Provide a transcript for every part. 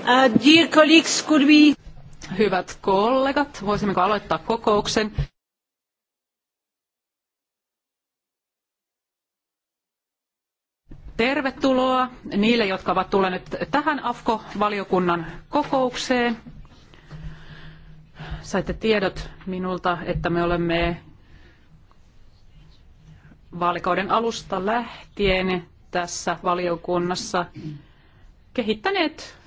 Uh, dear colleagues, could we... Hyvät kollegat, voisimmeko aloittaa kokouksen? Tervetuloa niille, jotka ovat tulleet tähän AFKO-valiokunnan kokoukseen. Saitte tiedot minulta, että me olemme vaalikauden alusta lähtien tässä valiokunnassa kehittäneet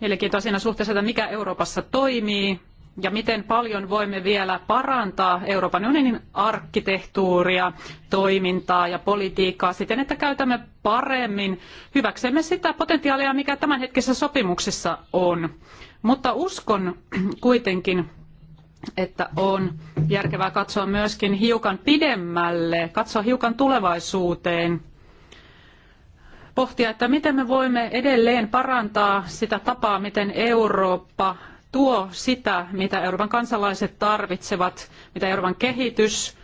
mielenkiintoisena suhteessa, että mikä Euroopassa toimii ja miten paljon voimme vielä parantaa Euroopan unionin arkkitehtuuria, toimintaa ja politiikkaa siten, että käytämme paremmin hyväksemme sitä potentiaalia, mikä tämänhetkisessä sopimuksessa on. Mutta uskon kuitenkin, että on järkevää katsoa myöskin hiukan pidemmälle, katsoa hiukan tulevaisuuteen, pohtia, että miten me voimme edelleen parantaa sitä tapaa, miten Eurooppa tuo sitä, mitä Euroopan kansalaiset tarvitsevat, mitä Euroopan kehitys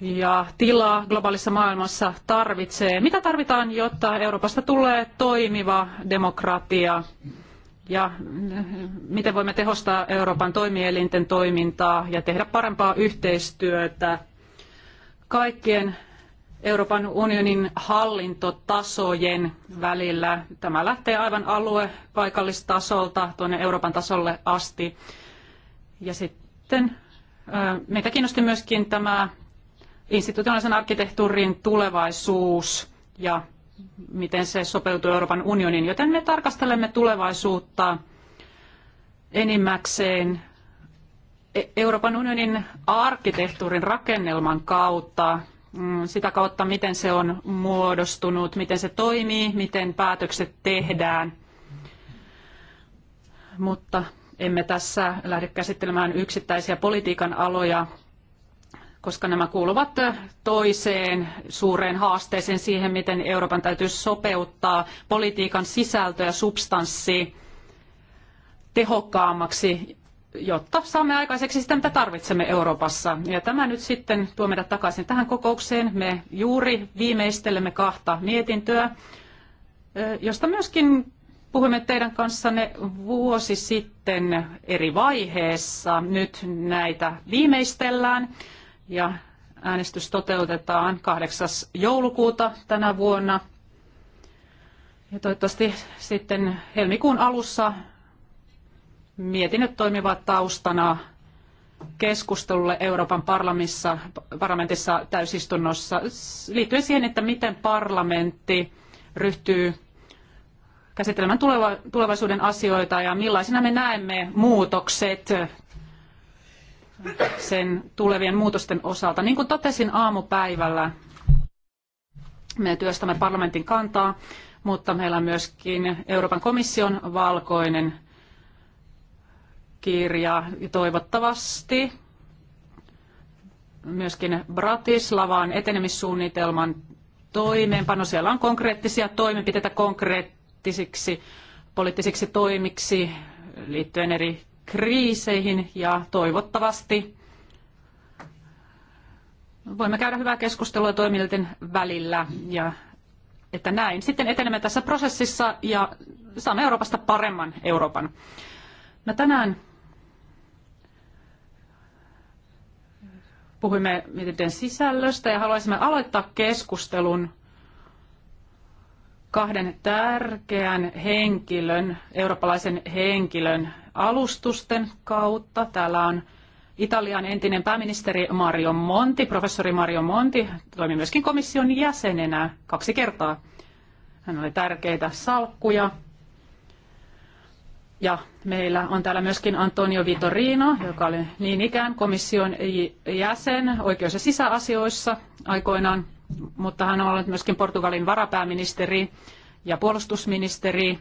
ja tila globaalissa maailmassa tarvitsee. Mitä tarvitaan, jotta Euroopasta tulee toimiva demokratia? ja mm, miten voimme tehostaa Euroopan toimielinten toimintaa ja tehdä parempaa yhteistyötä kaikkien Euroopan unionin hallintotasojen välillä. Tämä lähtee aivan alue paikallistasolta tuonne Euroopan tasolle asti. Ja sitten meitä kiinnosti myöskin tämä institutionaalisen arkkitehtuurin tulevaisuus ja miten se sopeutuu Euroopan unioniin. Joten me tarkastelemme tulevaisuutta enimmäkseen e- Euroopan unionin arkkitehtuurin rakennelman kautta, mm, sitä kautta, miten se on muodostunut, miten se toimii, miten päätökset tehdään. Mutta emme tässä lähde käsittelemään yksittäisiä politiikan aloja, koska nämä kuuluvat toiseen suureen haasteeseen siihen, miten Euroopan täytyy sopeuttaa politiikan sisältö ja substanssi tehokkaammaksi, jotta saamme aikaiseksi sitä, mitä tarvitsemme Euroopassa. Ja tämä nyt sitten tuo meidät takaisin tähän kokoukseen. Me juuri viimeistelemme kahta mietintöä, josta myöskin puhuimme teidän kanssanne vuosi sitten eri vaiheessa. Nyt näitä viimeistellään ja äänestys toteutetaan 8. joulukuuta tänä vuonna. Ja toivottavasti sitten helmikuun alussa mietinnöt toimivat taustana keskustelulle Euroopan parlamentissa, parlamentissa täysistunnossa liittyen siihen, että miten parlamentti ryhtyy käsittelemään tuleva, tulevaisuuden asioita ja millaisina me näemme muutokset sen tulevien muutosten osalta. Niin kuin totesin aamupäivällä, me työstämme parlamentin kantaa, mutta meillä on myöskin Euroopan komission valkoinen kirja. Toivottavasti myöskin Bratislavan etenemissuunnitelman toimeenpano. Siellä on konkreettisia toimenpiteitä konkreettisiksi poliittisiksi toimiksi liittyen eri kriiseihin ja toivottavasti voimme käydä hyvää keskustelua toimijoiden välillä ja että näin sitten etenemme tässä prosessissa ja saamme Euroopasta paremman Euroopan. No tänään puhuimme mietintöjen sisällöstä ja haluaisimme aloittaa keskustelun kahden tärkeän henkilön, eurooppalaisen henkilön alustusten kautta. Täällä on Italian entinen pääministeri Mario Monti, professori Mario Monti, toimi myöskin komission jäsenenä kaksi kertaa. Hän oli tärkeitä salkkuja. Ja meillä on täällä myöskin Antonio Vitorino, joka oli niin ikään komission jäsen oikeus- ja sisäasioissa aikoinaan, mutta hän on ollut myöskin Portugalin varapääministeri ja puolustusministeri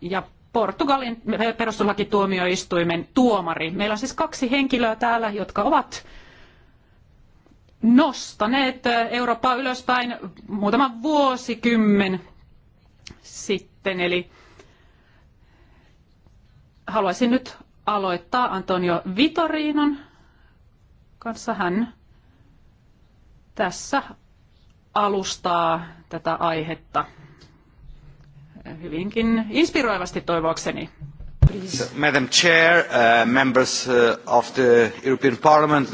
ja Portugalin perustuslakituomioistuimen tuomari. Meillä on siis kaksi henkilöä täällä, jotka ovat nostaneet Eurooppaa ylöspäin muutama vuosikymmen sitten. Eli haluaisin nyt aloittaa Antonio Vitorinon kanssa. Hän tässä alustaa tätä aihetta hyvinkin inspiroivasti toivokseni. Madam Chair, uh, members uh, of the European Parliament.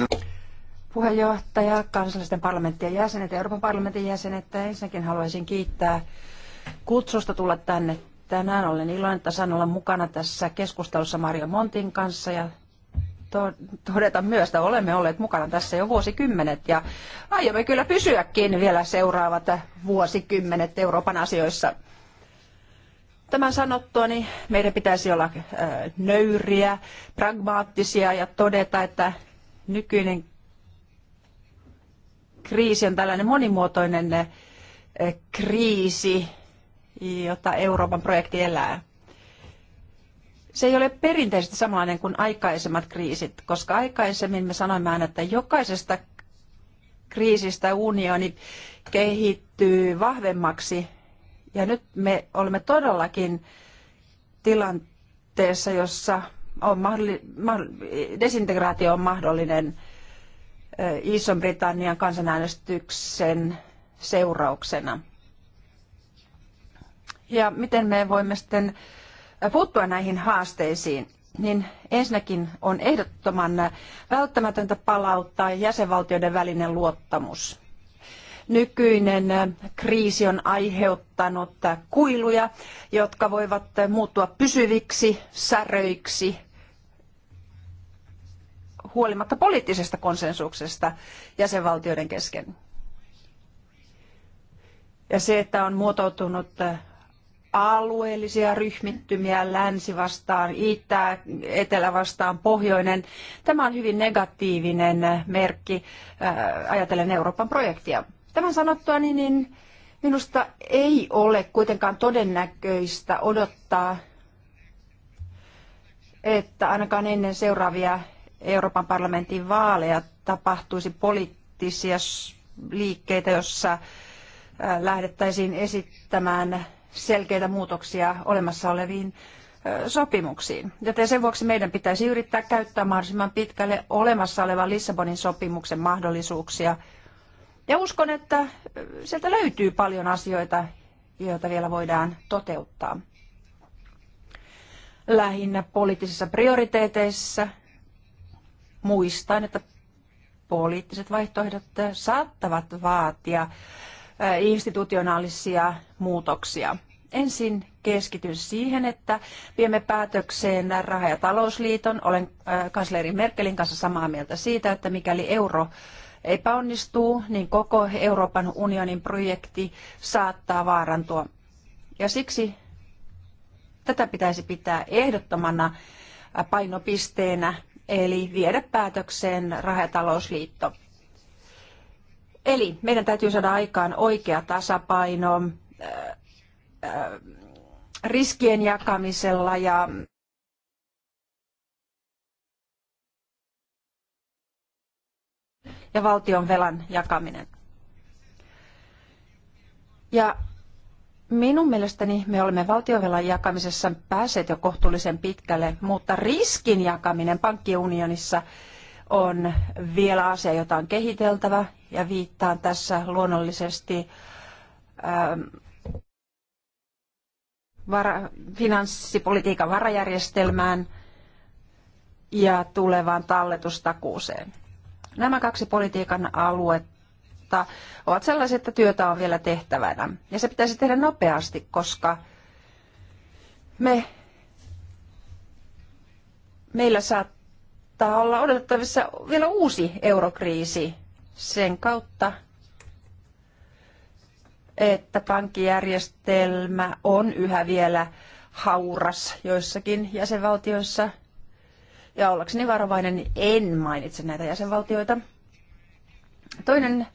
Puheenjohtaja, kansallisten parlamenttien jäsenet ja Euroopan parlamentin jäsenet, ensinnäkin haluaisin kiittää kutsusta tulla tänne tänään. Olen iloinen, että saan olla mukana tässä keskustelussa Mario Montin kanssa ja todeta myös, että olemme olleet mukana tässä jo vuosikymmenet ja aiomme kyllä pysyäkin vielä seuraavat vuosikymmenet Euroopan asioissa. Tämän sanottua niin meidän pitäisi olla äh, nöyriä, pragmaattisia ja todeta, että nykyinen kriisi on tällainen monimuotoinen äh, kriisi, jota Euroopan projekti elää. Se ei ole perinteisesti samanlainen kuin aikaisemmat kriisit, koska aikaisemmin me sanoimme aina, että jokaisesta kriisistä unioni kehittyy vahvemmaksi ja nyt me olemme todellakin tilanteessa, jossa on mahdolli, desintegraatio on mahdollinen Ison-Britannian kansanäänestyksen seurauksena. Ja miten me voimme sitten puuttua näihin haasteisiin? niin ensinnäkin on ehdottoman välttämätöntä palauttaa jäsenvaltioiden välinen luottamus nykyinen kriisi on aiheuttanut kuiluja, jotka voivat muuttua pysyviksi säröiksi huolimatta poliittisesta konsensuksesta jäsenvaltioiden kesken. Ja se, että on muotoutunut alueellisia ryhmittymiä, länsi vastaan, itä, etelä vastaan, pohjoinen. Tämä on hyvin negatiivinen merkki äh, ajatellen Euroopan projektia. Tämän sanottua niin, niin minusta ei ole kuitenkaan todennäköistä odottaa, että ainakaan ennen seuraavia Euroopan parlamentin vaaleja tapahtuisi poliittisia liikkeitä, jossa lähdettäisiin esittämään selkeitä muutoksia olemassa oleviin sopimuksiin. Joten sen vuoksi meidän pitäisi yrittää käyttää mahdollisimman pitkälle olemassa olevan Lissabonin sopimuksen mahdollisuuksia – ja uskon, että sieltä löytyy paljon asioita, joita vielä voidaan toteuttaa. Lähinnä poliittisissa prioriteeteissa muistan, että poliittiset vaihtoehdot saattavat vaatia institutionaalisia muutoksia. Ensin keskityn siihen, että viemme päätökseen raha- ja talousliiton. Olen kansleri Merkelin kanssa samaa mieltä siitä, että mikäli euro epäonnistuu, niin koko Euroopan unionin projekti saattaa vaarantua. Ja siksi tätä pitäisi pitää ehdottomana painopisteenä, eli viedä päätökseen rahatalousliitto. Eli meidän täytyy saada aikaan oikea tasapaino äh, äh, riskien jakamisella ja ja valtion velan jakaminen. Ja minun mielestäni me olemme valtiovelan jakamisessa päässeet jo kohtuullisen pitkälle, mutta riskin jakaminen pankkiunionissa on vielä asia, jota on kehiteltävä ja viittaan tässä luonnollisesti ähm, vara, finanssipolitiikan varajärjestelmään ja tulevaan talletustakuuseen. Nämä kaksi politiikan aluetta ovat sellaisia, että työtä on vielä tehtävänä. Ja se pitäisi tehdä nopeasti, koska me, meillä saattaa olla odotettavissa vielä uusi eurokriisi sen kautta, että pankkijärjestelmä on yhä vielä hauras joissakin jäsenvaltioissa – ja ollakseni varovainen en mainitse näitä jäsenvaltioita. Toinen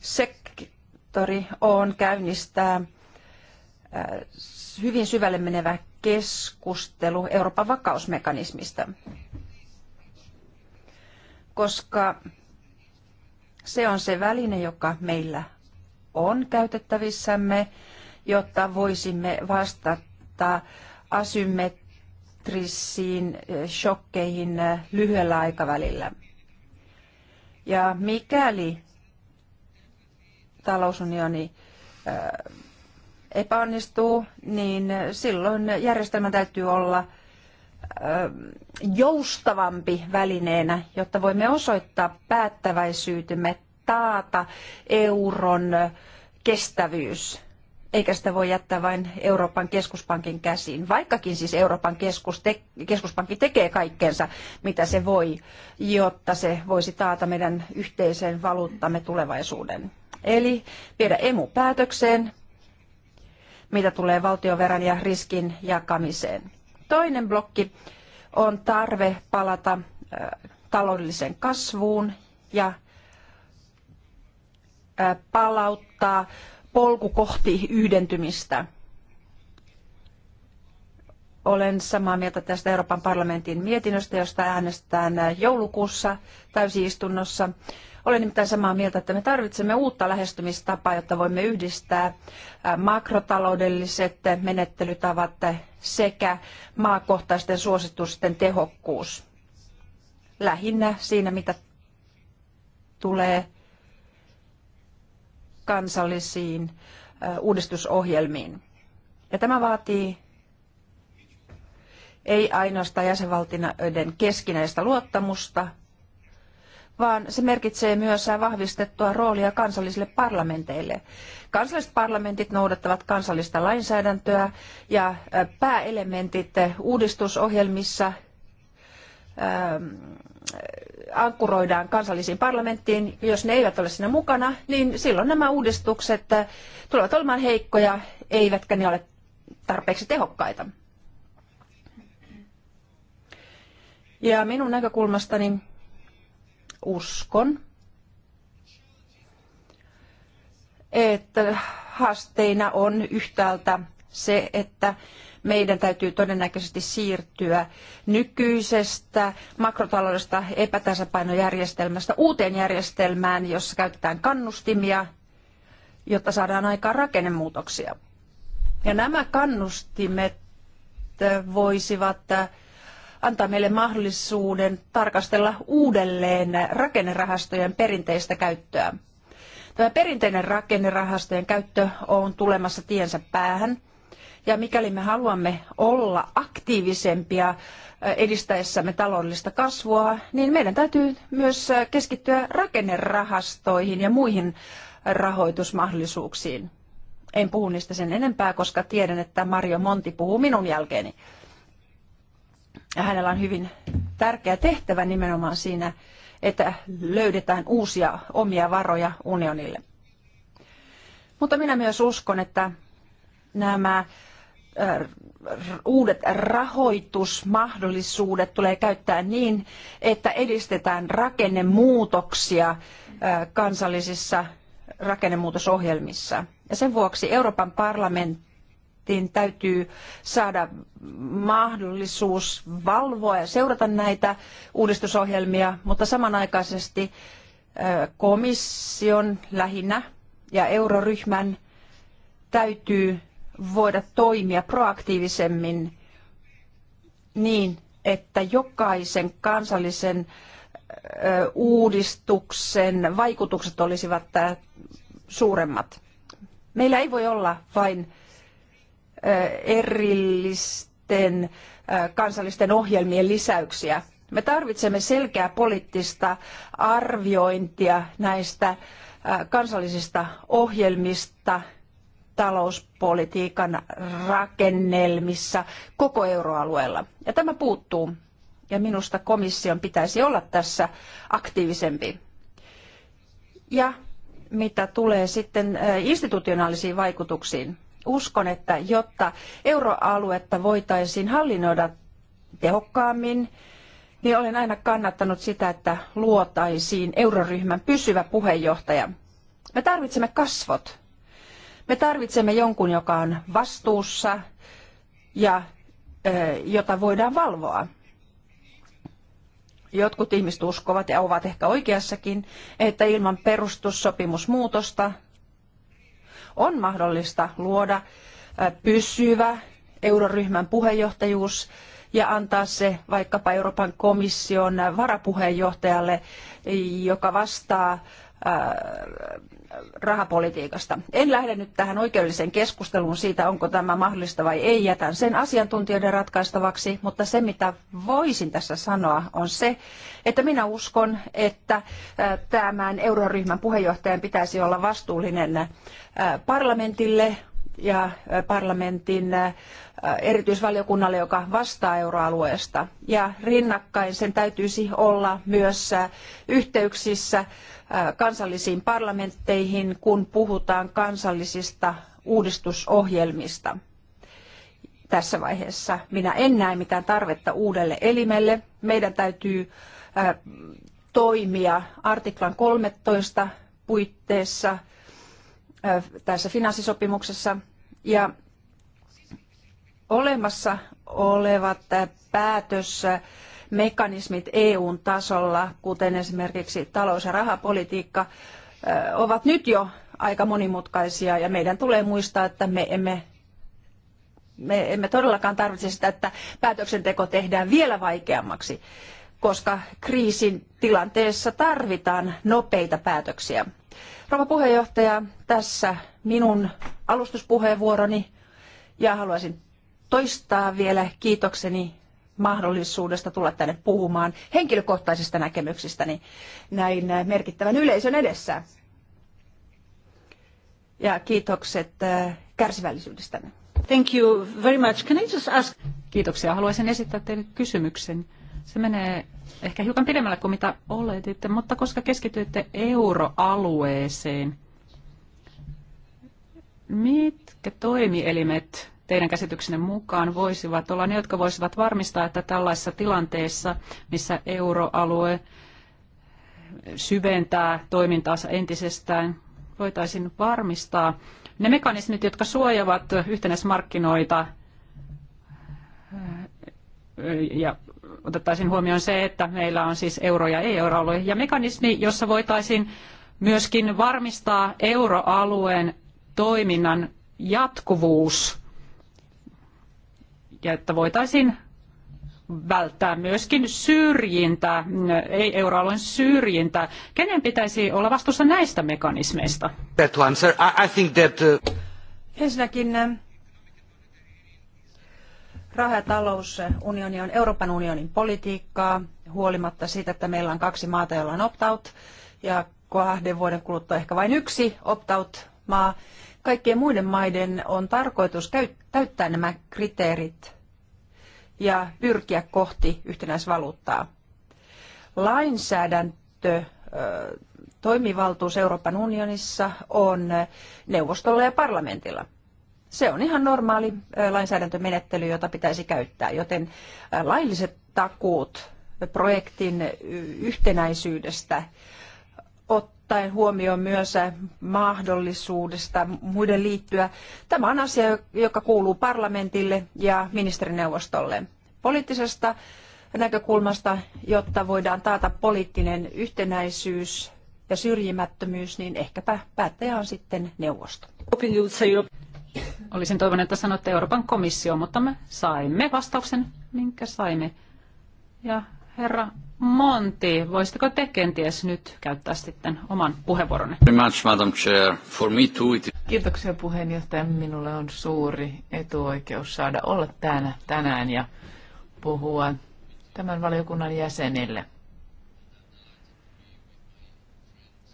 sektori on käynnistää äh, hyvin syvälle menevä keskustelu Euroopan vakausmekanismista, koska se on se väline, joka meillä on käytettävissämme, jotta voisimme vastata asymmetriaan stressiin, eh, shokkeihin eh, lyhyellä aikavälillä. Ja mikäli talousunioni eh, epäonnistuu, niin silloin järjestelmä täytyy olla joustavampi välineenä, jotta voimme osoittaa päättäväisyytemme taata euron kestävyys eikä sitä voi jättää vain Euroopan keskuspankin käsiin, vaikkakin siis Euroopan keskus te, keskuspankki tekee kaikkensa, mitä se voi, jotta se voisi taata meidän yhteisen valuuttamme tulevaisuuden. Eli viedä emu päätökseen, mitä tulee valtioveran ja riskin jakamiseen. Toinen blokki on tarve palata taloudelliseen kasvuun ja palauttaa polku kohti yhdentymistä. Olen samaa mieltä tästä Euroopan parlamentin mietinnöstä, josta äänestetään joulukuussa täysistunnossa. Olen nimittäin samaa mieltä, että me tarvitsemme uutta lähestymistapaa, jotta voimme yhdistää makrotaloudelliset menettelytavat sekä maakohtaisten suositusten tehokkuus. Lähinnä siinä, mitä tulee kansallisiin uudistusohjelmiin. Ja tämä vaatii ei ainoastaan jäsenvaltioiden keskinäistä luottamusta, vaan se merkitsee myös vahvistettua roolia kansallisille parlamenteille. Kansalliset parlamentit noudattavat kansallista lainsäädäntöä ja pääelementit uudistusohjelmissa ankkuroidaan kansallisiin parlamenttiin, jos ne eivät ole siinä mukana, niin silloin nämä uudistukset äh, tulevat olemaan heikkoja, eivätkä ne ole tarpeeksi tehokkaita. Ja minun näkökulmastani uskon, että haasteina on yhtäältä se, että meidän täytyy todennäköisesti siirtyä nykyisestä makrotaloudesta epätasapainojärjestelmästä uuteen järjestelmään, jossa käytetään kannustimia, jotta saadaan aikaan rakennemuutoksia. Ja nämä kannustimet voisivat antaa meille mahdollisuuden tarkastella uudelleen rakennerahastojen perinteistä käyttöä. Tämä perinteinen rakennerahastojen käyttö on tulemassa tiensä päähän – ja mikäli me haluamme olla aktiivisempia edistäessämme taloudellista kasvua, niin meidän täytyy myös keskittyä rakennerahastoihin ja muihin rahoitusmahdollisuuksiin. En puhu niistä sen enempää, koska tiedän, että Mario Monti puhuu minun jälkeeni. Ja hänellä on hyvin tärkeä tehtävä nimenomaan siinä, että löydetään uusia omia varoja unionille. Mutta minä myös uskon, että nämä Äh, uudet rahoitusmahdollisuudet tulee käyttää niin, että edistetään rakennemuutoksia äh, kansallisissa rakennemuutosohjelmissa. Ja sen vuoksi Euroopan parlamentin täytyy saada mahdollisuus valvoa ja seurata näitä uudistusohjelmia, mutta samanaikaisesti äh, komission lähinnä ja euroryhmän täytyy voida toimia proaktiivisemmin niin, että jokaisen kansallisen uudistuksen vaikutukset olisivat suuremmat. Meillä ei voi olla vain erillisten kansallisten ohjelmien lisäyksiä. Me tarvitsemme selkeää poliittista arviointia näistä kansallisista ohjelmista talouspolitiikan rakennelmissa koko euroalueella. Ja tämä puuttuu, ja minusta komission pitäisi olla tässä aktiivisempi. Ja mitä tulee sitten eh, institutionaalisiin vaikutuksiin, uskon, että jotta euroaluetta voitaisiin hallinnoida tehokkaammin, niin olen aina kannattanut sitä, että luotaisiin euroryhmän pysyvä puheenjohtaja. Me tarvitsemme kasvot me tarvitsemme jonkun, joka on vastuussa ja jota voidaan valvoa. Jotkut ihmiset uskovat ja ovat ehkä oikeassakin, että ilman perustussopimusmuutosta on mahdollista luoda pysyvä euroryhmän puheenjohtajuus ja antaa se vaikkapa Euroopan komission varapuheenjohtajalle, joka vastaa rahapolitiikasta. En lähde nyt tähän oikeudelliseen keskusteluun siitä, onko tämä mahdollista vai ei. Jätän sen asiantuntijoiden ratkaistavaksi, mutta se mitä voisin tässä sanoa on se, että minä uskon, että äh, tämän euroryhmän puheenjohtajan pitäisi olla vastuullinen äh, parlamentille, ja parlamentin erityisvaliokunnalle, joka vastaa euroalueesta. Ja rinnakkain sen täytyisi olla myös yhteyksissä kansallisiin parlamentteihin, kun puhutaan kansallisista uudistusohjelmista. Tässä vaiheessa minä en näe mitään tarvetta uudelle elimelle. Meidän täytyy toimia artiklan 13 puitteissa tässä finanssisopimuksessa – ja olemassa olevat päätösmekanismit EUn tasolla, kuten esimerkiksi talous- ja rahapolitiikka, ovat nyt jo aika monimutkaisia ja meidän tulee muistaa, että me emme me emme todellakaan tarvitse sitä, että päätöksenteko tehdään vielä vaikeammaksi koska kriisin tilanteessa tarvitaan nopeita päätöksiä. Rouva puheenjohtaja, tässä minun alustuspuheenvuoroni ja haluaisin toistaa vielä kiitokseni mahdollisuudesta tulla tänne puhumaan henkilökohtaisista näkemyksistäni näin merkittävän yleisön edessä. Ja kiitokset äh, kärsivällisyydestänne. Thank you very much. Can I just ask... Kiitoksia. Haluaisin esittää teille kysymyksen. Se menee ehkä hiukan pidemmälle kuin mitä oletitte, mutta koska keskityitte euroalueeseen, mitkä toimielimet teidän käsityksenne mukaan voisivat olla ne, jotka voisivat varmistaa, että tällaisessa tilanteessa, missä euroalue syventää toimintaansa entisestään, voitaisiin varmistaa ne mekanismit, jotka suojavat yhtenäismarkkinoita ja otettaisiin huomioon se, että meillä on siis euro- ja ei-euroalue ja mekanismi, jossa voitaisiin myöskin varmistaa euroalueen toiminnan jatkuvuus ja että voitaisiin välttää myöskin syrjintä ei euroalueen syrjintä. Kenen pitäisi olla vastuussa näistä mekanismeista? That answer, I, I think that, uh... Ensinnäkin Raha- ja talousunioni on Euroopan unionin politiikkaa, huolimatta siitä, että meillä on kaksi maata, joilla on opt-out, ja kahden vuoden kuluttua ehkä vain yksi opt-out-maa. Kaikkien muiden maiden on tarkoitus täyttää nämä kriteerit ja pyrkiä kohti yhtenäisvaluuttaa. Lainsäädäntö toimivaltuus Euroopan unionissa on neuvostolla ja parlamentilla. Se on ihan normaali lainsäädäntömenettely, jota pitäisi käyttää, joten lailliset takuut projektin yhtenäisyydestä ottaen huomioon myös mahdollisuudesta muiden liittyä. Tämä on asia, joka kuuluu parlamentille ja ministerineuvostolle. Poliittisesta näkökulmasta, jotta voidaan taata poliittinen yhtenäisyys ja syrjimättömyys, niin ehkäpä päättäjä on sitten neuvosto. Olisin toivonut, että sanotte Euroopan komissio, mutta me saimme vastauksen, minkä saimme. Ja herra Monti, voisitteko te kenties nyt käyttää sitten oman puheenvuoronne? Much, Madam Chair. For me too, Kiitoksia puheenjohtaja. Minulle on suuri etuoikeus saada olla täällä tänään ja puhua tämän valiokunnan jäsenille.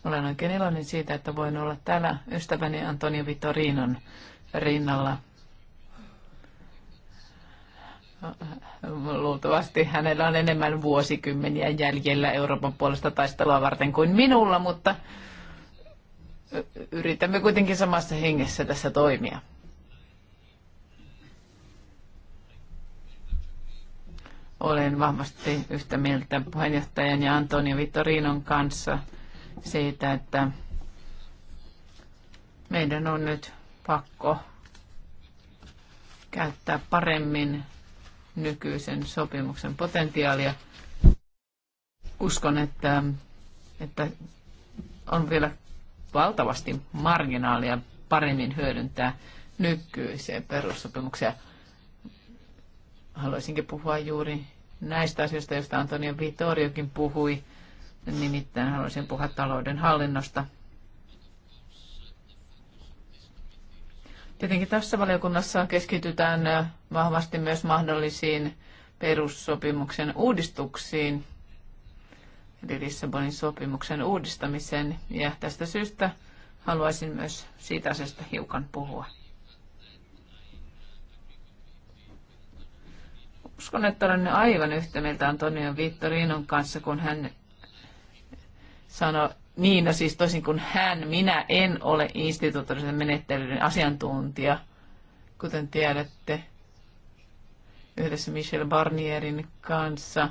Olen oikein iloinen siitä, että voin olla täällä ystäväni Antonio Vitorinon rinnalla. Luultavasti hänellä on enemmän vuosikymmeniä jäljellä Euroopan puolesta taistelua varten kuin minulla, mutta yritämme kuitenkin samassa hengessä tässä toimia. Olen vahvasti yhtä mieltä puheenjohtajan ja Antonio Vittorinon kanssa siitä, että meidän on nyt pakko käyttää paremmin nykyisen sopimuksen potentiaalia. Uskon, että, että on vielä valtavasti marginaalia paremmin hyödyntää nykyisiä perussopimuksia. Haluaisinkin puhua juuri näistä asioista, joista Antonio Vitoriokin puhui. Nimittäin haluaisin puhua talouden hallinnosta Tietenkin tässä valiokunnassa keskitytään vahvasti myös mahdollisiin perussopimuksen uudistuksiin, eli Lissabonin sopimuksen uudistamiseen, ja tästä syystä haluaisin myös siitä asiasta hiukan puhua. Uskon, että olen aivan yhtä mieltä Antonio Vittorinon kanssa, kun hän sanoi, niin, no siis toisin kuin hän, minä en ole instituutioiden menettelyiden asiantuntija, kuten tiedätte yhdessä Michel Barnierin kanssa.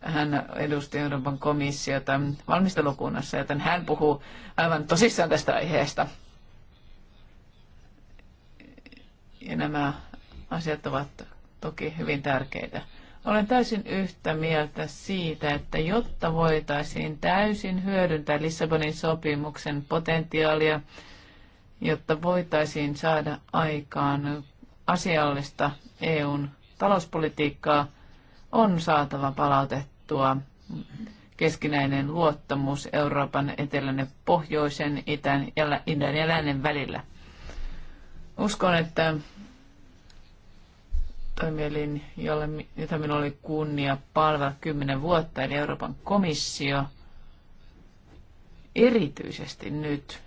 Hän edusti Euroopan komissiota valmistelukunnassa, joten hän puhuu aivan tosissaan tästä aiheesta. Ja nämä asiat ovat toki hyvin tärkeitä. Olen täysin yhtä mieltä siitä, että jotta voitaisiin täysin hyödyntää Lissabonin sopimuksen potentiaalia, jotta voitaisiin saada aikaan asiallista EUn talouspolitiikkaa, on saatava palautettua keskinäinen luottamus Euroopan etelän ja pohjoisen, itän ja, idän ja lännen välillä. Uskon, että toimielin, jolle, jota minulla oli kunnia palvella kymmenen vuotta, eli Euroopan komissio, erityisesti nyt,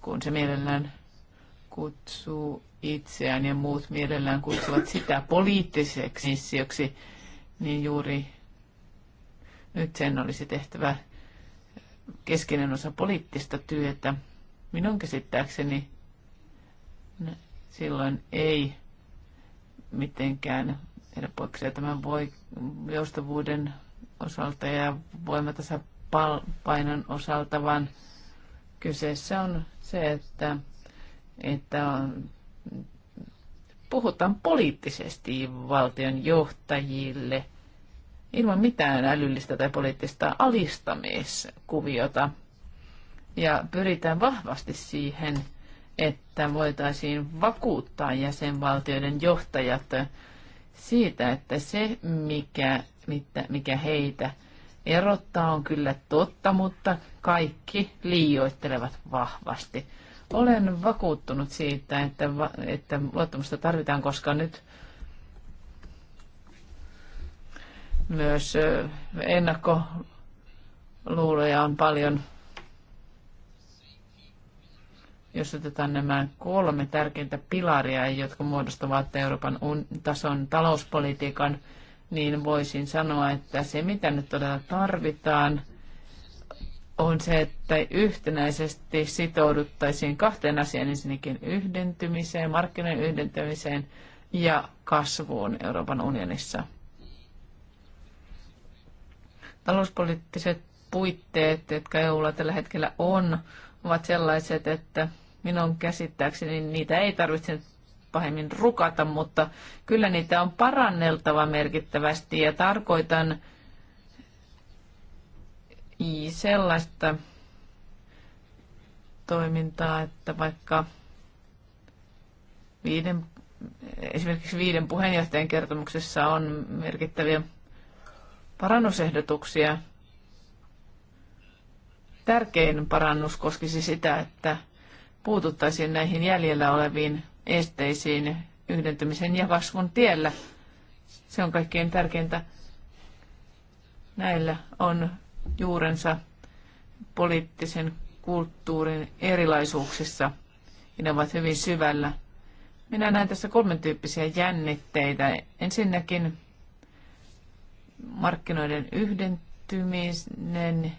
kun se mielellään kutsuu itseään ja muut mielellään kutsuvat sitä poliittiseksi missioksi, niin juuri nyt sen olisi tehtävä keskeinen osa poliittista työtä. Minun käsittääkseni silloin ei mitenkään helpoksi. Tämän voi joustavuuden osalta ja voimatasapainon osalta, vaan kyseessä on se, että, että on, puhutaan poliittisesti valtion johtajille ilman mitään älyllistä tai poliittista alistamiskuviota. Ja pyritään vahvasti siihen, että voitaisiin vakuuttaa jäsenvaltioiden johtajat siitä, että se, mikä, mikä heitä erottaa, on kyllä totta, mutta kaikki liioittelevat vahvasti. Olen vakuuttunut siitä, että, että luottamusta tarvitaan, koska nyt myös ennakkoluuloja on paljon – jos otetaan nämä kolme tärkeintä pilaria, jotka muodostavat Euroopan tason talouspolitiikan, niin voisin sanoa, että se mitä nyt todella tarvitaan, on se, että yhtenäisesti sitouduttaisiin kahteen asiaan, ensinnäkin yhdentymiseen, markkinoiden yhdentymiseen ja kasvuun Euroopan unionissa. Talouspoliittiset puitteet, jotka EUlla tällä hetkellä on, ovat sellaiset, että Minun käsittääkseni niitä ei tarvitse pahemmin rukata, mutta kyllä niitä on paranneltava merkittävästi ja tarkoitan sellaista toimintaa, että vaikka viiden, esimerkiksi viiden puheenjohtajan kertomuksessa on merkittäviä parannusehdotuksia. Tärkein parannus koskisi sitä, että puututtaisiin näihin jäljellä oleviin esteisiin yhdentymisen ja kasvun tiellä. Se on kaikkein tärkeintä. Näillä on juurensa poliittisen kulttuurin erilaisuuksissa ja ne ovat hyvin syvällä. Minä näen tässä kolmen tyyppisiä jännitteitä. Ensinnäkin markkinoiden yhdentyminen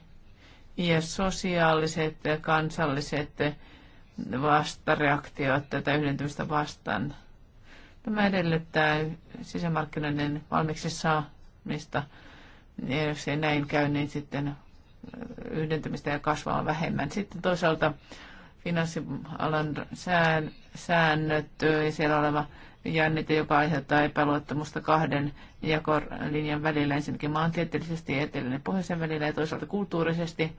ja sosiaaliset ja kansalliset vastareaktio tätä yhdentymistä vastaan. Tämä edellyttää sisämarkkinoiden valmiiksi saamista. Ja jos ei näin käy, niin sitten yhdentymistä ja kasvaa vähemmän. Sitten toisaalta finanssialan sään, säännöt ja siellä oleva jännite, joka aiheuttaa epäluottamusta kahden jakolinjan välillä, ensinnäkin maantieteellisesti eteläinen ja pohjoisen välillä ja toisaalta kulttuurisesti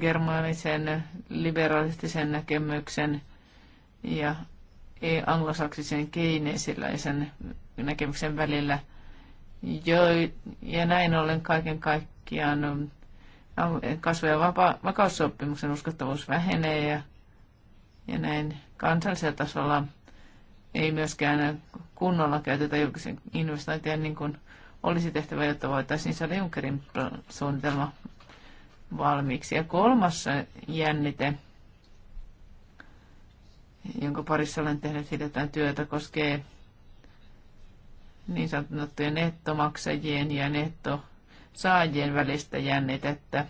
germaanisen liberalistisen näkemyksen ja anglosaksisen keinesiläisen näkemyksen välillä. Jo, ja näin ollen kaiken kaikkiaan kasvu- ja vapa- vakaussopimuksen uskottavuus vähenee ja, ja näin kansallisella tasolla ei myöskään kunnolla käytetä julkisen investointia niin kuin olisi tehtävä, jotta voitaisiin saada Junckerin suunnitelma valmiiksi. Ja kolmas jännite, jonka parissa olen tehnyt hiljattain työtä, koskee niin sanottujen nettomaksajien ja nettosaajien välistä jännitettä.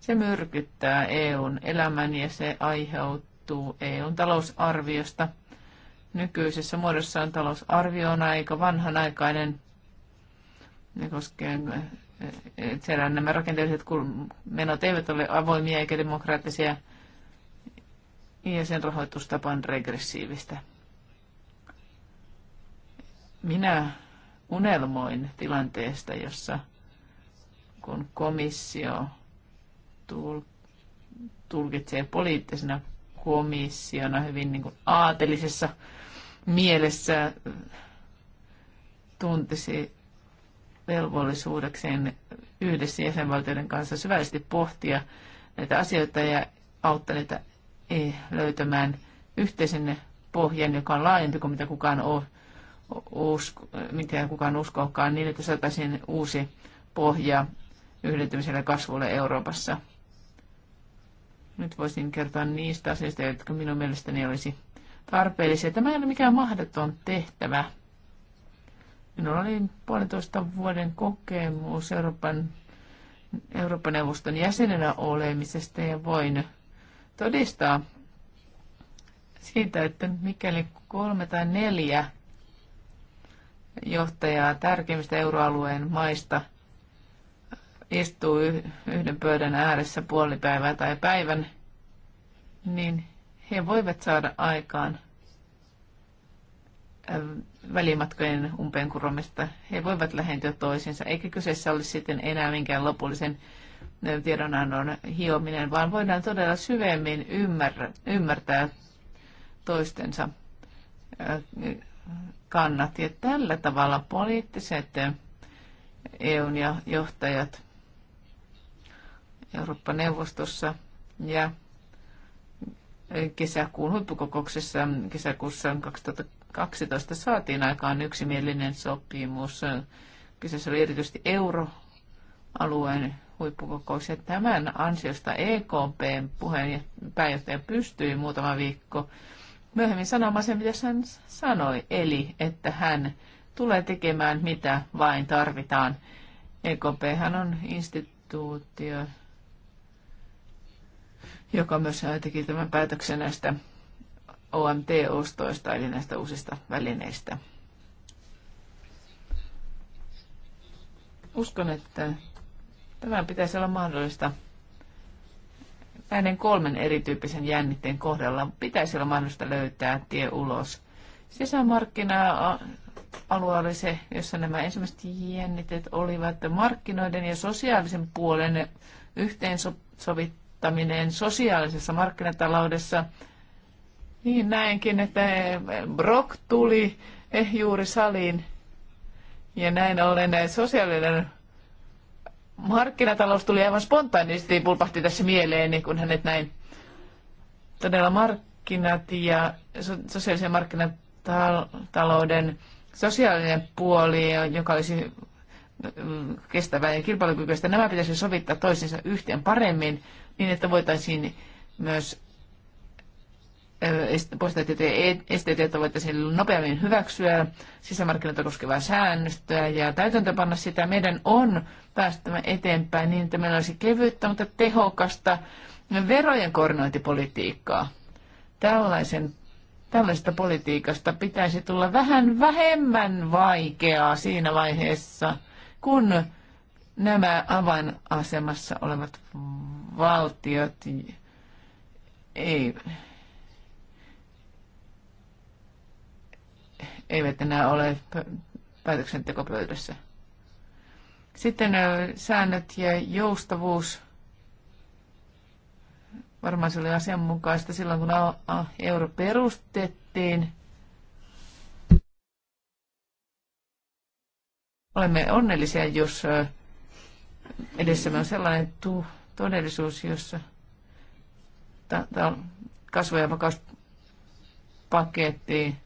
Se myrkyttää EUn elämän ja se aiheutuu EUn talousarviosta. Nykyisessä muodossaan talousarvio on aika vanhanaikainen. Ne koskee siellä nämä rakenteelliset menot eivät ole avoimia eikä demokraattisia ja sen rahoitustapa on regressiivistä. Minä unelmoin tilanteesta, jossa kun komissio tulkitsee poliittisena komissiona hyvin niin kuin aatelisessa mielessä tuntisi velvollisuudekseen yhdessä jäsenvaltioiden kanssa syvällisesti pohtia näitä asioita ja auttaa niitä eh, löytämään yhteisen pohjan, joka on laajempi kuin mitä kukaan, on, usko, mitä kukaan uskookaan, niin että saataisiin uusi pohja yhdentymiselle kasvulle Euroopassa. Nyt voisin kertoa niistä asioista, jotka minun mielestäni olisi tarpeellisia. Tämä ei ole mikään mahdoton tehtävä. Minulla oli puolitoista vuoden kokemus Euroopan, Euroopan neuvoston jäsenenä olemisesta ja voin todistaa siitä, että mikäli kolme tai neljä johtajaa tärkeimmistä euroalueen maista istuu yhden pöydän ääressä puolipäivää tai päivän, niin he voivat saada aikaan välimatkojen umpeen kuromista. He voivat lähentyä toisiinsa, eikä kyseessä ole sitten enää minkään lopullisen tiedonannon hiominen, vaan voidaan todella syvemmin ymmärrä, ymmärtää toistensa kannat. Ja tällä tavalla poliittiset EUn ja johtajat Eurooppa-neuvostossa ja kesäkuun huippukokouksessa kesäkuussa 2010 2012 saatiin aikaan yksimielinen sopimus. Kyseessä oli erityisesti euroalueen huippukokous. Ja tämän ansiosta EKPn pääjohtaja pystyi muutama viikko myöhemmin sanomaan sen, mitä hän sanoi. Eli, että hän tulee tekemään mitä vain tarvitaan. EKP hän on instituutio, joka myös teki tämän päätöksen näistä OMT-ostoista, eli näistä uusista välineistä. Uskon, että tämä pitäisi olla mahdollista näiden kolmen erityyppisen jännitteen kohdalla. Pitäisi olla mahdollista löytää tie ulos. Sisämarkkina-alue oli se, jossa nämä ensimmäiset jännitteet olivat markkinoiden ja sosiaalisen puolen yhteensovittaminen sosiaalisessa markkinataloudessa – niin näinkin, että Brock tuli eh juuri saliin. Ja näin ollen eh, sosiaalinen markkinatalous tuli aivan spontaanisti, pulpahti tässä mieleen, niin kun hänet näin. Todella markkinat ja sosiaalisen markkinatalouden sosiaalinen puoli, joka olisi mm, kestävää ja kilpailukykyistä, nämä pitäisi sovittaa toisiinsa yhteen paremmin niin, että voitaisiin myös poistettavat e- esteet, voitaisiin nopeammin hyväksyä sisämarkkinoita koskevaa säännöstöä ja täytäntöpanna sitä. Meidän on päästävä eteenpäin niin, että meillä olisi kevyyttä, mutta tehokasta verojen koordinointipolitiikkaa. Tällaisen, tällaista politiikasta pitäisi tulla vähän vähemmän vaikeaa siinä vaiheessa, kun nämä avainasemassa olevat valtiot ei eivät enää ole päätöksentekopöydässä. Sitten säännöt ja joustavuus. Varmaan se oli asianmukaista silloin, kun euro perustettiin. Olemme onnellisia, jos edessämme on sellainen tu- todellisuus, jossa ta- ta- ja vakauspaketti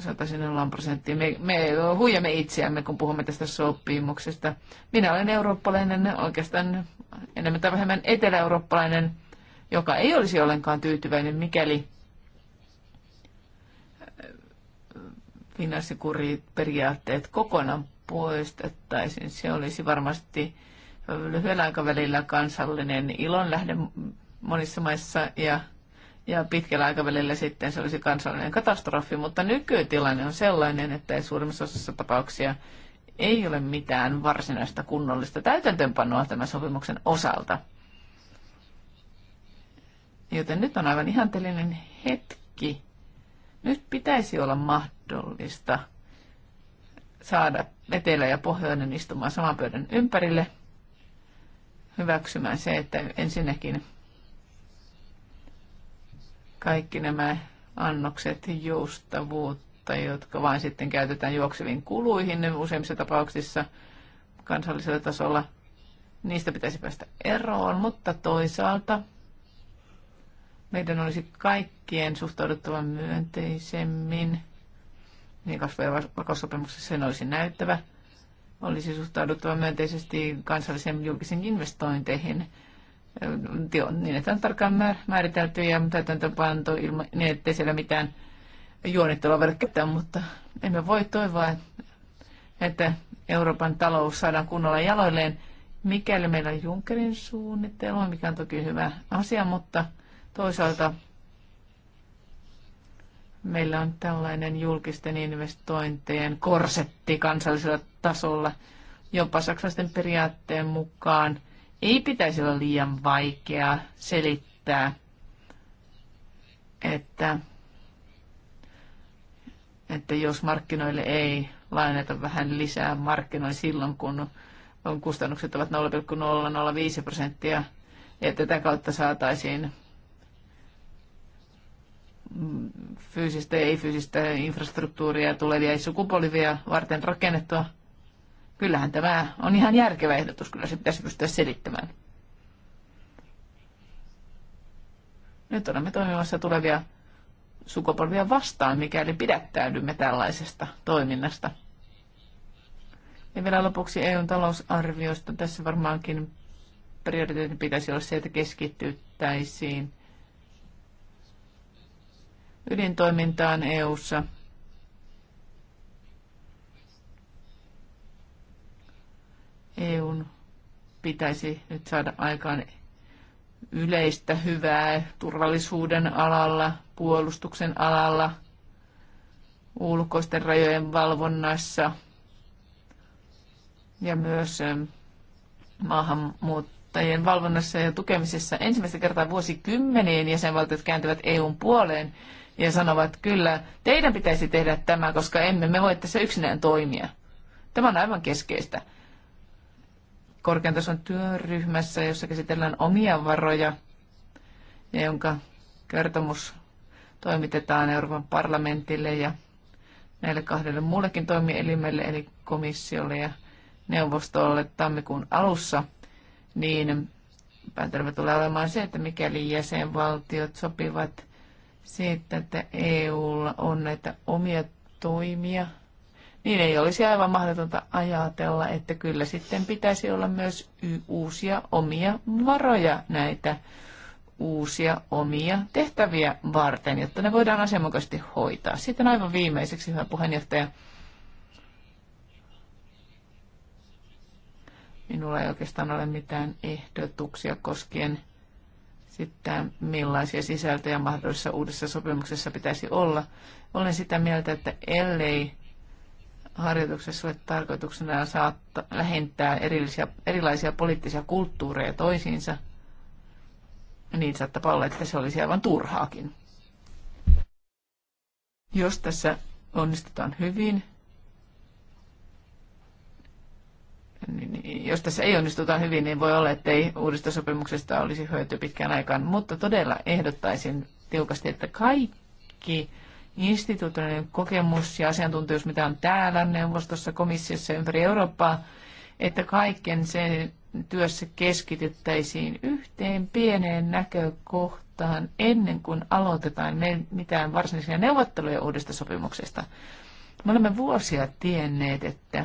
saataisiin 0 prosenttia. Me, me huijamme itseämme, kun puhumme tästä sopimuksesta. Minä olen eurooppalainen, oikeastaan enemmän tai vähemmän etelä-eurooppalainen, joka ei olisi ollenkaan tyytyväinen, mikäli finanssikuriperiaatteet kokonaan poistettaisiin. Se olisi varmasti lyhyellä aikavälillä kansallinen ilonlähde monissa maissa ja ja pitkällä aikavälillä sitten se olisi kansallinen katastrofi, mutta nykytilanne on sellainen, että suurimmassa osassa tapauksia ei ole mitään varsinaista kunnollista täytäntöönpanoa tämän sopimuksen osalta. Joten nyt on aivan ihanteellinen hetki. Nyt pitäisi olla mahdollista saada Etelä- ja Pohjoinen istumaan saman pöydän ympärille, hyväksymään se, että ensinnäkin kaikki nämä annokset juustavuutta, jotka vain sitten käytetään juokseviin kuluihin useimmissa tapauksissa kansallisella tasolla. Niistä pitäisi päästä eroon, mutta toisaalta meidän olisi kaikkien suhtauduttava myönteisemmin. Niin kasvu- ja vakaussopimuksessa sen olisi näyttävä. Olisi suhtauduttava myönteisesti kansallisen julkisiin investointeihin niin, että on tarkkaan määritelty ja täytäntöpanto ilman, niin ettei siellä mitään juonittelua voida mutta emme voi toivoa, että Euroopan talous saadaan kunnolla jaloilleen, mikäli meillä on Junckerin suunnitelma, mikä on toki hyvä asia, mutta toisaalta meillä on tällainen julkisten investointien korsetti kansallisella tasolla, jopa saksalaisten periaatteen mukaan – ei pitäisi olla liian vaikeaa selittää, että, että jos markkinoille ei lainata vähän lisää markkinoille silloin, kun on kustannukset ovat 0,005 prosenttia, ja tätä kautta saataisiin fyysistä ja ei-fyysistä infrastruktuuria tulevia sukupolvia varten rakennettua. Kyllähän tämä on ihan järkevä ehdotus, kyllä se pitäisi pystyä selittämään. Nyt olemme toimimassa tulevia sukupolvia vastaan, mikäli pidättäydymme tällaisesta toiminnasta. Ja vielä lopuksi EUn talousarviosta. Tässä varmaankin prioriteetti pitäisi olla se, että keskittyttäisiin ydintoimintaan EUssa – EUn pitäisi nyt saada aikaan yleistä hyvää turvallisuuden alalla, puolustuksen alalla, ulkoisten rajojen valvonnassa ja myös ähm, maahanmuuttajien valvonnassa ja tukemisessa. Ensimmäistä kertaa vuosikymmeniin jäsenvaltiot kääntyvät EUn puoleen ja sanovat, kyllä, teidän pitäisi tehdä tämä, koska emme me voi tässä yksinään toimia. Tämä on aivan keskeistä korkean tason työryhmässä, jossa käsitellään omia varoja ja jonka kertomus toimitetaan Euroopan parlamentille ja näille kahdelle muullekin toimielimelle, eli komissiolle ja neuvostolle tammikuun alussa, niin päätelmä tulee olemaan se, että mikäli jäsenvaltiot sopivat siitä, että EUlla on näitä omia toimia – niin ei olisi aivan mahdotonta ajatella, että kyllä sitten pitäisi olla myös uusia omia varoja näitä uusia omia tehtäviä varten, jotta ne voidaan asianmukaisesti hoitaa. Sitten aivan viimeiseksi, hyvä puheenjohtaja, minulla ei oikeastaan ole mitään ehdotuksia koskien sitten millaisia sisältöjä mahdollisessa uudessa sopimuksessa pitäisi olla. Olen sitä mieltä, että ellei harjoituksessa ole tarkoituksena saattaa lähentää erillisiä, erilaisia poliittisia kulttuureja toisiinsa. Niin saattaa olla, että se olisi aivan turhaakin. Jos tässä onnistutaan hyvin, niin, niin jos tässä ei onnistuta hyvin, niin voi olla, että ei uudistusopimuksesta olisi hyötyä pitkään aikaan. Mutta todella ehdottaisin tiukasti, että kaikki instituutioiden kokemus ja asiantuntijuus, mitä on täällä neuvostossa, komissiossa ympäri Eurooppaa, että kaiken sen työssä keskityttäisiin yhteen pieneen näkökohtaan ennen kuin aloitetaan mitään varsinaisia neuvotteluja uudesta sopimuksesta. Me olemme vuosia tienneet, että,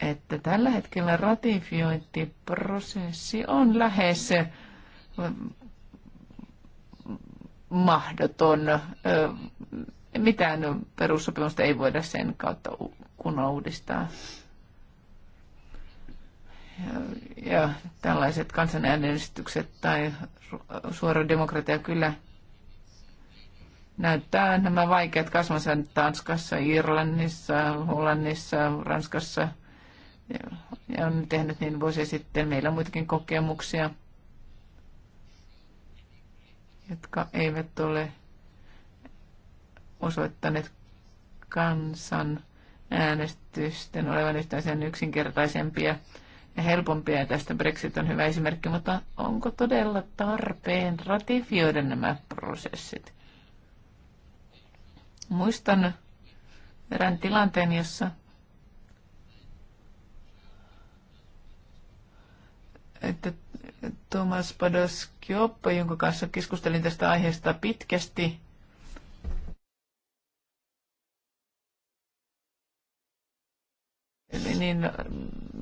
että tällä hetkellä ratifiointiprosessi on lähes mahdoton. Mitään perussopimusta ei voida sen kautta kunnolla uudistaa. Ja, ja tällaiset kansanäänestykset tai suora demokratia kyllä näyttää nämä vaikeat kasvansa Tanskassa, Irlannissa, Hollannissa, Ranskassa. Ja, ja on tehnyt niin vuosia sitten. Meillä on muitakin kokemuksia jotka eivät ole osoittaneet kansan äänestysten olevan yhtään sen yksinkertaisempia ja helpompia. Tästä Brexit on hyvä esimerkki, mutta onko todella tarpeen ratifioida nämä prosessit? Muistan erään tilanteen, jossa että Thomas Padoskioppa, jonka kanssa keskustelin tästä aiheesta pitkästi. Eli niin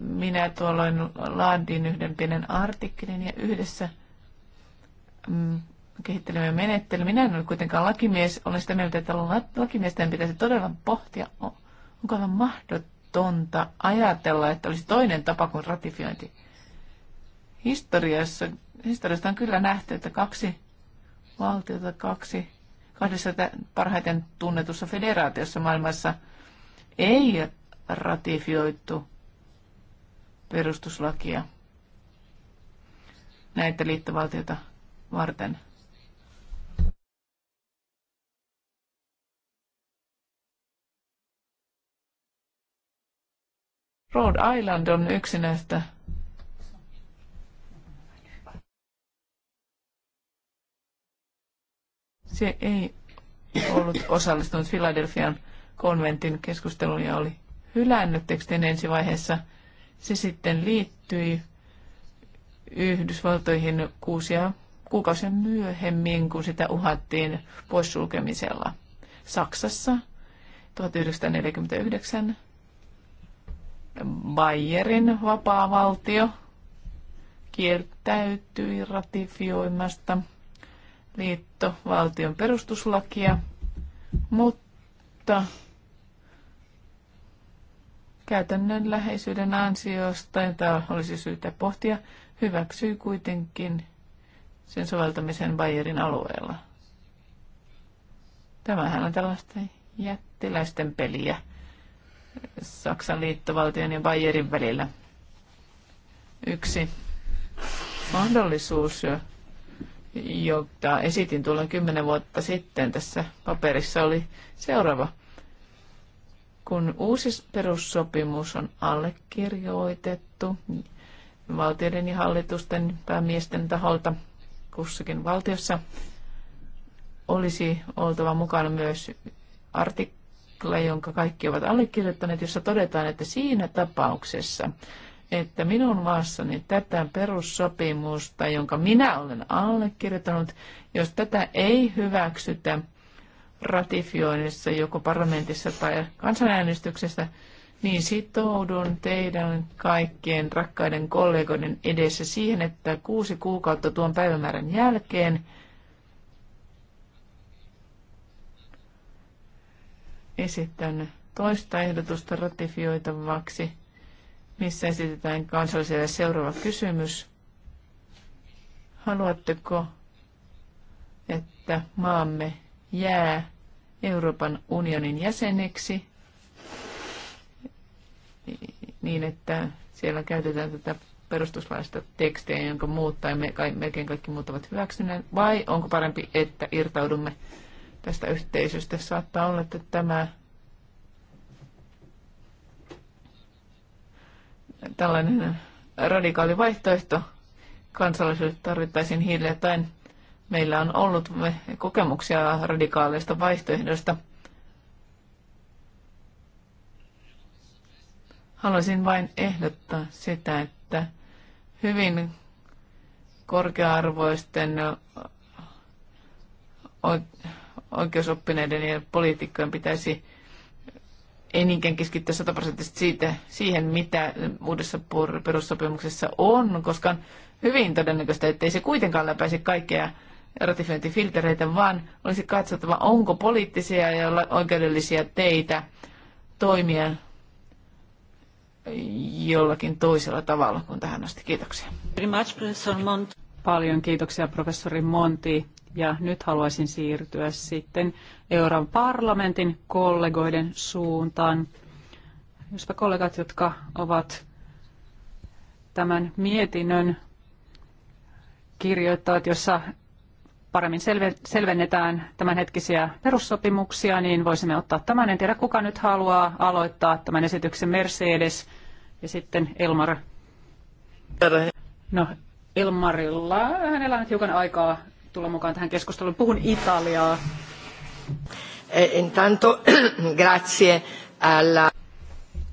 minä tuolloin laadin yhden pienen artikkelin ja yhdessä mm, kehittelemme menettely. Minä en ole kuitenkaan lakimies. Olen sitä mieltä, että lakimiesten pitäisi todella pohtia, onko aivan mahdotonta ajatella, että olisi toinen tapa kuin ratifiointi historiassa, historiasta on kyllä nähty, että kaksi valtiota, kaksi kahdessa parhaiten tunnetussa federaatiossa maailmassa ei ratifioitu perustuslakia näitä liittovaltiota varten. Rhode Island on yksi näistä Se ei ollut osallistunut Filadelfian konventin keskusteluun ja oli hylännyt tekstin ensivaiheessa. Se sitten liittyi Yhdysvaltoihin kuusia kuukausia myöhemmin, kun sitä uhattiin poissulkemisella. Saksassa 1949 Bayerin vapaa valtio kieltäytyi ratifioimasta – liittovaltion perustuslakia, mutta käytännön läheisyyden ansiosta, tämä olisi syytä pohtia, hyväksyi kuitenkin sen soveltamisen Bayerin alueella. Tämähän on tällaista jättiläisten peliä Saksan liittovaltion ja Bayerin välillä. Yksi mahdollisuus jota esitin tuolla kymmenen vuotta sitten tässä paperissa, oli seuraava. Kun uusi perussopimus on allekirjoitettu valtioiden ja hallitusten päämiesten taholta kussakin valtiossa, olisi oltava mukana myös artikla, jonka kaikki ovat allekirjoittaneet, jossa todetaan, että siinä tapauksessa, että minun maassani tätä perussopimusta, jonka minä olen allekirjoittanut, jos tätä ei hyväksytä ratifioinnissa joko parlamentissa tai kansanäänestyksessä, niin sitoudun teidän kaikkien rakkaiden kollegoiden edessä siihen, että kuusi kuukautta tuon päivämäärän jälkeen esitän toista ehdotusta ratifioitavaksi – missä esitetään kansalliselle seuraava kysymys. Haluatteko, että maamme jää Euroopan unionin jäseneksi niin, että siellä käytetään tätä perustuslaista tekstiä, jonka muut tai me, ka, melkein kaikki muut ovat hyväksyneet, vai onko parempi, että irtaudumme tästä yhteisöstä? Saattaa olla, että tämä tällainen radikaali vaihtoehto kansallisuus tarvittaisiin hiljattain. Meillä on ollut kokemuksia radikaaleista vaihtoehdosta. Haluaisin vain ehdottaa sitä, että hyvin korkearvoisten oikeusoppineiden ja poliitikkojen pitäisi eninkään keskittyä sataprosenttisesti siitä, siihen, mitä uudessa perussopimuksessa on, koska on hyvin todennäköistä, ettei se kuitenkaan läpäisi kaikkea ratifiointifiltereitä, vaan olisi katsottava, onko poliittisia ja oikeudellisia teitä toimia jollakin toisella tavalla kuin tähän asti. Kiitoksia. Paljon kiitoksia professori Monti. Ja nyt haluaisin siirtyä sitten Euroopan parlamentin kollegoiden suuntaan. Jospa kollegat, jotka ovat tämän mietinnön kirjoittavat, jossa paremmin selvennetään tämänhetkisiä perussopimuksia, niin voisimme ottaa tämän. En tiedä, kuka nyt haluaa aloittaa tämän esityksen Mercedes ja sitten Elmar. No, Elmarilla, hänellä on nyt hiukan aikaa tulla mukaan tähän keskusteluun. Puhun Italiaa. E, intanto, grazie alla...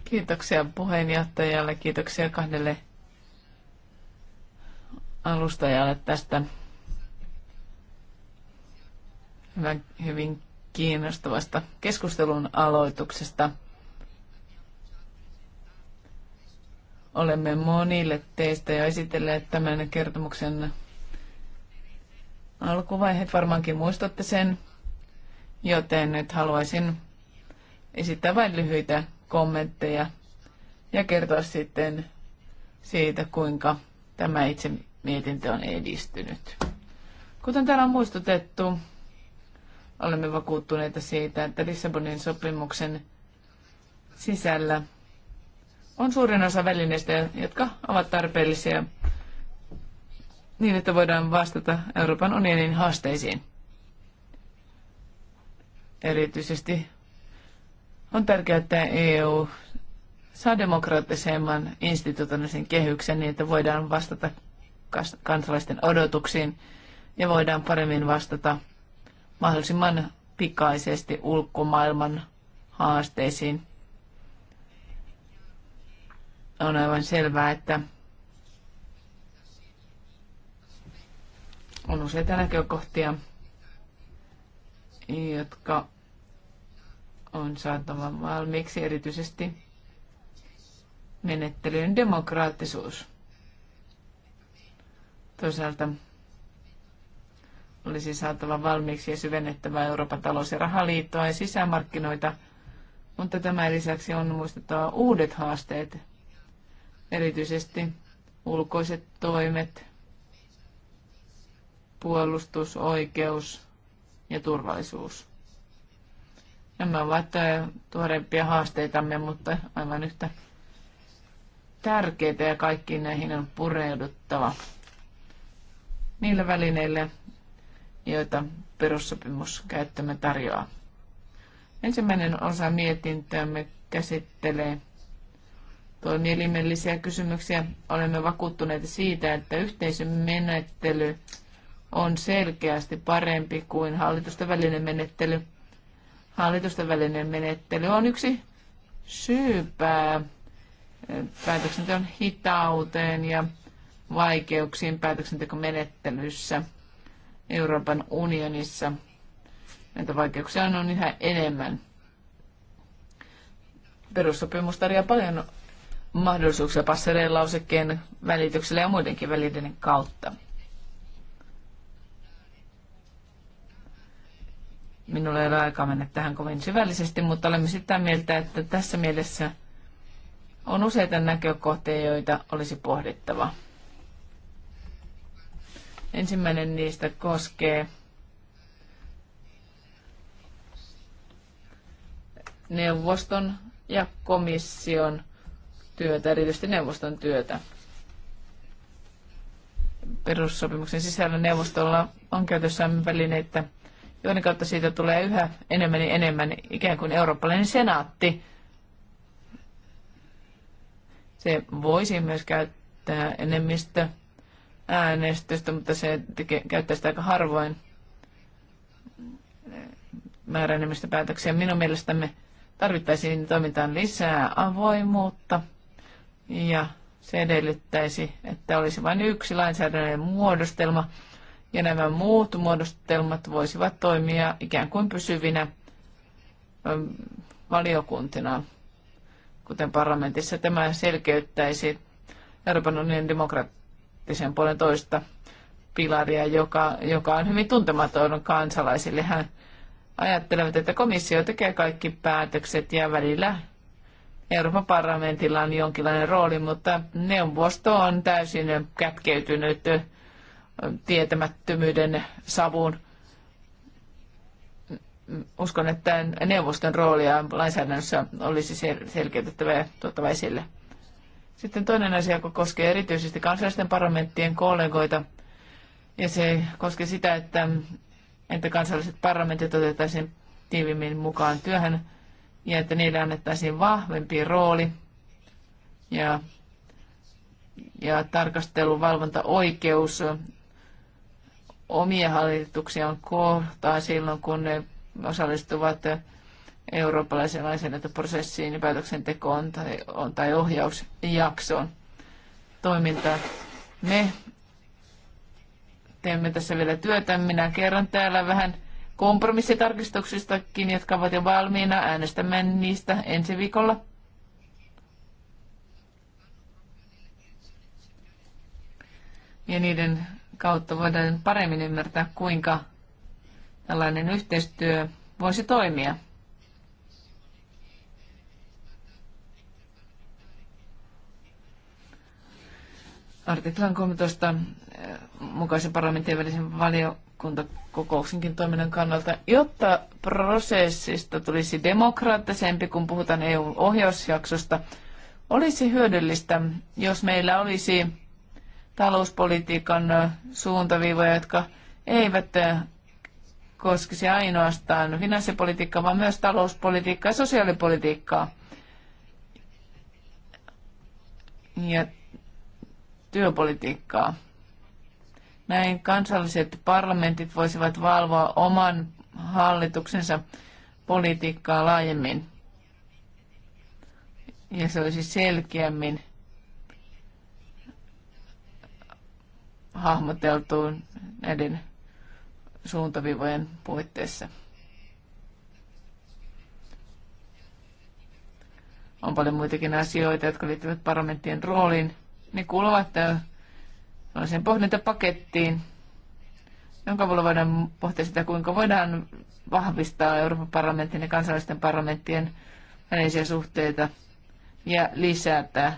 Kiitoksia puheenjohtajalle, kiitoksia kahdelle alustajalle tästä hyvän, hyvin kiinnostavasta keskustelun aloituksesta. Olemme monille teistä jo esitelleet tämän kertomuksen alkuvaiheet, varmaankin muistatte sen, joten nyt haluaisin esittää vain lyhyitä kommentteja ja kertoa sitten siitä, kuinka tämä itse mietintö on edistynyt. Kuten täällä on muistutettu, olemme vakuuttuneita siitä, että Lissabonin sopimuksen sisällä on suurin osa välineistä, jotka ovat tarpeellisia niin, että voidaan vastata Euroopan unionin haasteisiin. Erityisesti on tärkeää, että EU saa demokraattisemman institutionaalisen kehyksen niin, että voidaan vastata kansalaisten odotuksiin ja voidaan paremmin vastata mahdollisimman pikaisesti ulkomaailman haasteisiin. On aivan selvää, että On useita näkökohtia, jotka on saatava valmiiksi, erityisesti menettelyn demokraattisuus. Toisaalta olisi saatava valmiiksi ja syvennettävä Euroopan talous- ja rahaliittoa ja sisämarkkinoita, mutta tämän lisäksi on muistettava uudet haasteet, erityisesti ulkoiset toimet, puolustus, oikeus ja turvallisuus. Nämä ovat äh, tuorempia haasteitamme, mutta aivan yhtä tärkeitä ja kaikkiin näihin on pureuduttava niillä välineillä, joita perussopimus käyttämme tarjoaa. Ensimmäinen osa mietintöämme käsittelee toimielimellisiä kysymyksiä. Olemme vakuuttuneita siitä, että yhteisömenettely menettely on selkeästi parempi kuin hallitusten välinen menettely. Hallitusten välinen menettely on yksi syypää eh, päätöksenteon hitauteen ja vaikeuksiin päätöksentekomenettelyssä Euroopan unionissa. Näitä vaikeuksia on yhä enemmän. Perussopimus tarjoaa paljon mahdollisuuksia passereen lausekkeen välityksellä ja muidenkin välineiden kautta. Minulla ei ole aikaa mennä tähän kovin syvällisesti, mutta olemme sitä mieltä, että tässä mielessä on useita näkökohtia, joita olisi pohdittava. Ensimmäinen niistä koskee neuvoston ja komission työtä, erityisesti neuvoston työtä. Perussopimuksen sisällä neuvostolla on käytössään välineitä, joiden kautta siitä tulee yhä enemmän ja enemmän ikään kuin eurooppalainen senaatti. Se voisi myös käyttää enemmistö äänestystä, mutta se käyttää sitä aika harvoin päätöksiä. Minun mielestämme tarvittaisiin toimintaan lisää avoimuutta ja se edellyttäisi, että olisi vain yksi lainsäädännön muodostelma – ja nämä muut muodostelmat voisivat toimia ikään kuin pysyvinä ähm, valiokuntina, kuten parlamentissa. Tämä selkeyttäisi Euroopan unionin demokraattisen puolen toista pilaria, joka, joka on hyvin tuntematon kansalaisille. Hän ajattelevat, että komissio tekee kaikki päätökset ja välillä Euroopan parlamentilla on jonkinlainen rooli, mutta neuvosto on täysin kätkeytynyt tietämättömyyden savun. Uskon, että neuvoston roolia lainsäädännössä olisi selkeytettävä ja tuottava esille. Sitten toinen asia, joka koskee erityisesti kansallisten parlamenttien kollegoita, ja se koskee sitä, että, että kansalliset parlamentit otettaisiin tiivimmin mukaan työhön ja että niille annettaisiin vahvempi rooli ja, ja tarkasteluvalvontaoikeus omia hallituksiaan kohtaan silloin, kun ne osallistuvat eurooppalaisen lainsäädäntöprosessiin ja päätöksentekoon tai, on tai ohjausjaksoon toimintaan. Me teemme tässä vielä työtä. Minä kerron täällä vähän kompromissitarkistuksistakin, jotka ovat jo valmiina. Äänestämme niistä ensi viikolla. Ja niiden kautta voidaan paremmin ymmärtää, kuinka tällainen yhteistyö voisi toimia. Artiklan 13 eh, mukaisen parlamentin välisen valiokuntakokouksenkin toiminnan kannalta, jotta prosessista tulisi demokraattisempi, kun puhutaan EU ohjausjaksosta, olisi hyödyllistä, jos meillä olisi talouspolitiikan suuntaviivoja, jotka eivät koskisi ainoastaan finanssipolitiikkaa, vaan myös talouspolitiikkaa ja sosiaalipolitiikkaa. Ja työpolitiikkaa. Näin kansalliset parlamentit voisivat valvoa oman hallituksensa politiikkaa laajemmin. Ja se olisi selkeämmin hahmoteltuun näiden suuntavivojen puitteissa. On paljon muitakin asioita, jotka liittyvät parlamenttien rooliin. Ne kuuluvat äh, tällaiseen pohdintapakettiin, jonka avulla voidaan pohtia sitä, kuinka voidaan vahvistaa Euroopan parlamentin ja kansallisten parlamenttien välisiä suhteita ja lisätä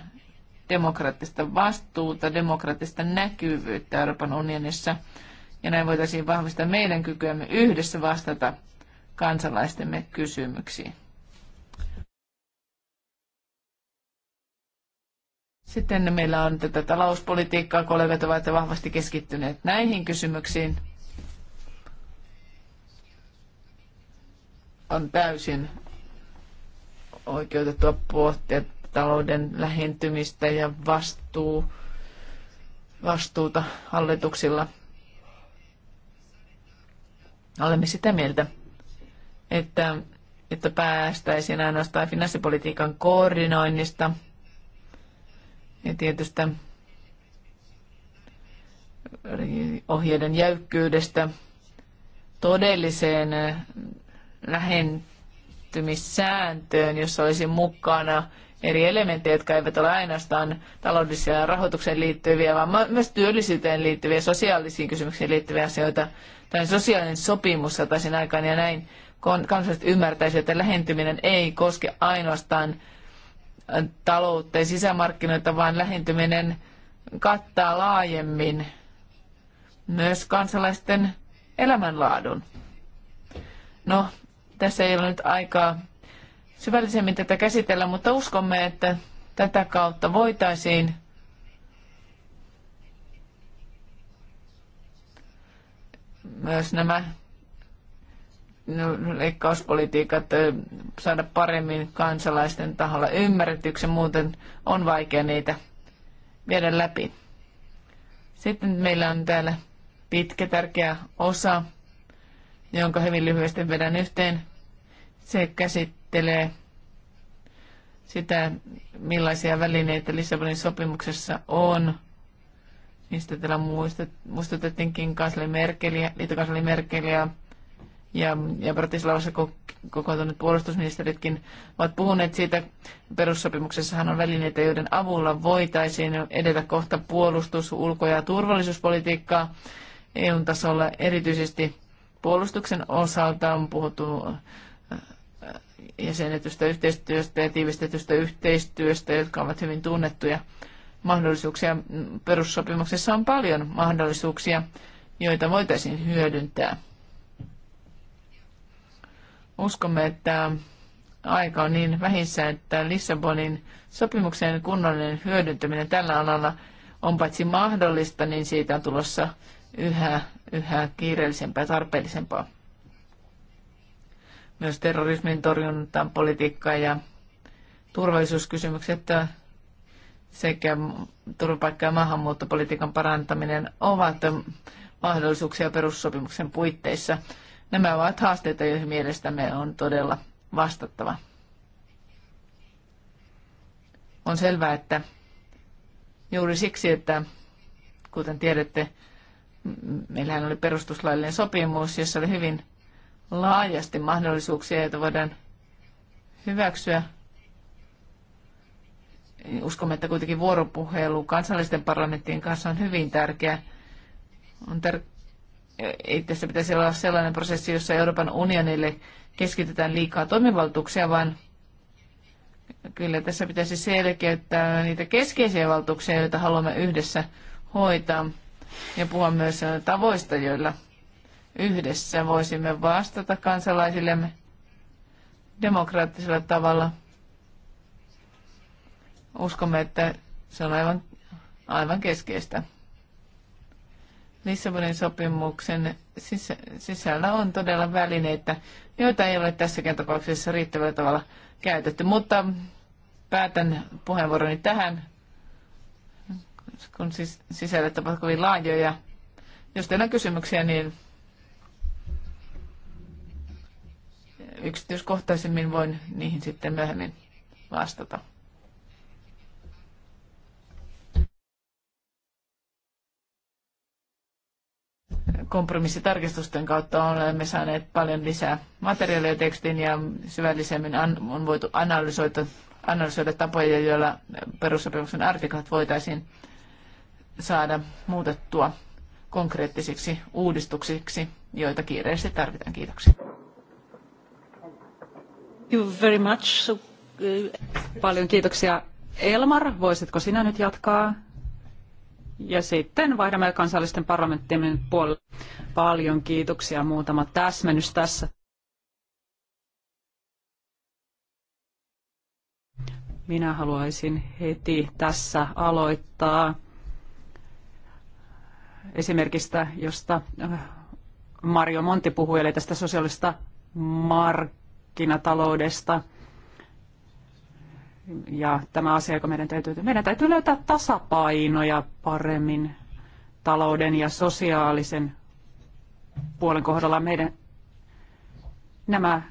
demokraattista vastuuta, demokraattista näkyvyyttä Euroopan unionissa. Ja näin voitaisiin vahvistaa meidän kykyämme yhdessä vastata kansalaistemme kysymyksiin. Sitten meillä on tätä talouspolitiikkaa, kollegat ovat vahvasti keskittyneet näihin kysymyksiin. On täysin oikeutettua pohtia talouden lähentymistä ja vastuu, vastuuta hallituksilla. Olemme sitä mieltä, että, että päästäisiin ainoastaan finanssipolitiikan koordinoinnista ja tietystä ohjeiden jäykkyydestä todelliseen lähentymissääntöön, jossa olisi mukana eri elementtejä, jotka eivät ole ainoastaan taloudellisia ja rahoitukseen liittyviä, vaan myös työllisyyteen liittyviä, sosiaalisiin kysymyksiin liittyviä asioita. Tämä sosiaalinen sopimus saataisiin aikaan ja näin kansalaiset ymmärtäisivät, että lähentyminen ei koske ainoastaan taloutta ja sisämarkkinoita, vaan lähentyminen kattaa laajemmin myös kansalaisten elämänlaadun. No, tässä ei ole nyt aikaa syvällisemmin tätä käsitellä, mutta uskomme, että tätä kautta voitaisiin myös nämä leikkauspolitiikat saada paremmin kansalaisten taholla ymmärretyksi, muuten on vaikea niitä viedä läpi. Sitten meillä on täällä pitkä tärkeä osa, jonka hyvin lyhyesti vedän yhteen. Se käsittää määrittelee sitä, millaisia välineitä Lissabonin sopimuksessa on. Niistä täällä muistutettiinkin kansleri Merkeliä, liittokansleri Merkeliä ja, ja Bratislavassa kokoontuneet puolustusministeritkin ovat puhuneet siitä. Perussopimuksessahan on välineitä, joiden avulla voitaisiin edetä kohta puolustus-, ulko- ja turvallisuuspolitiikkaa eu tasolla erityisesti puolustuksen osalta on puhuttu jäsennetystä yhteistyöstä ja tiivistetystä yhteistyöstä, jotka ovat hyvin tunnettuja mahdollisuuksia. Perussopimuksessa on paljon mahdollisuuksia, joita voitaisiin hyödyntää. Uskomme, että aika on niin vähissä, että Lissabonin sopimuksen kunnollinen hyödyntäminen tällä alalla on paitsi mahdollista, niin siitä on tulossa yhä, yhä kiireellisempää ja tarpeellisempaa myös terrorismin torjuntaan politiikkaa ja turvallisuuskysymykset sekä turvapaikka- ja maahanmuuttopolitiikan parantaminen ovat mahdollisuuksia perussopimuksen puitteissa. Nämä ovat haasteita, joihin mielestämme on todella vastattava. On selvää, että juuri siksi, että kuten tiedätte, meillähän oli perustuslaillinen sopimus, jossa oli hyvin laajasti mahdollisuuksia, joita voidaan hyväksyä. Uskomme, että kuitenkin vuoropuhelu kansallisten parlamenttien kanssa on hyvin tärkeä. On tär- Ei tässä pitäisi olla sellainen prosessi, jossa Euroopan unionille keskitetään liikaa toimivaltuuksia, vaan kyllä tässä pitäisi selkeyttää niitä keskeisiä valtuuksia, joita haluamme yhdessä hoitaa ja puhua myös tavoista, joilla yhdessä voisimme vastata kansalaisillemme demokraattisella tavalla. Uskomme, että se on aivan, aivan keskeistä. Lissabonin sopimuksen sisällä on todella välineitä, joita ei ole tässäkin tapauksessa riittävällä tavalla käytetty. Mutta päätän puheenvuoroni tähän, kun sisällä tapahtuu kovin laajoja. Jos teillä on kysymyksiä, niin yksityiskohtaisemmin voin niihin sitten myöhemmin vastata. kompromissitarkistusten kautta olemme saaneet paljon lisää materiaalia tekstiin ja syvällisemmin on voitu analysoida, analysoida tapoja, joilla perussopimuksen artiklat voitaisiin saada muutettua konkreettisiksi uudistuksiksi, joita kiireesti tarvitaan. Kiitoksia. Uh, Paljon kiitoksia. Elmar, voisitko sinä nyt jatkaa? Ja sitten vaihdamme kansallisten parlamenttien puolelle. Paljon kiitoksia. Muutama täsmennys tässä. Minä haluaisin heti tässä aloittaa esimerkistä, josta Mario Monti puhui, eli tästä sosiaalista markkinoista markkinataloudesta. Ja tämä asia, joka meidän täytyy, meidän täytyy löytää tasapainoja paremmin talouden ja sosiaalisen puolen kohdalla. Meidän, nämä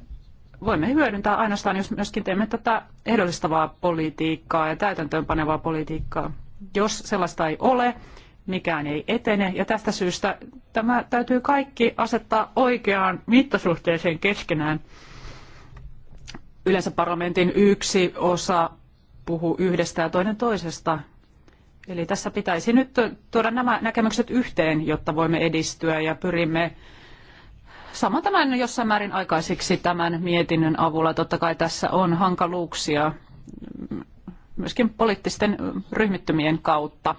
voimme hyödyntää ainoastaan, jos myöskin teemme tätä ehdollistavaa politiikkaa ja täytäntöönpanevaa politiikkaa. Jos sellaista ei ole, mikään ei etene. Ja tästä syystä tämä täytyy kaikki asettaa oikeaan mittasuhteeseen keskenään yleensä parlamentin yksi osa puhuu yhdestä ja toinen toisesta. Eli tässä pitäisi nyt tuoda nämä näkemykset yhteen, jotta voimme edistyä ja pyrimme saman tämän jossain määrin aikaisiksi tämän mietinnön avulla. Totta kai tässä on hankaluuksia myöskin poliittisten ryhmittymien kautta.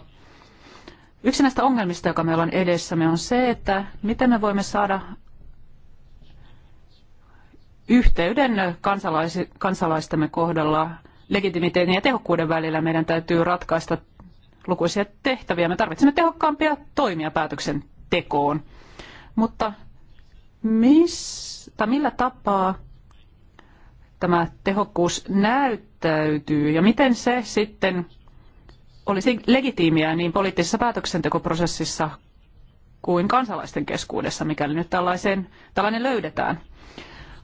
Yksi näistä ongelmista, joka meillä on edessämme, on se, että miten me voimme saada yhteyden kansalais, kansalaistemme kohdalla legitimiteetin ja tehokkuuden välillä. Meidän täytyy ratkaista lukuisia tehtäviä. Me tarvitsemme tehokkaampia toimia päätöksentekoon. Mutta miss, tai millä tapaa tämä tehokkuus näyttäytyy ja miten se sitten olisi legitiimiä niin poliittisessa päätöksentekoprosessissa kuin kansalaisten keskuudessa, mikäli nyt tällaiseen, tällainen löydetään.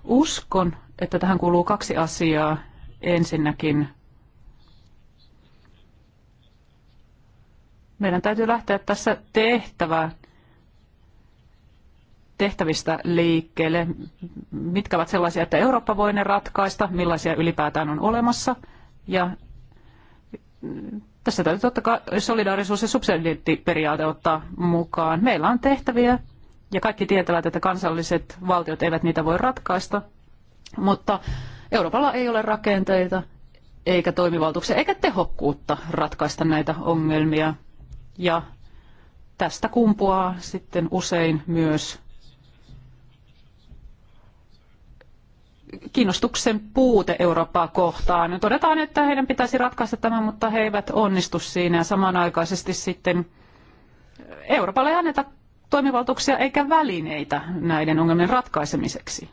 Uskon, että tähän kuuluu kaksi asiaa. Ensinnäkin meidän täytyy lähteä tässä tehtävää tehtävistä liikkeelle, mitkä ovat sellaisia, että Eurooppa voi ne ratkaista, millaisia ylipäätään on olemassa. Ja tässä täytyy totta kai solidaarisuus- ja subsidiariteettiperiaate ottaa mukaan. Meillä on tehtäviä, ja kaikki tietävät, että kansalliset valtiot eivät niitä voi ratkaista, mutta Euroopalla ei ole rakenteita eikä toimivaltuuksia eikä tehokkuutta ratkaista näitä ongelmia. Ja tästä kumpuaa sitten usein myös kiinnostuksen puute Eurooppaa kohtaan. Todetaan, että heidän pitäisi ratkaista tämä, mutta he eivät onnistu siinä ja samanaikaisesti sitten Euroopalle ei anneta toimivaltuuksia eikä välineitä näiden ongelmien ratkaisemiseksi.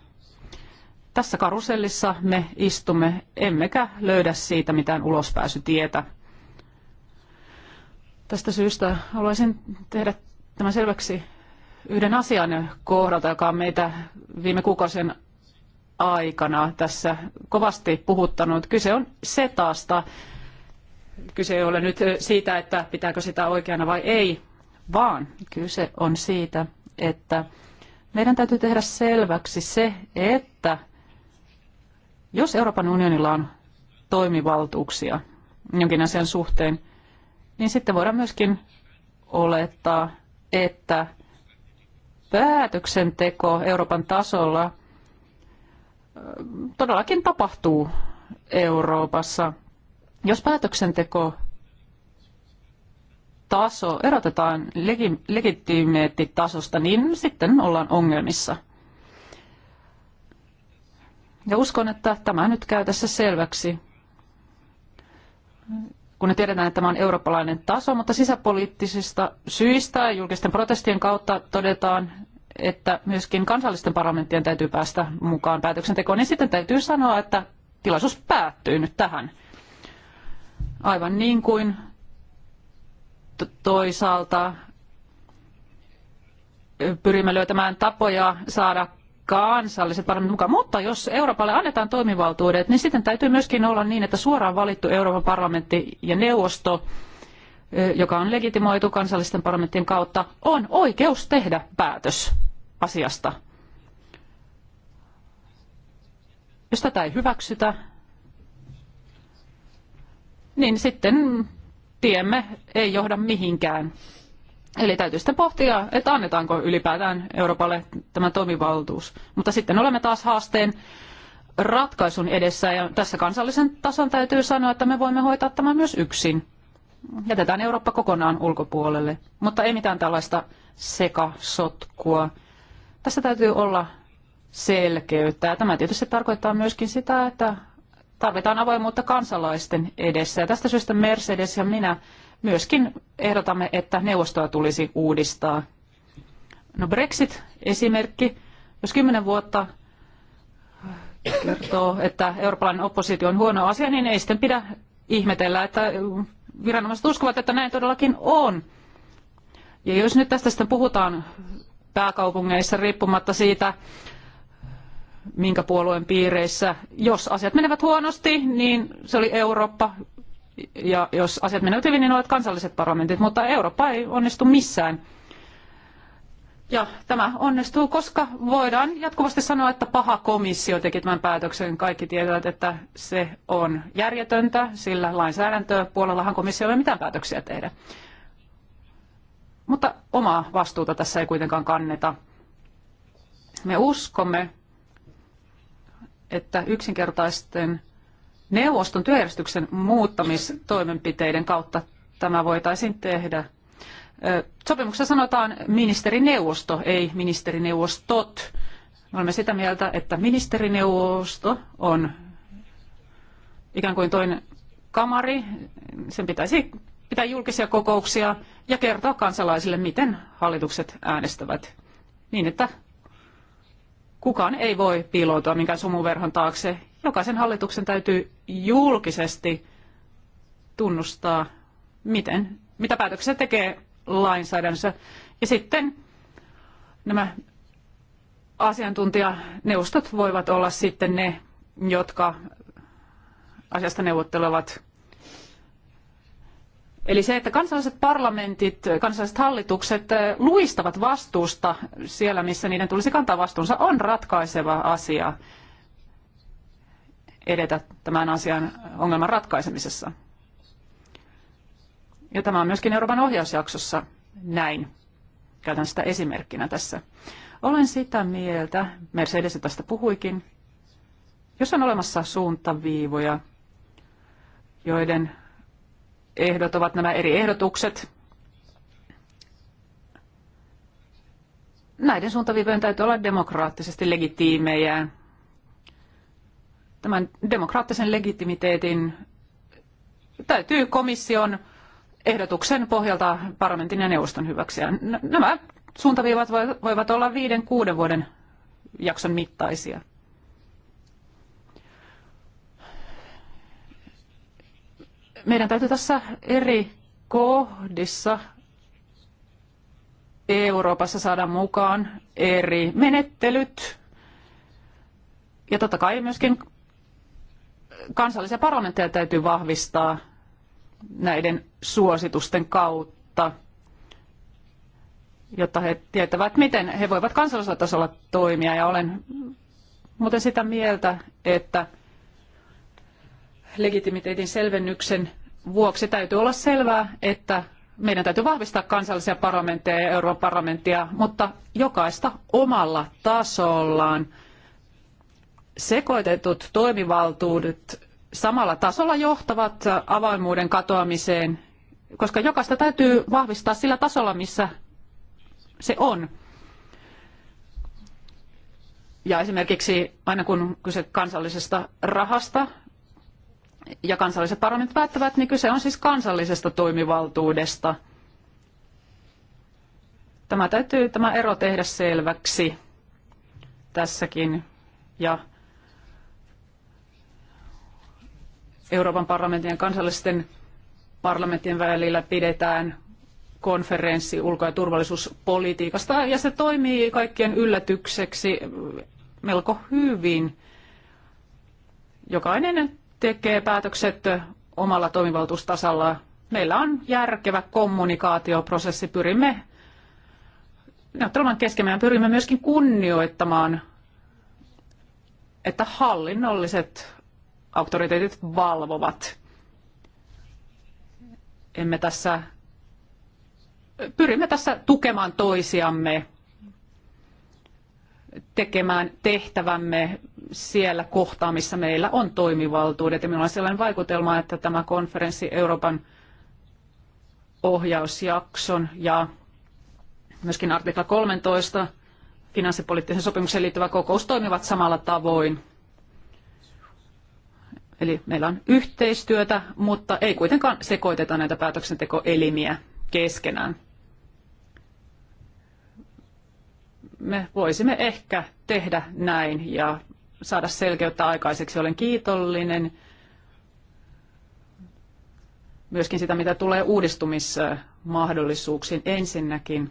Tässä karusellissa me istumme, emmekä löydä siitä mitään ulospääsytietä. Tästä syystä haluaisin tehdä tämän selväksi yhden asian kohdalta, joka on meitä viime kuukausien aikana tässä kovasti puhuttanut. Kyse on setasta. Kyse ei ole nyt siitä, että pitääkö sitä oikeana vai ei, vaan kyse on siitä, että meidän täytyy tehdä selväksi se, että jos Euroopan unionilla on toimivaltuuksia jonkin asian suhteen, niin sitten voidaan myöskin olettaa, että päätöksenteko Euroopan tasolla todellakin tapahtuu Euroopassa. Jos päätöksenteko taso erotetaan legi- legitiimiteettitasosta, niin sitten ollaan ongelmissa. Ja uskon, että tämä nyt käy tässä selväksi, kun tiedetään, että tämä on eurooppalainen taso, mutta sisäpoliittisista syistä ja julkisten protestien kautta todetaan, että myöskin kansallisten parlamenttien täytyy päästä mukaan päätöksentekoon, niin sitten täytyy sanoa, että tilaisuus päättyy nyt tähän. Aivan niin kuin toisaalta pyrimme löytämään tapoja saada kansalliset parlamentit mukaan. Mutta jos Euroopalle annetaan toimivaltuudet, niin sitten täytyy myöskin olla niin, että suoraan valittu Euroopan parlamentti ja neuvosto, joka on legitimoitu kansallisten parlamenttien kautta, on oikeus tehdä päätös asiasta. Jos tätä ei hyväksytä, niin sitten tiemme ei johda mihinkään. Eli täytyy sitten pohtia, että annetaanko ylipäätään Euroopalle tämä toimivaltuus. Mutta sitten olemme taas haasteen ratkaisun edessä ja tässä kansallisen tason täytyy sanoa, että me voimme hoitaa tämän myös yksin. Jätetään Eurooppa kokonaan ulkopuolelle, mutta ei mitään tällaista sekasotkua. Tässä täytyy olla selkeyttä. Ja tämä tietysti tarkoittaa myöskin sitä, että tarvitaan avoimuutta kansalaisten edessä. Ja tästä syystä Mercedes ja minä myöskin ehdotamme, että neuvostoa tulisi uudistaa. No Brexit-esimerkki, jos kymmenen vuotta kertoo, että eurooppalainen oppositio on huono asia, niin ei sitten pidä ihmetellä, että viranomaiset uskovat, että näin todellakin on. Ja jos nyt tästä sitten puhutaan pääkaupungeissa riippumatta siitä, minkä puolueen piireissä. Jos asiat menevät huonosti, niin se oli Eurooppa. Ja jos asiat menevät hyvin, niin olet kansalliset parlamentit. Mutta Eurooppa ei onnistu missään. Ja tämä onnistuu, koska voidaan jatkuvasti sanoa, että paha komissio teki tämän päätöksen. Kaikki tietävät, että se on järjetöntä, sillä lainsäädäntöpuolellahan komissio ei ole mitään päätöksiä tehdä. Mutta omaa vastuuta tässä ei kuitenkaan kanneta. Me uskomme, että yksinkertaisten neuvoston työjärjestyksen muuttamistoimenpiteiden kautta tämä voitaisiin tehdä. Sopimuksessa sanotaan ministerineuvosto, ei ministerineuvostot. Me olemme sitä mieltä, että ministerineuvosto on ikään kuin toinen kamari. Sen pitäisi pitää julkisia kokouksia ja kertoa kansalaisille, miten hallitukset äänestävät niin, että Kukaan ei voi piiloutua minkään sumuverhon taakse. Jokaisen hallituksen täytyy julkisesti tunnustaa, miten, mitä päätöksiä tekee lainsäädännössä. Ja sitten nämä asiantuntijaneuvostot voivat olla sitten ne, jotka asiasta neuvottelevat. Eli se, että kansalliset parlamentit, kansalliset hallitukset eh, luistavat vastuusta siellä, missä niiden tulisi kantaa vastuunsa, on ratkaiseva asia edetä tämän asian ongelman ratkaisemisessa. Ja tämä on myöskin Euroopan ohjausjaksossa näin. Käytän sitä esimerkkinä tässä. Olen sitä mieltä, Mercedes tästä puhuikin, jos on olemassa suuntaviivoja, joiden ehdot ovat nämä eri ehdotukset. Näiden suuntaviivojen täytyy olla demokraattisesti legitiimejä. Tämän demokraattisen legitimiteetin täytyy komission ehdotuksen pohjalta parlamentin ja neuvoston hyväksyä. Nämä suuntaviivat voivat olla viiden, kuuden vuoden jakson mittaisia. meidän täytyy tässä eri kohdissa Euroopassa saada mukaan eri menettelyt ja totta kai myöskin kansallisia parlamentteja täytyy vahvistaa näiden suositusten kautta, jotta he tietävät, miten he voivat kansallisella tasolla toimia. Ja olen muuten sitä mieltä, että legitimiteetin selvennyksen vuoksi täytyy olla selvää, että meidän täytyy vahvistaa kansallisia parlamentteja ja Euroopan parlamenttia, mutta jokaista omalla tasollaan. Sekoitetut toimivaltuudet samalla tasolla johtavat avoimuuden katoamiseen, koska jokaista täytyy vahvistaa sillä tasolla, missä se on. Ja esimerkiksi aina kun kyse kansallisesta rahasta, ja kansalliset parlamentit päättävät, niin kyse on siis kansallisesta toimivaltuudesta. Tämä täytyy tämä ero tehdä selväksi tässäkin. Ja Euroopan parlamentin ja kansallisten parlamentin välillä pidetään konferenssi ulko- ja turvallisuuspolitiikasta, ja se toimii kaikkien yllätykseksi melko hyvin. Jokainen tekee päätökset omalla toimivaltuustasalla. Meillä on järkevä kommunikaatioprosessi. Pyrimme neuvottelemaan keskemme ja pyrimme myöskin kunnioittamaan, että hallinnolliset auktoriteetit valvovat. Emme tässä, pyrimme tässä tukemaan toisiamme, tekemään tehtävämme siellä kohtaa, missä meillä on toimivaltuudet. Ja minulla on sellainen vaikutelma, että tämä konferenssi Euroopan ohjausjakson ja myöskin artikla 13 finanssipoliittisen sopimukseen liittyvä kokous toimivat samalla tavoin. Eli meillä on yhteistyötä, mutta ei kuitenkaan sekoiteta näitä päätöksentekoelimiä keskenään. Me voisimme ehkä tehdä näin ja saada selkeyttä aikaiseksi. Olen kiitollinen myöskin sitä, mitä tulee uudistumismahdollisuuksiin ensinnäkin.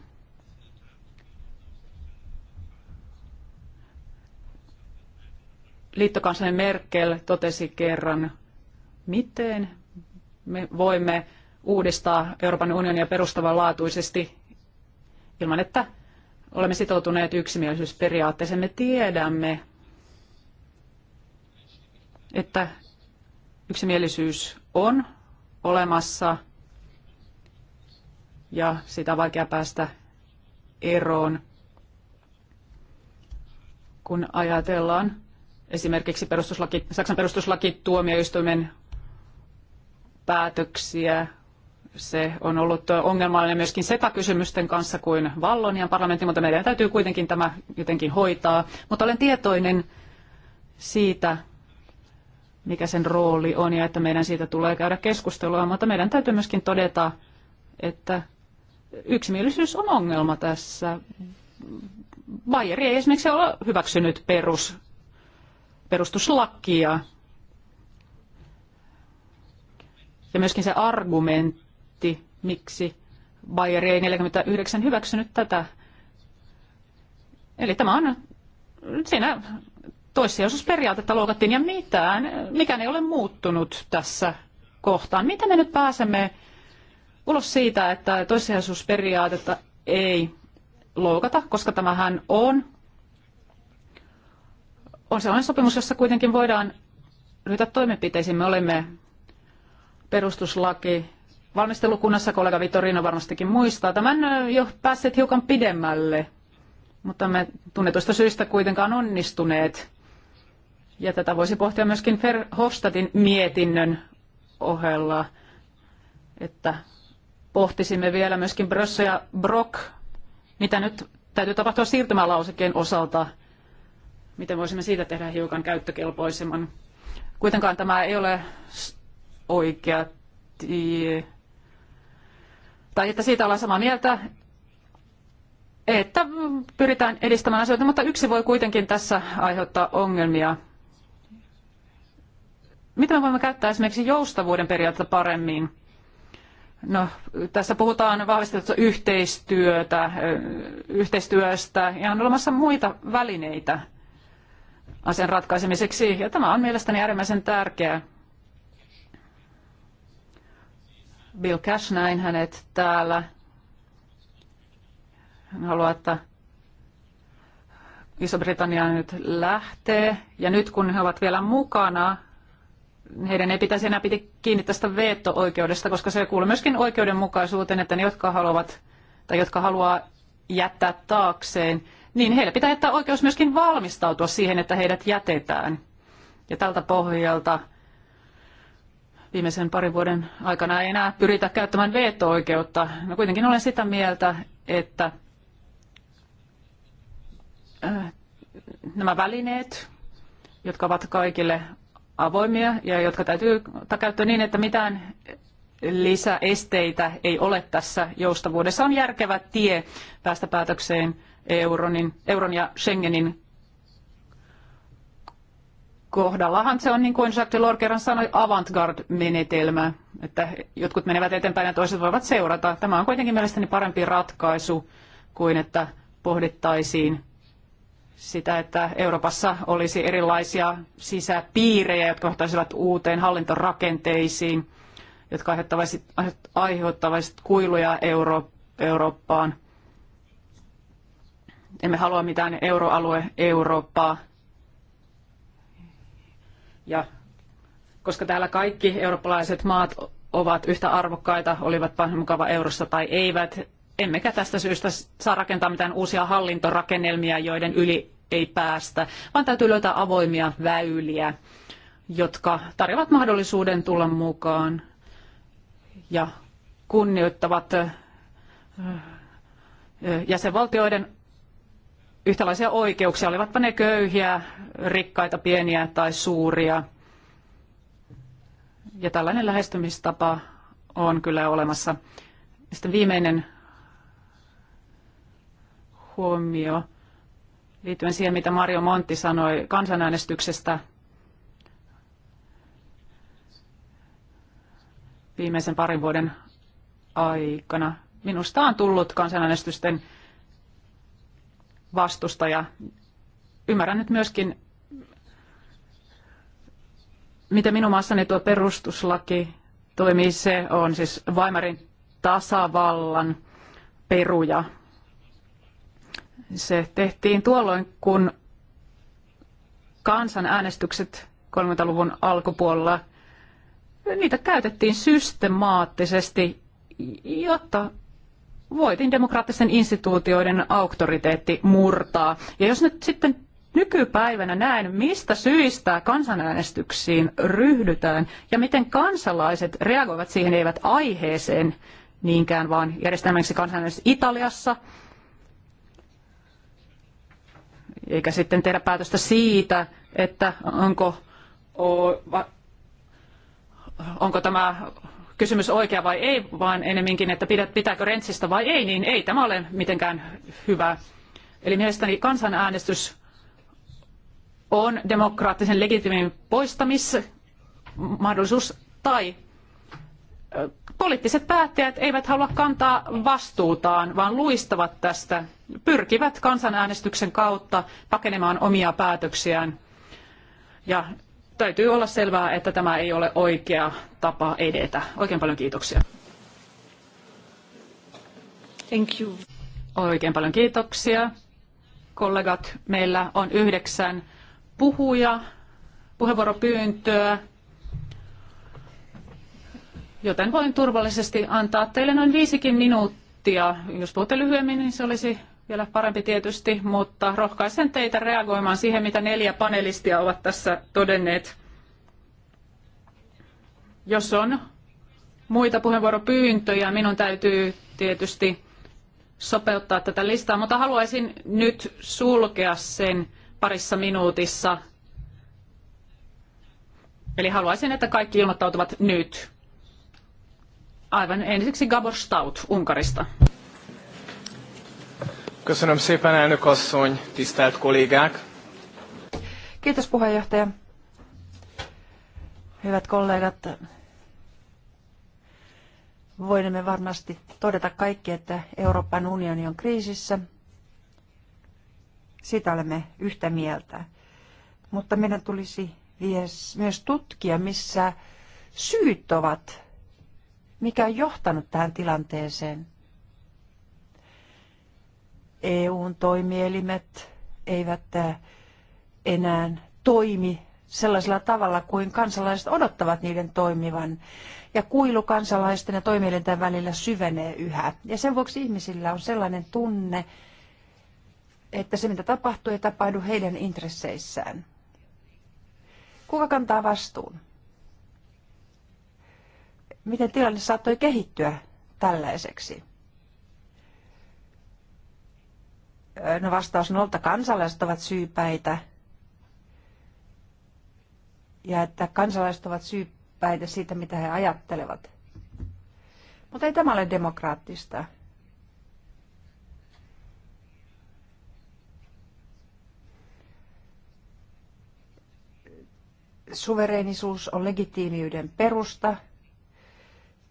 Liittokansainen Merkel totesi kerran, miten me voimme uudistaa Euroopan unionia perustavanlaatuisesti ilman, että olemme sitoutuneet yksimielisyysperiaatteeseen. Me tiedämme, että yksimielisyys on olemassa ja sitä on vaikea päästä eroon, kun ajatellaan esimerkiksi perustuslaki, Saksan perustuslakituomioistuimen päätöksiä. Se on ollut ongelmallinen myöskin sekakysymysten kanssa kuin Vallonian parlamentin mutta meidän täytyy kuitenkin tämä jotenkin hoitaa. Mutta olen tietoinen siitä, mikä sen rooli on ja että meidän siitä tulee käydä keskustelua, mutta meidän täytyy myöskin todeta, että yksimielisyys on ongelma tässä. Bayer ei esimerkiksi ole hyväksynyt perus, perustuslakia. Ja myöskin se argumentti, miksi Bayer ei 49 hyväksynyt tätä. Eli tämä on, siinä toissijaisuusperiaatetta loukattiin ja mitään, mikään ei ole muuttunut tässä kohtaan. Miten me nyt pääsemme ulos siitä, että toissijaisuusperiaatetta ei loukata, koska tämähän on, on sellainen sopimus, jossa kuitenkin voidaan ryhtyä toimenpiteisiin. Me olemme perustuslaki valmistelukunnassa, kollega Vitorino varmastikin muistaa. Tämän jo päässeet hiukan pidemmälle, mutta me tunnetuista syistä kuitenkaan onnistuneet ja tätä voisi pohtia myöskin Verhofstadtin mietinnön ohella, että pohtisimme vielä myöskin Brössö ja Brock, mitä nyt täytyy tapahtua siirtymälausekkeen osalta, miten voisimme siitä tehdä hiukan käyttökelpoisemman. Kuitenkaan tämä ei ole oikea tie. Tai että siitä ollaan samaa mieltä, että pyritään edistämään asioita, mutta yksi voi kuitenkin tässä aiheuttaa ongelmia miten me voimme käyttää esimerkiksi joustavuuden periaatetta paremmin? No, tässä puhutaan vahvistetusta yhteistyötä, yhteistyöstä ja on olemassa muita välineitä asian ratkaisemiseksi ja tämä on mielestäni äärimmäisen tärkeää. Bill Cash näin hänet täällä. Hän haluaa, että Iso-Britannia nyt lähtee ja nyt kun he ovat vielä mukana, heidän ei pitäisi enää piti kiinni tästä veto-oikeudesta, koska se kuuluu myöskin oikeudenmukaisuuteen, että ne, jotka haluavat tai jotka haluaa jättää taakseen, niin heillä pitää jättää oikeus myöskin valmistautua siihen, että heidät jätetään. Ja tältä pohjalta viimeisen parin vuoden aikana ei enää pyritä käyttämään veto-oikeutta. Mä kuitenkin olen sitä mieltä, että äh, nämä välineet, jotka ovat kaikille avoimia ja jotka täytyy ottaa käyttöön niin, että mitään lisäesteitä ei ole tässä joustavuudessa. On järkevä tie päästä päätökseen euronin, euron ja Schengenin kohdallahan se on niin kuin Jacques Delors kerran sanoi avantgarde-menetelmä, että jotkut menevät eteenpäin ja toiset voivat seurata. Tämä on kuitenkin mielestäni parempi ratkaisu kuin että pohdittaisiin sitä, että Euroopassa olisi erilaisia sisäpiirejä, jotka johtaisivat uuteen hallintorakenteisiin, jotka aiheuttaisivat, kuiluja Euro, Eurooppaan. Emme halua mitään euroalue Eurooppaa. Ja koska täällä kaikki eurooppalaiset maat ovat yhtä arvokkaita, olivatpa mukava eurossa tai eivät, emmekä tästä syystä saa rakentaa mitään uusia hallintorakennelmia, joiden yli ei päästä, vaan täytyy löytää avoimia väyliä, jotka tarjoavat mahdollisuuden tulla mukaan ja kunnioittavat jäsenvaltioiden yhtäläisiä oikeuksia, olivatpa ne köyhiä, rikkaita, pieniä tai suuria. Ja tällainen lähestymistapa on kyllä olemassa. Sitten viimeinen huomio liittyen siihen, mitä Mario Montti sanoi kansanäänestyksestä viimeisen parin vuoden aikana. Minusta on tullut kansanäänestysten vastustaja. Ymmärrän nyt myöskin, miten minun maassani tuo perustuslaki toimii. Se on siis Weimarin tasavallan peruja se tehtiin tuolloin, kun kansanäänestykset 30-luvun alkupuolella, niitä käytettiin systemaattisesti, jotta voitiin demokraattisten instituutioiden auktoriteetti murtaa. Ja jos nyt sitten nykypäivänä näen, mistä syistä kansanäänestyksiin ryhdytään ja miten kansalaiset reagoivat siihen, eivät aiheeseen niinkään, vaan järjestämäksi kansanäänestys Italiassa – eikä sitten tehdä päätöstä siitä, että onko, onko tämä kysymys oikea vai ei, vaan enemminkin, että pitääkö rentsistä vai ei, niin ei tämä ole mitenkään hyvä. Eli mielestäni kansanäänestys on demokraattisen legitimin poistamismahdollisuus tai poliittiset päättäjät eivät halua kantaa vastuutaan, vaan luistavat tästä, pyrkivät kansanäänestyksen kautta pakenemaan omia päätöksiään. Ja täytyy olla selvää, että tämä ei ole oikea tapa edetä. Oikein paljon kiitoksia. Thank you. Oikein paljon kiitoksia. Kollegat, meillä on yhdeksän puhuja, puheenvuoropyyntöä joten voin turvallisesti antaa teille noin viisikin minuuttia. Jos puhutte lyhyemmin, niin se olisi vielä parempi tietysti, mutta rohkaisen teitä reagoimaan siihen, mitä neljä panelistia ovat tässä todenneet. Jos on muita puheenvuoropyyntöjä, minun täytyy tietysti sopeuttaa tätä listaa, mutta haluaisin nyt sulkea sen parissa minuutissa. Eli haluaisin, että kaikki ilmoittautuvat nyt. Aivan ensiksi Gabor Staut Unkarista. Köszönöm szépen, elnök asszony, tisztelt kollégák! Kiitos puheenjohtaja. Hyvät kollegat, voimme varmasti todeta kaikki, että Euroopan unioni on kriisissä. Sitä olemme yhtä mieltä. Mutta meidän tulisi myös tutkia, missä syyt ovat mikä on johtanut tähän tilanteeseen. EUn toimielimet eivät äh, enää toimi sellaisella tavalla kuin kansalaiset odottavat niiden toimivan. Ja kuilu kansalaisten ja toimielinten välillä syvenee yhä. Ja sen vuoksi ihmisillä on sellainen tunne, että se mitä tapahtuu ei tapahdu heidän intresseissään. Kuka kantaa vastuun? miten tilanne saattoi kehittyä tällaiseksi? No vastaus on että kansalaiset ovat syypäitä ja että kansalaiset ovat syypäitä siitä, mitä he ajattelevat. Mutta ei tämä ole demokraattista. Suvereenisuus on legitiimiyden perusta –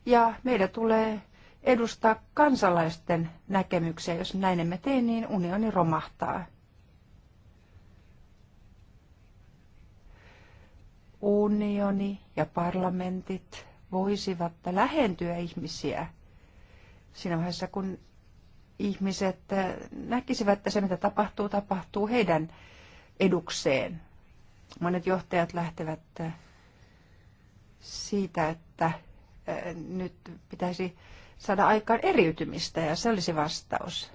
ja meidän tulee edustaa kansalaisten näkemyksiä. Jos näin emme tee, niin unioni romahtaa. Unioni ja parlamentit voisivat lähentyä ihmisiä siinä vaiheessa, kun ihmiset näkisivät, että se mitä tapahtuu, tapahtuu heidän edukseen. Monet johtajat lähtevät siitä, että nyt pitäisi saada aikaan eriytymistä ja se olisi vastaus.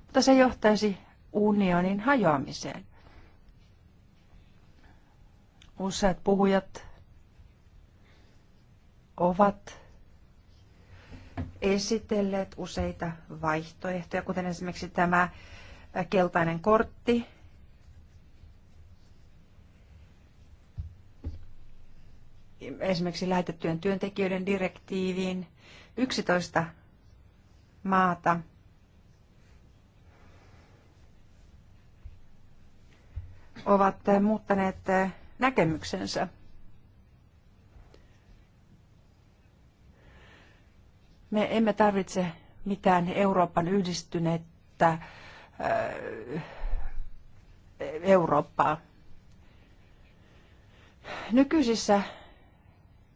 Mutta se johtaisi unionin hajoamiseen. Useat puhujat ovat esitelleet useita vaihtoehtoja, kuten esimerkiksi tämä keltainen kortti, esimerkiksi lähetettyjen työntekijöiden direktiiviin 11 maata ovat muuttaneet näkemyksensä. Me emme tarvitse mitään Euroopan yhdistyneettä Eurooppaa. Nykyisissä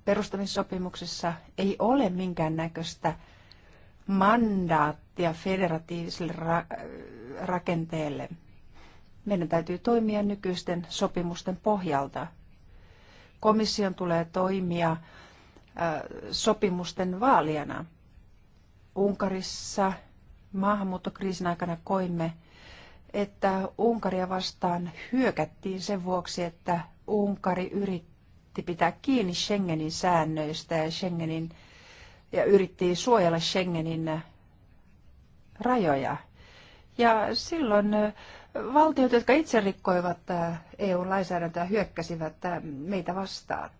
perustamissopimuksessa ei ole minkäännäköistä mandaattia federatiiviselle ra- rakenteelle. Meidän täytyy toimia nykyisten sopimusten pohjalta. Komission tulee toimia sopimusten vaalijana. Unkarissa maahanmuuttokriisin aikana koimme, että Unkaria vastaan hyökättiin sen vuoksi, että Unkari yritti yritti pitää kiinni Schengenin säännöistä ja, Schengenin, ja yritti suojella Schengenin rajoja. Ja silloin valtiot, jotka itse rikkoivat EU-lainsäädäntöä, hyökkäsivät meitä vastaan.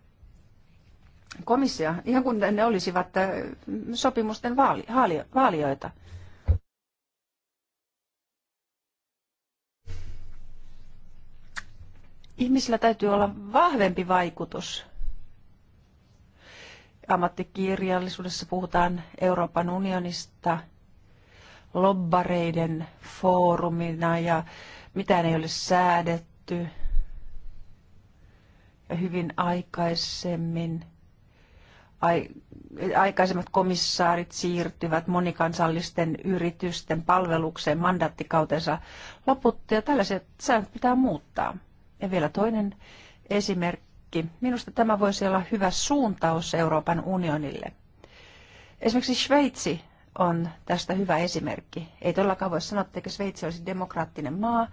Komissio, ihan kuin ne olisivat sopimusten vaali, haali, vaalioita. ihmisillä täytyy olla vahvempi vaikutus. Ammattikirjallisuudessa puhutaan Euroopan unionista lobbareiden foorumina ja mitään ei ole säädetty. Ja hyvin aikaisemmin aikaisemmat komissaarit siirtyvät monikansallisten yritysten palvelukseen mandaattikautensa loputtua ja tällaiset säännöt pitää muuttaa. Ja vielä toinen esimerkki. Minusta tämä voisi olla hyvä suuntaus Euroopan unionille. Esimerkiksi Sveitsi on tästä hyvä esimerkki. Ei todellakaan voi sanoa, että Sveitsi olisi demokraattinen maa.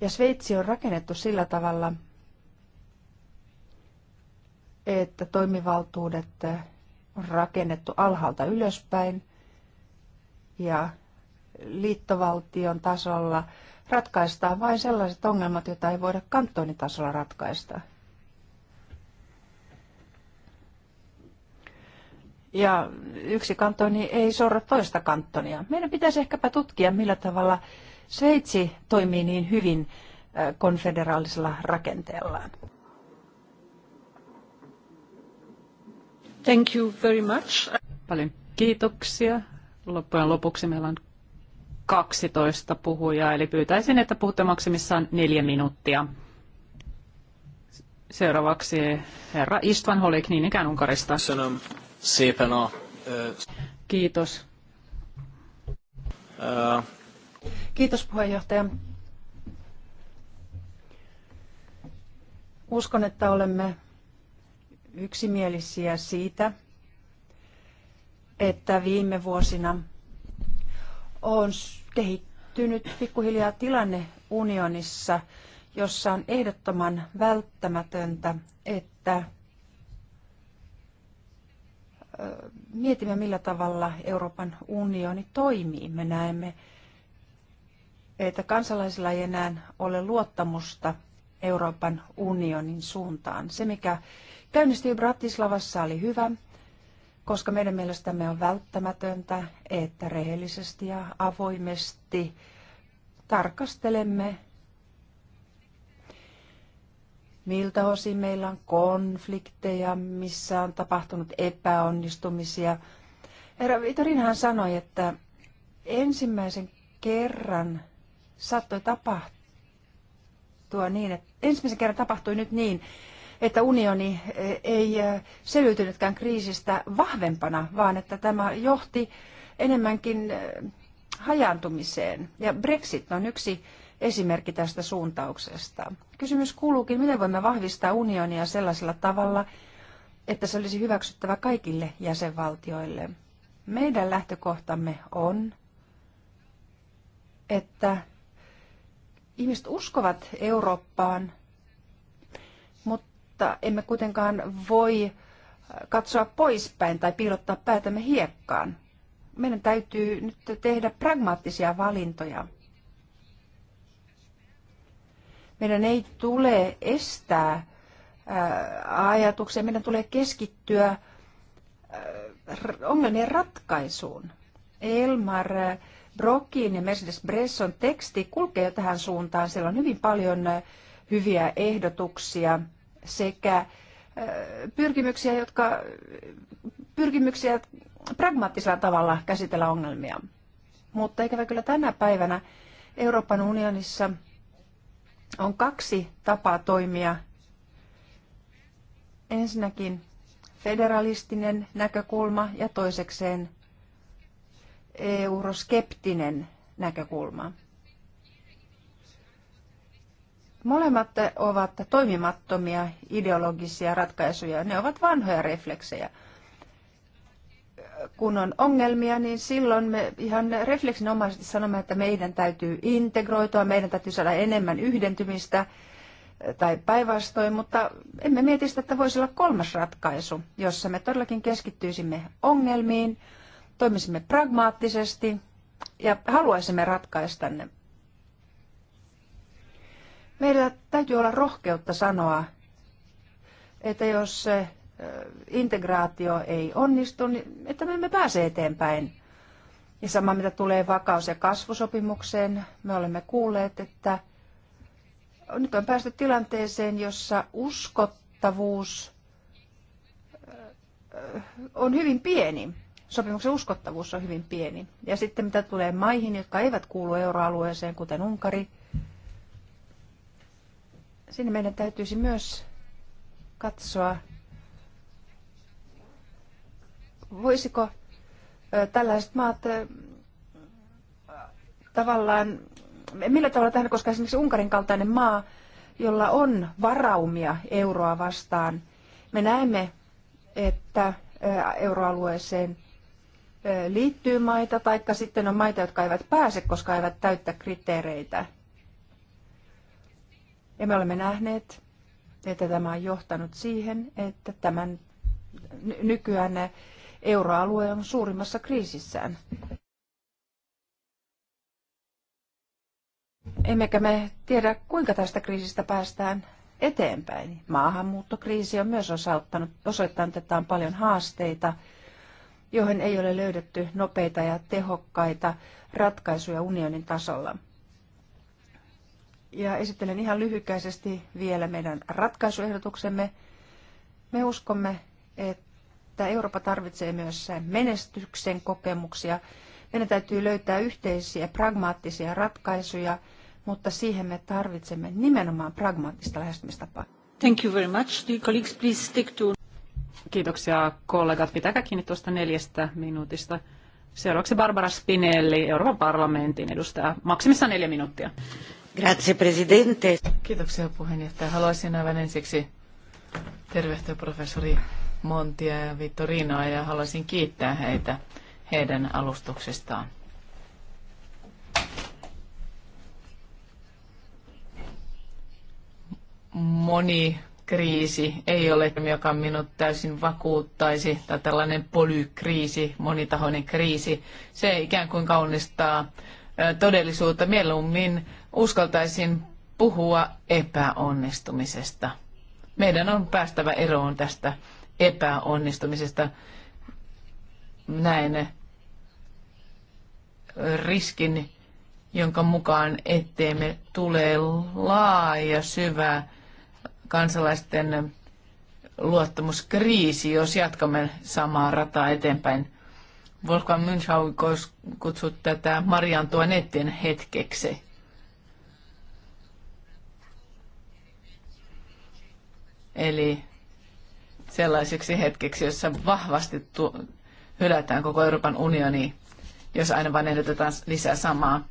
Ja Sveitsi on rakennettu sillä tavalla, että toimivaltuudet on rakennettu alhaalta ylöspäin ja liittovaltion tasolla ratkaistaan vain sellaiset ongelmat, joita ei voida kantonitasolla ratkaista. Ja yksi kantoni ei sorra toista kantonia. Meidän pitäisi ehkäpä tutkia, millä tavalla Sveitsi toimii niin hyvin konfederaalisella rakenteellaan. Thank you very much. Paljon kiitoksia. Loppujen lopuksi meillä on 12 puhujaa, eli pyytäisin, että puhutte maksimissaan neljä minuuttia. Seuraavaksi herra Istvan Holik, niin ikään Unkarista. Kiitos. Kiitos puheenjohtaja. Uskon, että olemme yksimielisiä siitä, että viime vuosina on kehittynyt pikkuhiljaa tilanne unionissa, jossa on ehdottoman välttämätöntä, että mietimme, millä tavalla Euroopan unioni toimii. Me näemme, että kansalaisilla ei enää ole luottamusta Euroopan unionin suuntaan. Se, mikä käynnistyi Bratislavassa, oli hyvä koska meidän mielestämme on välttämätöntä, että rehellisesti ja avoimesti tarkastelemme, miltä osin meillä on konflikteja, missä on tapahtunut epäonnistumisia. Herra hän sanoi, että ensimmäisen kerran saattoi tapahtua niin, että ensimmäisen kerran tapahtui nyt niin, että unioni eh, ei eh, selviytynytkään kriisistä vahvempana, vaan että tämä johti enemmänkin eh, hajaantumiseen. Ja Brexit on yksi esimerkki tästä suuntauksesta. Kysymys kuuluukin, miten voimme vahvistaa unionia sellaisella tavalla, että se olisi hyväksyttävä kaikille jäsenvaltioille. Meidän lähtökohtamme on, että ihmiset uskovat Eurooppaan mutta emme kuitenkaan voi katsoa poispäin tai piilottaa päätämme hiekkaan. Meidän täytyy nyt tehdä pragmaattisia valintoja. Meidän ei tule estää ajatuksia, meidän tulee keskittyä ongelmien ratkaisuun. Elmar Brokin ja Mercedes Bresson teksti kulkee jo tähän suuntaan. Siellä on hyvin paljon hyviä ehdotuksia – sekä pyrkimyksiä, jotka pyrkimyksiä pragmaattisella tavalla käsitellä ongelmia. Mutta ikävä kyllä tänä päivänä Euroopan unionissa on kaksi tapaa toimia. Ensinnäkin federalistinen näkökulma ja toisekseen euroskeptinen näkökulma. Molemmat ovat toimimattomia ideologisia ratkaisuja. Ne ovat vanhoja refleksejä. Kun on ongelmia, niin silloin me ihan refleksinomaisesti sanomme, että meidän täytyy integroitua, meidän täytyy saada enemmän yhdentymistä tai päinvastoin, mutta emme mieti sitä, että voisi olla kolmas ratkaisu, jossa me todellakin keskittyisimme ongelmiin, toimisimme pragmaattisesti ja haluaisimme ratkaista ne. Meillä täytyy olla rohkeutta sanoa, että jos integraatio ei onnistu, niin että me emme pääse eteenpäin. Ja sama mitä tulee vakaus- ja kasvusopimukseen, me olemme kuulleet, että nyt on päästy tilanteeseen, jossa uskottavuus on hyvin pieni. Sopimuksen uskottavuus on hyvin pieni. Ja sitten mitä tulee maihin, jotka eivät kuulu euroalueeseen, kuten Unkari, siinä meidän täytyisi myös katsoa, voisiko tällaiset maat tavallaan, millä tavalla tähän, koska esimerkiksi Unkarin kaltainen maa, jolla on varaumia euroa vastaan, me näemme, että euroalueeseen liittyy maita, taikka sitten on maita, jotka eivät pääse, koska eivät täyttä kriteereitä. Ja me olemme nähneet, että tämä on johtanut siihen, että tämän nykyään euroalue on suurimmassa kriisissään. Emmekä me tiedä, kuinka tästä kriisistä päästään eteenpäin. Maahanmuuttokriisi on myös osoittanut, osoittanut, että on paljon haasteita, joihin ei ole löydetty nopeita ja tehokkaita ratkaisuja unionin tasolla ja esittelen ihan lyhykäisesti vielä meidän ratkaisuehdotuksemme. Me uskomme, että Eurooppa tarvitsee myös menestyksen kokemuksia. Meidän täytyy löytää yhteisiä pragmaattisia ratkaisuja, mutta siihen me tarvitsemme nimenomaan pragmaattista lähestymistapaa. Thank you very much. The colleagues please stick to... Kiitoksia kollegat. Pitäkää kiinni tuosta neljästä minuutista. Seuraavaksi Barbara Spinelli, Euroopan parlamentin edustaja. Maksimissaan neljä minuuttia. Grazie, presidente. Kiitoksia puheenjohtaja. Haluaisin aivan ensiksi tervehtiä professori Montia ja Vittorinoa ja haluaisin kiittää heitä heidän alustuksestaan. Moni kriisi ei ole, joka minut täysin vakuuttaisi, tai tällainen polykriisi, monitahoinen kriisi. Se ikään kuin kaunistaa todellisuutta. Mieluummin uskaltaisin puhua epäonnistumisesta. Meidän on päästävä eroon tästä epäonnistumisesta. Näen riskin, jonka mukaan eteemme tulee laaja, syvä kansalaisten luottamuskriisi, jos jatkamme samaa rataa eteenpäin. Wolfgang Münchhau kutsui tätä Marian Tuanettien hetkeksi. Eli sellaiseksi hetkeksi, jossa vahvasti tu- hylätään koko Euroopan unioni, jos aina vain ehdotetaan lisää samaa.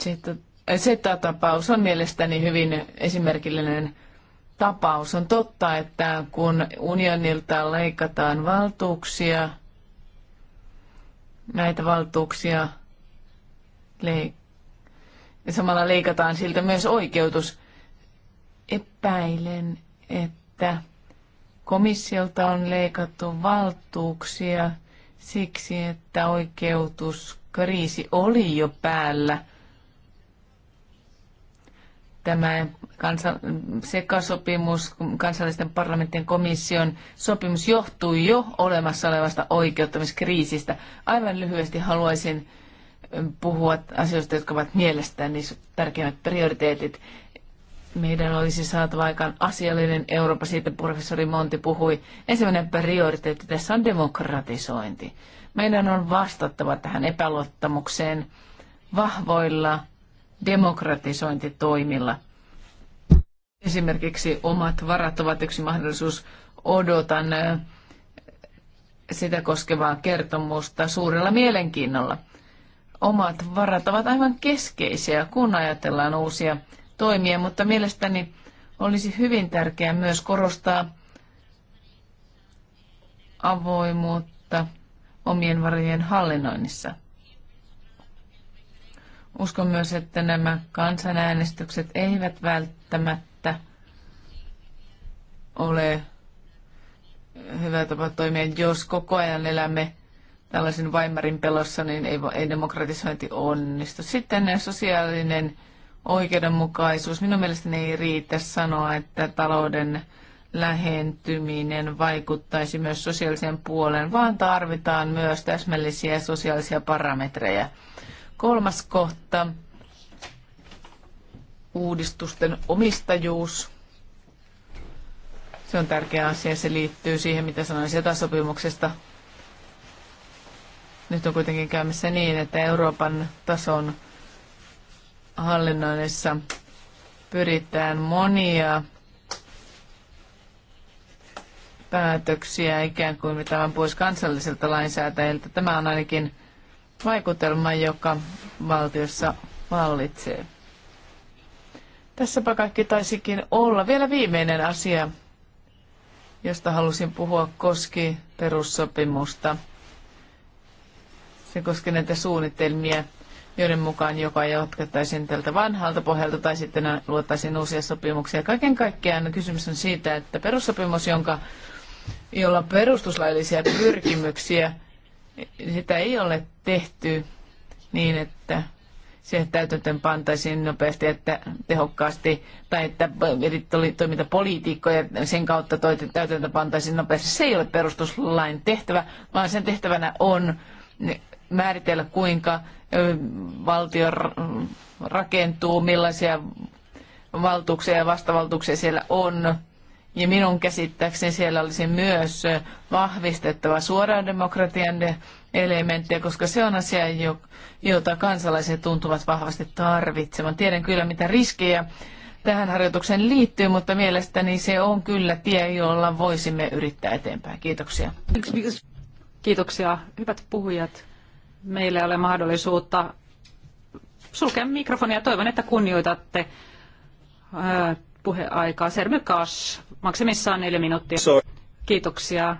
Se äh, tapaus on mielestäni hyvin esimerkillinen tapaus. On totta, että kun unionilta leikataan valtuuksia, näitä valtuuksia leik- ja samalla leikataan siltä myös oikeutus. Epäilen, että komissiolta on leikattu valtuuksia siksi, että oikeutuskriisi oli jo päällä. Tämä kansa- sekasopimus, kansallisten parlamenttien komission sopimus johtui jo olemassa olevasta oikeuttamiskriisistä. Aivan lyhyesti haluaisin puhua asioista, jotka ovat mielestäni tärkeimmät prioriteetit meidän olisi saatava aikaan asiallinen Eurooppa, siitä professori Monti puhui. Ensimmäinen prioriteetti tässä on demokratisointi. Meidän on vastattava tähän epäluottamukseen vahvoilla demokratisointitoimilla. Esimerkiksi omat varat ovat yksi mahdollisuus. Odotan sitä koskevaa kertomusta suurella mielenkiinnolla. Omat varat ovat aivan keskeisiä, kun ajatellaan uusia toimia, mutta mielestäni olisi hyvin tärkeää myös korostaa avoimuutta omien varojen hallinnoinnissa. Uskon myös, että nämä kansanäänestykset eivät välttämättä ole hyvä tapa toimia, jos koko ajan elämme tällaisen Weimarin pelossa, niin ei, ei demokratisointi onnistu. Sitten sosiaalinen oikeudenmukaisuus. Minun mielestäni ei riitä sanoa, että talouden lähentyminen vaikuttaisi myös sosiaaliseen puoleen, vaan tarvitaan myös täsmällisiä sosiaalisia parametreja. Kolmas kohta, uudistusten omistajuus. Se on tärkeä asia, se liittyy siihen, mitä sanoin sieltä sopimuksesta Nyt on kuitenkin käymässä niin, että Euroopan tason hallinnoinnissa pyritään monia päätöksiä ikään kuin on pois kansallisilta lainsäätäjiltä. Tämä on ainakin vaikutelma, joka valtiossa vallitsee. Tässäpä kaikki taisikin olla. Vielä viimeinen asia, josta halusin puhua, koski perussopimusta. Se koski näitä suunnitelmia joiden mukaan joka jatkettaisiin tältä vanhalta pohjalta tai sitten luottaisiin uusia sopimuksia. Kaiken kaikkiaan kysymys on siitä, että perussopimus, jonka, jolla on perustuslaillisia pyrkimyksiä, sitä ei ole tehty niin, että se täytäntöön pantaisiin nopeasti että tehokkaasti, tai että eri toimintapoliitikkoja sen kautta täytäntöön pantaisiin nopeasti. Se ei ole perustuslain tehtävä, vaan sen tehtävänä on määritellä, kuinka valtio rakentuu, millaisia valtuuksia ja vastavaltuuksia siellä on. Ja minun käsittääkseni siellä olisi myös vahvistettava suoraan demokratian elementtiä, koska se on asia, jota kansalaiset tuntuvat vahvasti tarvitsevan. Tiedän kyllä, mitä riskejä tähän harjoitukseen liittyy, mutta mielestäni se on kyllä tie, jolla voisimme yrittää eteenpäin. Kiitoksia. Kiitoksia. Hyvät puhujat, meillä ei ole mahdollisuutta sulkea mikrofonia. Toivon, että kunnioitatte puheaikaa. Sermy maksimissaan neljä minuuttia. Kiitoksia.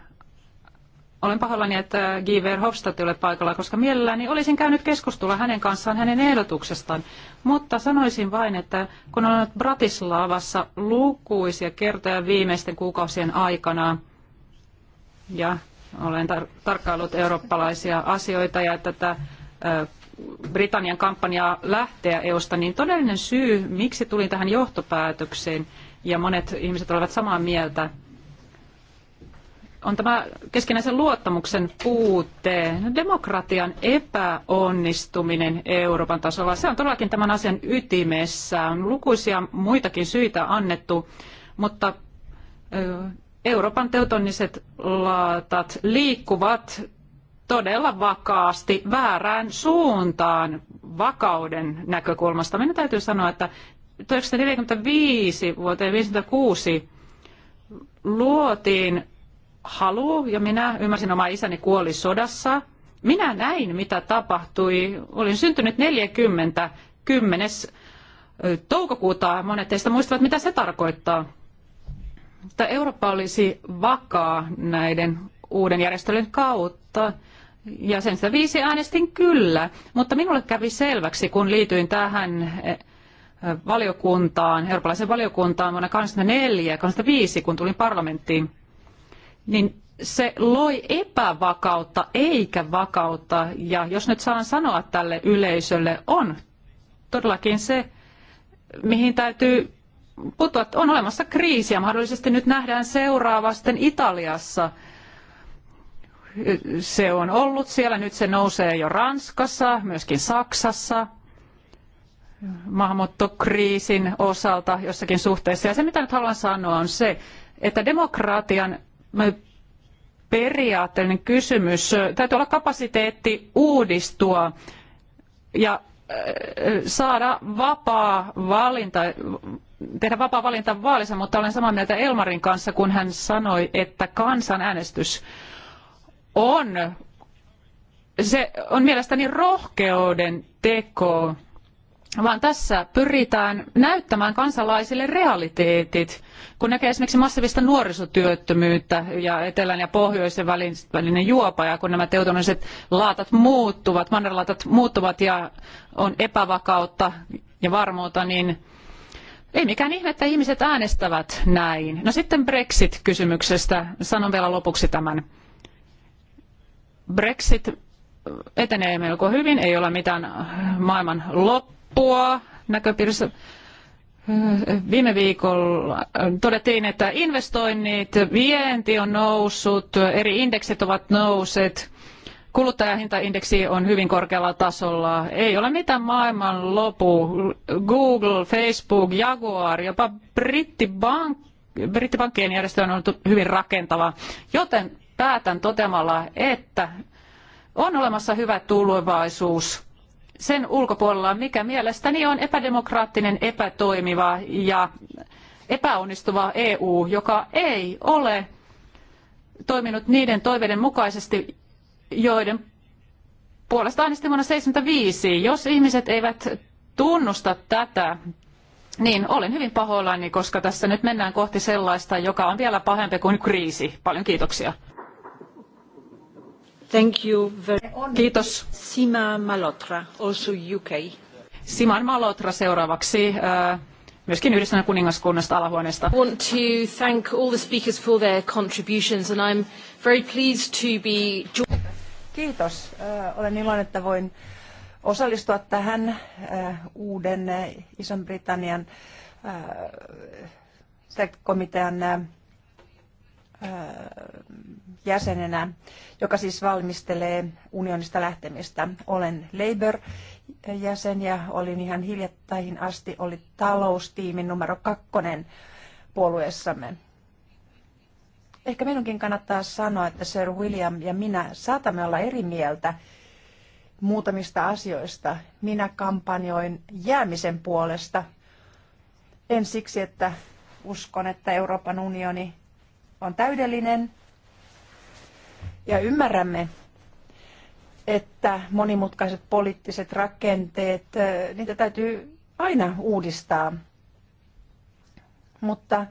Olen pahoillani, että Guy Verhofstadt ei ole paikalla, koska mielelläni olisin käynyt keskustella hänen kanssaan hänen ehdotuksestaan. Mutta sanoisin vain, että kun olen ollut Bratislavassa lukuisia kertoja viimeisten kuukausien aikana ja olen tar- tarkkaillut eurooppalaisia asioita ja tätä Britannian kampanjaa lähteä EUsta, niin todellinen syy, miksi tulin tähän johtopäätökseen, ja monet ihmiset olivat samaa mieltä, on tämä keskinäisen luottamuksen puute, demokratian epäonnistuminen Euroopan tasolla. Se on todellakin tämän asian ytimessä. On lukuisia muitakin syitä annettu, mutta Euroopan teutoniset laatat liikkuvat todella vakaasti väärään suuntaan vakauden näkökulmasta. Minun täytyy sanoa, että 1945 vuoteen 1956 luotiin halu, ja minä ymmärsin, oma isäni kuoli sodassa. Minä näin, mitä tapahtui. Olin syntynyt 40, 10. toukokuuta. Monet teistä muistavat, mitä se tarkoittaa että Eurooppa olisi vakaa näiden uuden järjestelyn kautta. Ja sen sitä viisi äänestin kyllä, mutta minulle kävi selväksi, kun liityin tähän eh, valiokuntaan, eurooppalaisen valiokuntaan vuonna 2004 ja 2005, kun tulin parlamenttiin, niin se loi epävakautta eikä vakautta. Ja jos nyt saan sanoa tälle yleisölle, on todellakin se, mihin täytyy putoa. On olemassa kriisiä. Mahdollisesti nyt nähdään seuraava sitten Italiassa. Se on ollut siellä, nyt se nousee jo Ranskassa, myöskin Saksassa maahanmuuttokriisin osalta jossakin suhteessa. Ja se, mitä nyt haluan sanoa, on se, että demokratian periaatteellinen kysymys, täytyy olla kapasiteetti uudistua ja saada vapaa valinta, tehdä vapaa valinta vaalissa, mutta olen samaa mieltä Elmarin kanssa, kun hän sanoi, että kansanäänestys on, se on mielestäni rohkeuden teko, vaan tässä pyritään näyttämään kansalaisille realiteetit. Kun näkee esimerkiksi massiivista nuorisotyöttömyyttä ja etelän ja pohjoisen välinen juopa, ja kun nämä teutoniset laatat muuttuvat, mannerlaatat muuttuvat ja on epävakautta ja varmuutta, niin ei mikään ihme, että ihmiset äänestävät näin. No sitten Brexit-kysymyksestä. Sanon vielä lopuksi tämän. Brexit etenee melko hyvin, ei ole mitään maailman loppua näköpiirissä. Viime viikolla todettiin, että investoinnit, vienti on noussut, eri indeksit ovat nousseet. Kuluttajahintaindeksi on hyvin korkealla tasolla. Ei ole mitään maailman lopu. Google, Facebook, Jaguar, jopa brittibank, brittipankkien järjestö on ollut hyvin rakentava. Joten päätän toteamalla, että on olemassa hyvä tulevaisuus sen ulkopuolella, mikä mielestäni on epädemokraattinen, epätoimiva ja epäonnistuva EU, joka ei ole toiminut niiden toiveiden mukaisesti, joiden puolesta äänestin vuonna 1975. Jos ihmiset eivät tunnusta tätä, niin olen hyvin pahoillani, koska tässä nyt mennään kohti sellaista, joka on vielä pahempi kuin kriisi. Paljon kiitoksia. Thank you very... Kiitos. Sima Malotra, also UK. Siman Malotra seuraavaksi. Äh, myöskin yhdistyneen kuningaskunnasta alahuoneesta. I want to thank all the speakers for their contributions and I'm very pleased to be Kiitos. Olen iloinen, että voin osallistua tähän uuden iso britannian komitean jäsenenä, joka siis valmistelee unionista lähtemistä. Olen Labour-jäsen ja olin ihan hiljattain asti oli taloustiimin numero kakkonen puolueessamme. Ehkä minunkin kannattaa sanoa, että Sir William ja minä saatamme olla eri mieltä muutamista asioista. Minä kampanjoin jäämisen puolesta. En siksi, että uskon, että Euroopan unioni on täydellinen. Ja ymmärrämme, että monimutkaiset poliittiset rakenteet, eh, niitä täytyy aina uudistaa. Mutta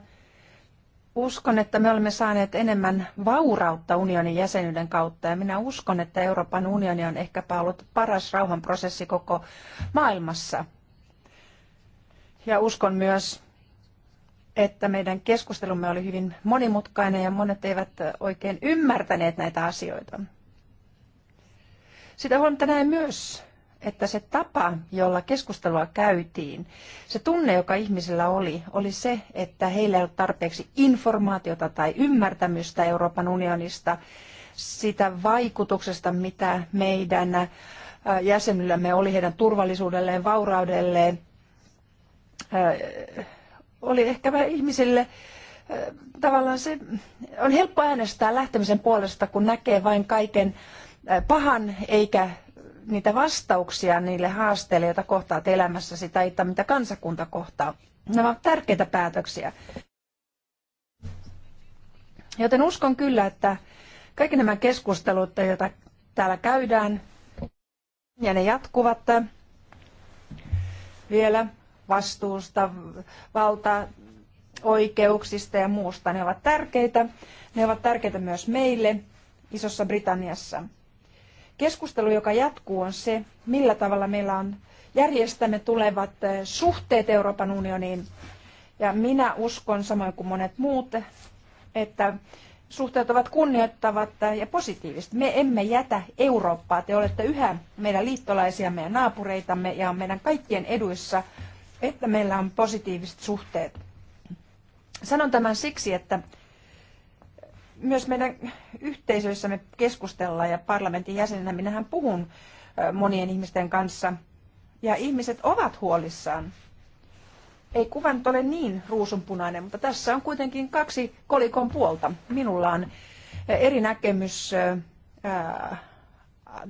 Uskon, että me olemme saaneet enemmän vaurautta unionin jäsenyyden kautta ja minä uskon, että Euroopan unioni on ehkäpä ollut paras rauhanprosessi koko maailmassa. Ja uskon myös, että meidän keskustelumme oli hyvin monimutkainen ja monet eivät oikein ymmärtäneet näitä asioita. Sitä huolimatta näen myös että se tapa, jolla keskustelua käytiin, se tunne, joka ihmisillä oli, oli se, että heillä ei ollut tarpeeksi informaatiota tai ymmärtämystä Euroopan unionista, sitä vaikutuksesta, mitä meidän äh, jäsenillämme oli heidän turvallisuudelleen, vauraudelleen, äh, oli ehkä ihmisille äh, tavallaan se on helppo äänestää lähtemisen puolesta, kun näkee vain kaiken pahan eikä niitä vastauksia niille haasteille, joita kohtaat elämässäsi tai mitä kansakunta kohtaa. Nämä ovat tärkeitä päätöksiä. Joten uskon kyllä, että kaikki nämä keskustelut, joita täällä käydään, ja ne jatkuvat vielä vastuusta, valta, oikeuksista ja muusta. Ne ovat tärkeitä. Ne ovat tärkeitä myös meille Isossa Britanniassa. Keskustelu, joka jatkuu, on se, millä tavalla meillä on järjestämme tulevat eh, suhteet Euroopan unioniin. Ja minä uskon, samoin kuin monet muut, että suhteet ovat kunnioittavat eh, ja positiiviset. Me emme jätä Eurooppaa. Te olette yhä meidän liittolaisiamme ja naapureitamme ja on meidän kaikkien eduissa, että meillä on positiiviset suhteet. Sanon tämän siksi, että myös meidän yhteisöissämme keskustellaan ja parlamentin jäsenenä minähän puhun monien ihmisten kanssa ja ihmiset ovat huolissaan. Ei kuvan ole niin ruusunpunainen, mutta tässä on kuitenkin kaksi kolikon puolta. Minulla on eri näkemys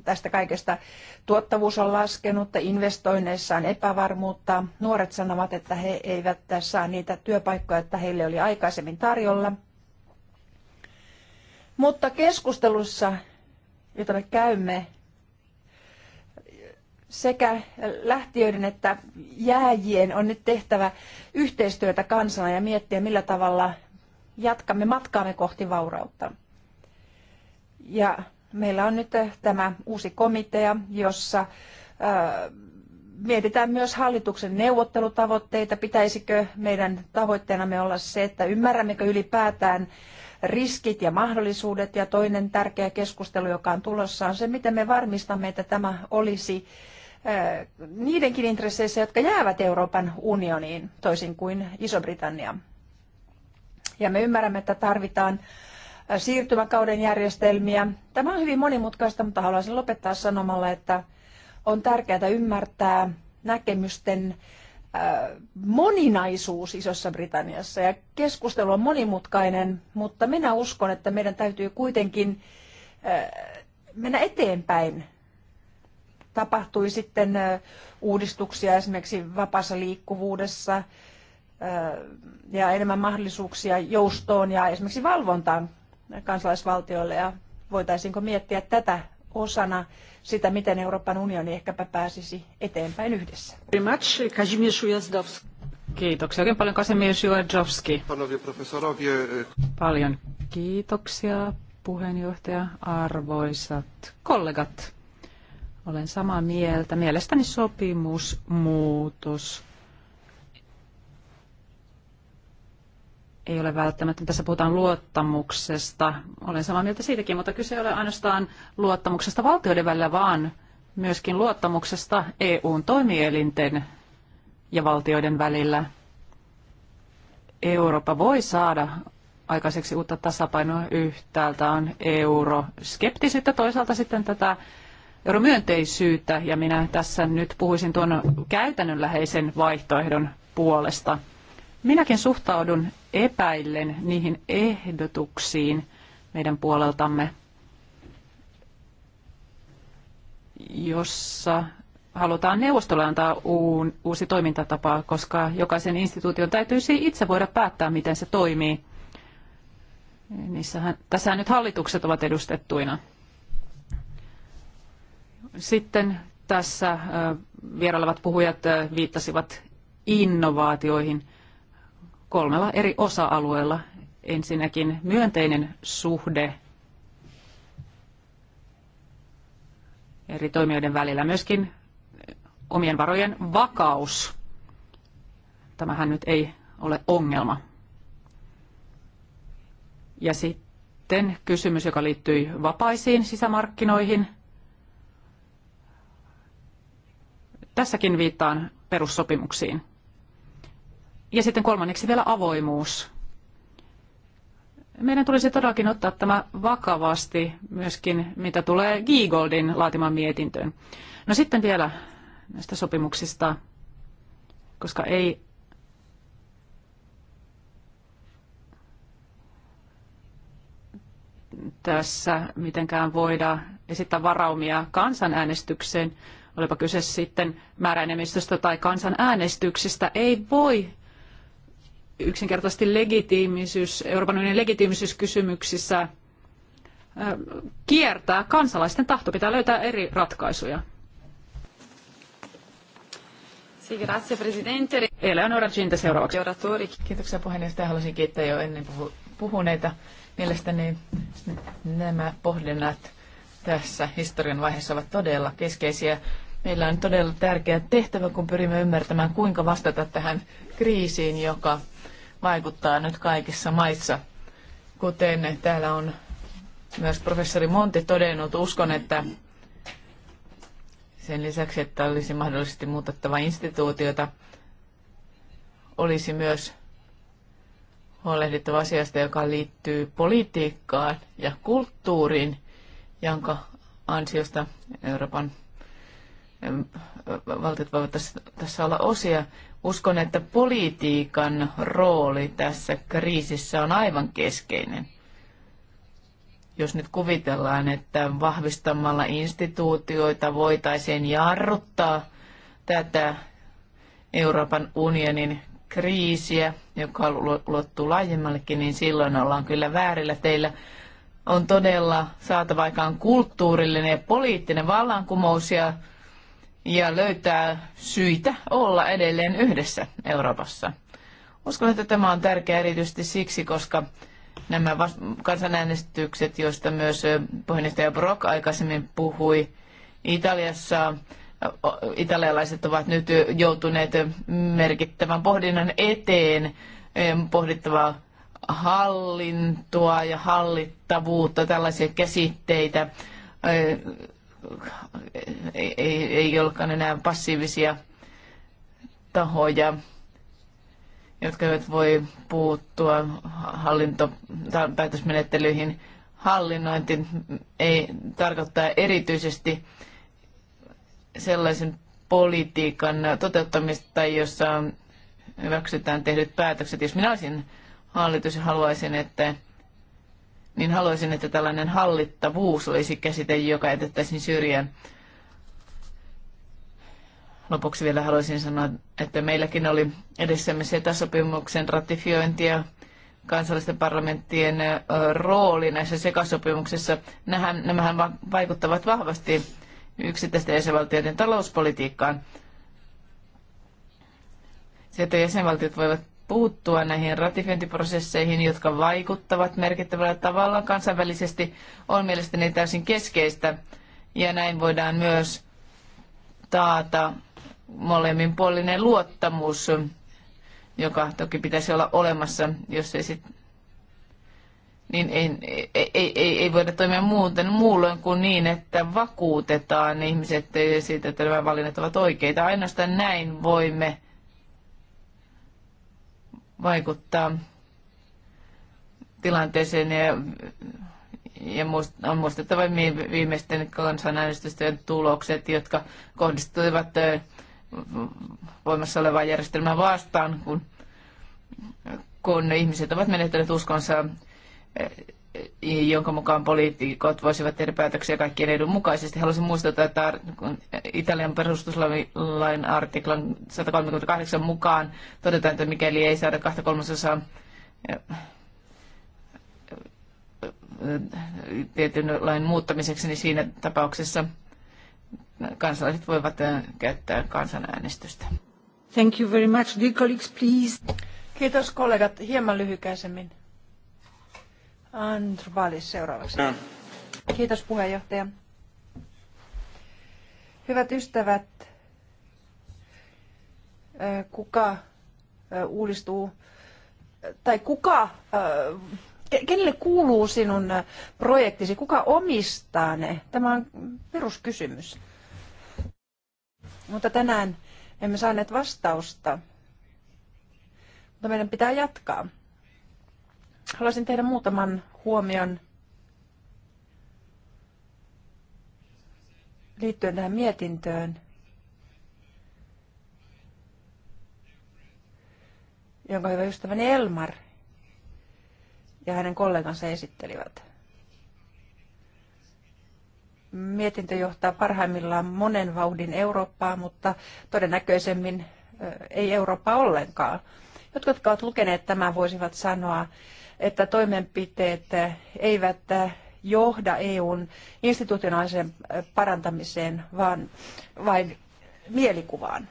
tästä kaikesta. Tuottavuus on laskenut, investoinneissa on epävarmuutta. Nuoret sanovat, että he eivät saa niitä työpaikkoja, että heille oli aikaisemmin tarjolla – mutta keskustelussa, jota me käymme, sekä lähtiöiden että jääjien on nyt tehtävä yhteistyötä kansana ja miettiä, millä tavalla jatkamme matkaamme kohti vaurautta. Ja meillä on nyt tämä uusi komitea, jossa mietitään myös hallituksen neuvottelutavoitteita. Pitäisikö meidän tavoitteenamme olla se, että ymmärrämmekö ylipäätään riskit ja mahdollisuudet. Ja toinen tärkeä keskustelu, joka on tulossa, on se, miten me varmistamme, että tämä olisi niidenkin intresseissä, jotka jäävät Euroopan unioniin, toisin kuin Iso-Britannia. Ja me ymmärrämme, että tarvitaan siirtymäkauden järjestelmiä. Tämä on hyvin monimutkaista, mutta haluaisin lopettaa sanomalla, että on tärkeää ymmärtää näkemysten Äh, moninaisuus Isossa Britanniassa ja keskustelu on monimutkainen, mutta minä uskon, että meidän täytyy kuitenkin äh, mennä eteenpäin. Tapahtui sitten äh, uudistuksia esimerkiksi vapaassa liikkuvuudessa ja enemmän mahdollisuuksia joustoon ja esimerkiksi valvontaan kansalaisvaltioille ja voitaisiinko miettiä tätä osana sitä, miten Euroopan unioni ehkäpä pääsisi eteenpäin yhdessä. Kiitoksia oikein paljon Kasimir Sjuadzowski. Paljon kiitoksia puheenjohtaja, arvoisat kollegat. Olen samaa mieltä. Mielestäni sopimusmuutos ei ole välttämättä. Tässä puhutaan luottamuksesta. Olen samaa mieltä siitäkin, mutta kyse ei ole ainoastaan luottamuksesta valtioiden välillä, vaan myöskin luottamuksesta EUn toimielinten ja valtioiden välillä. Eurooppa voi saada aikaiseksi uutta tasapainoa yhtäältä on euroskeptisyyttä, toisaalta sitten tätä euromyönteisyyttä, ja minä tässä nyt puhuisin tuon käytännönläheisen vaihtoehdon puolesta. Minäkin suhtaudun epäillen niihin ehdotuksiin meidän puoleltamme, jossa halutaan neuvostolle antaa uusi toimintatapa, koska jokaisen instituution täytyisi itse voida päättää, miten se toimii. Niissähän, tässähän nyt hallitukset ovat edustettuina. Sitten tässä vierailevat puhujat viittasivat innovaatioihin – kolmella eri osa-alueella. Ensinnäkin myönteinen suhde eri toimijoiden välillä, myöskin omien varojen vakaus. Tämähän nyt ei ole ongelma. Ja sitten kysymys, joka liittyy vapaisiin sisämarkkinoihin. Tässäkin viittaan perussopimuksiin. Ja sitten kolmanneksi vielä avoimuus. Meidän tulisi todellakin ottaa tämä vakavasti myöskin, mitä tulee Giegoldin laatimaan mietintöön. No sitten vielä näistä sopimuksista, koska ei tässä mitenkään voida esittää varaumia kansanäänestykseen, olipa kyse sitten määräenemmistöstä tai kansanäänestyksistä, ei voi yksinkertaisesti legitiimisyys, Euroopan unionin legitiimisyyskysymyksissä kiertää kansalaisten tahto. Pitää löytää eri ratkaisuja. Eleonora Cinta seuraavaksi. Kiitoksia puheenjohtaja. Haluaisin kiittää jo ennen puhuneita. Mielestäni nämä pohdinnat tässä historian vaiheessa ovat todella keskeisiä. Meillä on todella tärkeä tehtävä, kun pyrimme ymmärtämään, kuinka vastata tähän kriisiin, joka vaikuttaa nyt kaikissa maissa. Kuten täällä on myös professori Monti todennut, uskon, että sen lisäksi, että olisi mahdollisesti muutettava instituutiota, olisi myös huolehdittava asiasta, joka liittyy politiikkaan ja kulttuuriin, jonka ansiosta Euroopan valtiot voivat tässä, tässä olla osia. Uskon, että politiikan rooli tässä kriisissä on aivan keskeinen. Jos nyt kuvitellaan, että vahvistamalla instituutioita voitaisiin jarruttaa tätä Euroopan unionin kriisiä, joka luottuu laajemmallekin, niin silloin ollaan kyllä väärillä teillä. On todella saatava aikaan kulttuurillinen ja poliittinen vallankumous ja ja löytää syitä olla edelleen yhdessä Euroopassa. Uskon, että tämä on tärkeää erityisesti siksi, koska nämä kansanäänestykset, joista myös puheenjohtaja Brock aikaisemmin puhui, Italiassa italialaiset ovat nyt joutuneet merkittävän pohdinnan eteen pohdittavaa hallintoa ja hallittavuutta, tällaisia käsitteitä ei, ei, ei olekaan enää passiivisia tahoja, jotka eivät voi puuttua hallinto- päätösmenettelyihin. Hallinnointi ei tarkoittaa erityisesti sellaisen politiikan toteuttamista, jossa hyväksytään tehdyt päätökset. Jos minä olisin hallitus ja haluaisin, että niin haluaisin, että tällainen hallittavuus olisi käsite, joka jätettäisiin syrjään. Lopuksi vielä haluaisin sanoa, että meilläkin oli edessämme SETA-sopimuksen ratifiointi ja kansallisten parlamenttien rooli näissä sekasopimuksissa. Nämähän, nämähän vaikuttavat vahvasti yksittäisten jäsenvaltioiden talouspolitiikkaan. Se, että jäsenvaltiot voivat puuttua näihin ratifiointiprosesseihin, jotka vaikuttavat merkittävällä tavalla kansainvälisesti, on mielestäni täysin keskeistä. Ja näin voidaan myös taata molemminpuolinen luottamus, joka toki pitäisi olla olemassa, jos ei sit, niin ei, ei, ei, ei voida toimia muuten muulloin kuin niin, että vakuutetaan ihmiset siitä, että nämä valinnat ovat oikeita. Ainoastaan näin voimme vaikuttaa tilanteeseen ja, ja on muistettava viimeisten kansanäänestysten tulokset, jotka kohdistuivat voimassa olevaan järjestelmää vastaan, kun, kun ihmiset ovat menettäneet uskonsa jonka mukaan poliitikot voisivat tehdä päätöksiä kaikkien edun mukaisesti. Haluaisin muistuttaa, että Italian perustuslain artiklan 138 mukaan todetaan, että mikäli ei saada kahta kolmasosaa eh, eh, tietyn lain muuttamiseksi, niin siinä tapauksessa kansalaiset voivat eh, käyttää kansanäänestystä. Thank you very much. Dear colleagues, please. Kiitos kollegat. Hieman lyhykäisemmin. Andrew seuraavaksi. No. Kiitos puheenjohtaja. Hyvät ystävät, kuka uudistuu tai kuka, kenelle kuuluu sinun projektisi, kuka omistaa ne? Tämä on peruskysymys. Mutta tänään emme saaneet vastausta. Mutta meidän pitää jatkaa. Haluaisin tehdä muutaman huomion liittyen tähän mietintöön, jonka hyvä ystäväni Elmar ja hänen kollegansa esittelivät. Mietintö johtaa parhaimmillaan monen vauhdin Eurooppaa, mutta todennäköisemmin ei Eurooppa ollenkaan. Jotkut, jotka ovat lukeneet tämän, voisivat sanoa, että toimenpiteet eivät johda EUn institutionaaliseen parantamiseen, vaan vain mielikuvaan.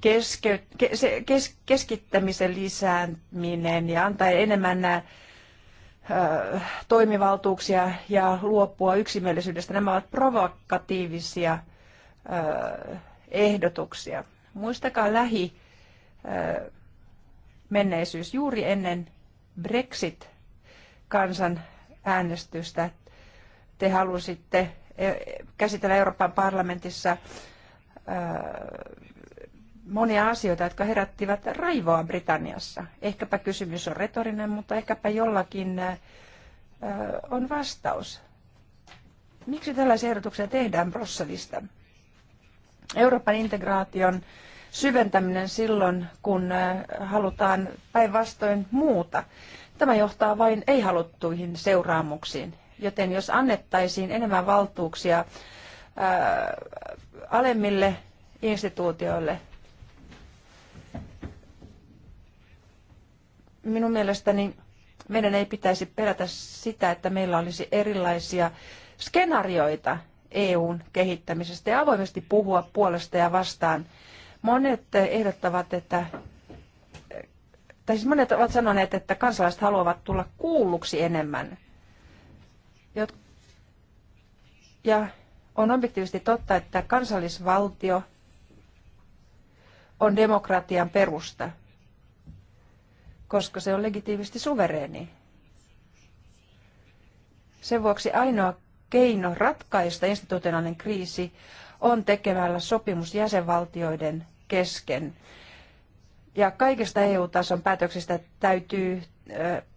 Keske, ke, kes, keskittämisen lisääminen ja antaa enemmän nämä toimivaltuuksia ja luopua yksimielisyydestä. Nämä ovat provokatiivisia ehdotuksia. Muistakaa lähi menneisyys juuri ennen Brexit-kansan äänestystä. Te halusitte e, käsitellä Euroopan parlamentissa monia asioita, jotka herättivät raivoa Britanniassa. Ehkäpä kysymys on retorinen, mutta ehkäpä jollakin on vastaus. Miksi tällaisia ehdotuksia tehdään Brysselistä? Euroopan integraation syventäminen silloin, kun äh, halutaan päinvastoin muuta. Tämä johtaa vain ei-haluttuihin seuraamuksiin, joten jos annettaisiin enemmän valtuuksia ää, äh, alemmille instituutioille, minun mielestäni meidän ei pitäisi pelätä sitä, että meillä olisi erilaisia skenaarioita EUn kehittämisestä ja avoimesti puhua puolesta ja vastaan – Monet ehdottavat, että tai siis monet ovat sanoneet, että kansalaiset haluavat tulla kuulluksi enemmän. Jot, ja on objektiivisesti totta, että kansallisvaltio on demokratian perusta, koska se on legitiivisesti suvereeni. Sen vuoksi ainoa keino ratkaista institutionaalinen kriisi on tekemällä sopimus jäsenvaltioiden kesken. Ja kaikista EU-tason päätöksistä täytyy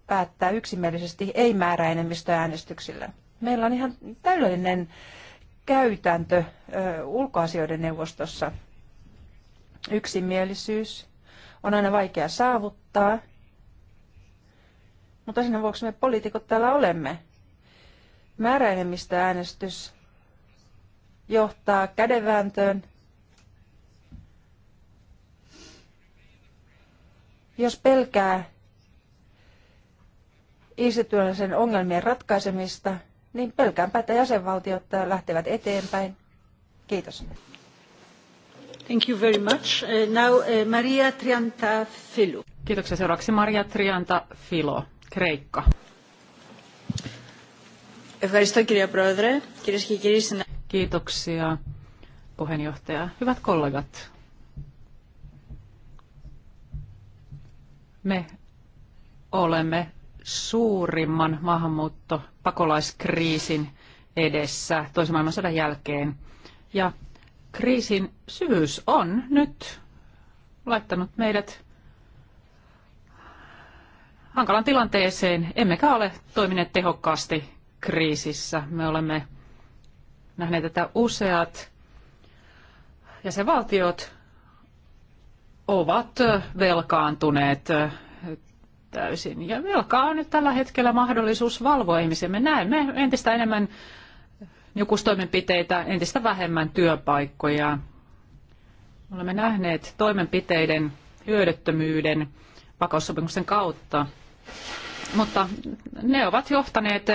päättää yksimielisesti ei-määräenemmistöäänestyksillä. Meillä on ihan täydellinen käytäntö ulkoasioiden neuvostossa. Yksimielisyys on aina vaikea saavuttaa, mutta sen vuoksi me poliitikot täällä olemme. Määräenemmistöäänestys johtaa kädevääntöön Jos pelkää institutionaalisen ongelmien ratkaisemista, niin pelkäänpä, että jäsenvaltiot lähtevät eteenpäin. Kiitos. Thank you very much. Uh, now uh, Maria Trianta Filo. Kiitoksia. Seuraavaksi Maria Trianta Filo, Kreikka. Ευχαριστώ κυρία Πρόεδρε. Κυρίες και κύριοι Kiitoksia puheenjohtaja. Hyvät kollegat, Me olemme suurimman maahanmuutto-pakolaiskriisin edessä toisen maailmansodan jälkeen. Ja kriisin syvyys on nyt laittanut meidät hankalan tilanteeseen, emmekä ole toimineet tehokkaasti kriisissä. Me olemme nähneet, että useat jäsenvaltiot ovat velkaantuneet täysin. Ja velka on nyt tällä hetkellä mahdollisuus valvoa ihmisiä. Me näemme entistä enemmän jukustoimenpiteitä, entistä vähemmän työpaikkoja. Olemme nähneet toimenpiteiden hyödyttömyyden vakaussopimuksen kautta, mutta ne ovat johtaneet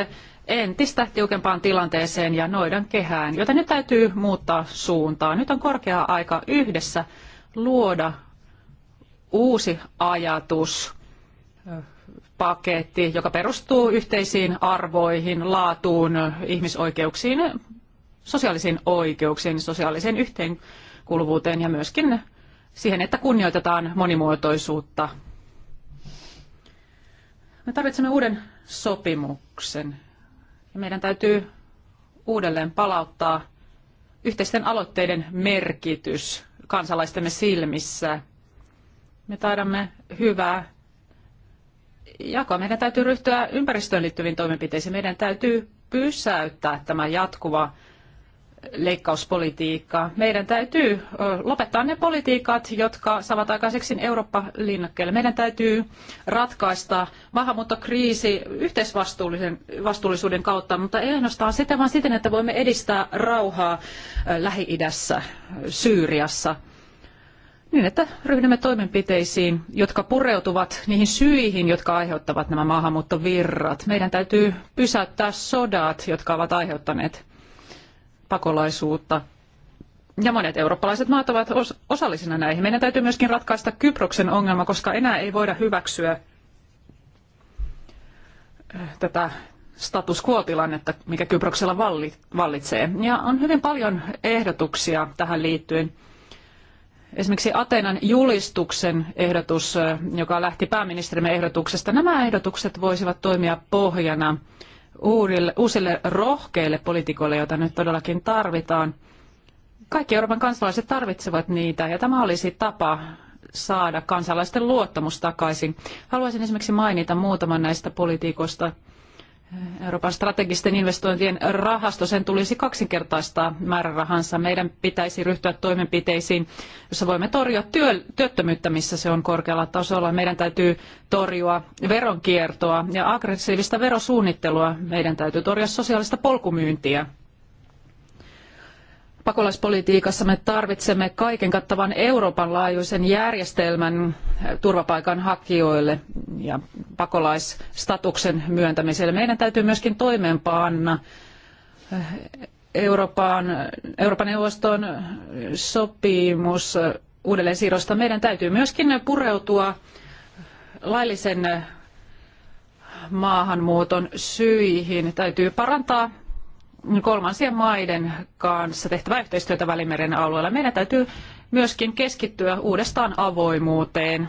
entistä tiukempaan tilanteeseen ja noidan kehään, joten nyt täytyy muuttaa suuntaa. Nyt on korkea aika yhdessä luoda uusi ajatus, paketti, joka perustuu yhteisiin arvoihin, laatuun, ihmisoikeuksiin, sosiaalisiin oikeuksiin, sosiaaliseen yhteenkuuluvuuteen ja myöskin siihen, että kunnioitetaan monimuotoisuutta. Me tarvitsemme uuden sopimuksen ja meidän täytyy uudelleen palauttaa yhteisten aloitteiden merkitys kansalaistemme silmissä – me taidamme hyvää jakoa. Meidän täytyy ryhtyä ympäristöön liittyviin toimenpiteisiin. Meidän täytyy pysäyttää tämä jatkuva leikkauspolitiikka. Meidän täytyy lopettaa ne politiikat, jotka saavat aikaiseksi Eurooppa-linnakkeelle. Meidän täytyy ratkaista maahanmuuttokriisi yhteisvastuullisuuden kautta, mutta ei ainoastaan sitä, vaan siten, että voimme edistää rauhaa Lähi-idässä, Syyriassa – niin että ryhdymme toimenpiteisiin, jotka pureutuvat niihin syihin, jotka aiheuttavat nämä maahanmuuttovirrat. Meidän täytyy pysäyttää sodat, jotka ovat aiheuttaneet pakolaisuutta. Ja monet eurooppalaiset maat ovat osallisina näihin. Meidän täytyy myöskin ratkaista Kyproksen ongelma, koska enää ei voida hyväksyä eh, tätä status quo-tilannetta, mikä Kyproksella vallitsee. Ja on hyvin paljon ehdotuksia tähän liittyen esimerkiksi Atenan julistuksen ehdotus, joka lähti pääministerimme ehdotuksesta, nämä ehdotukset voisivat toimia pohjana uudille, uusille rohkeille poliitikoille, joita nyt todellakin tarvitaan. Kaikki Euroopan kansalaiset tarvitsevat niitä ja tämä olisi tapa saada kansalaisten luottamus takaisin. Haluaisin esimerkiksi mainita muutaman näistä poliitikoista, Euroopan strategisten investointien rahasto, sen tulisi kaksinkertaistaa määrärahansa. Meidän pitäisi ryhtyä toimenpiteisiin, jossa voimme torjua työ, työttömyyttä, missä se on korkealla tasolla. Meidän täytyy torjua veronkiertoa ja aggressiivista verosuunnittelua. Meidän täytyy torjua sosiaalista polkumyyntiä pakolaispolitiikassa me tarvitsemme kaiken kattavan Euroopan laajuisen järjestelmän turvapaikanhakijoille ja pakolaisstatuksen myöntämiselle. Meidän täytyy myöskin toimeenpanna Euroopan, Euroopan neuvoston sopimus uudelleen siirrosta. Meidän täytyy myöskin pureutua laillisen maahanmuuton syihin. Täytyy parantaa kolmansien maiden kanssa tehtävää yhteistyötä Välimeren alueella. Meidän täytyy myöskin keskittyä uudestaan avoimuuteen.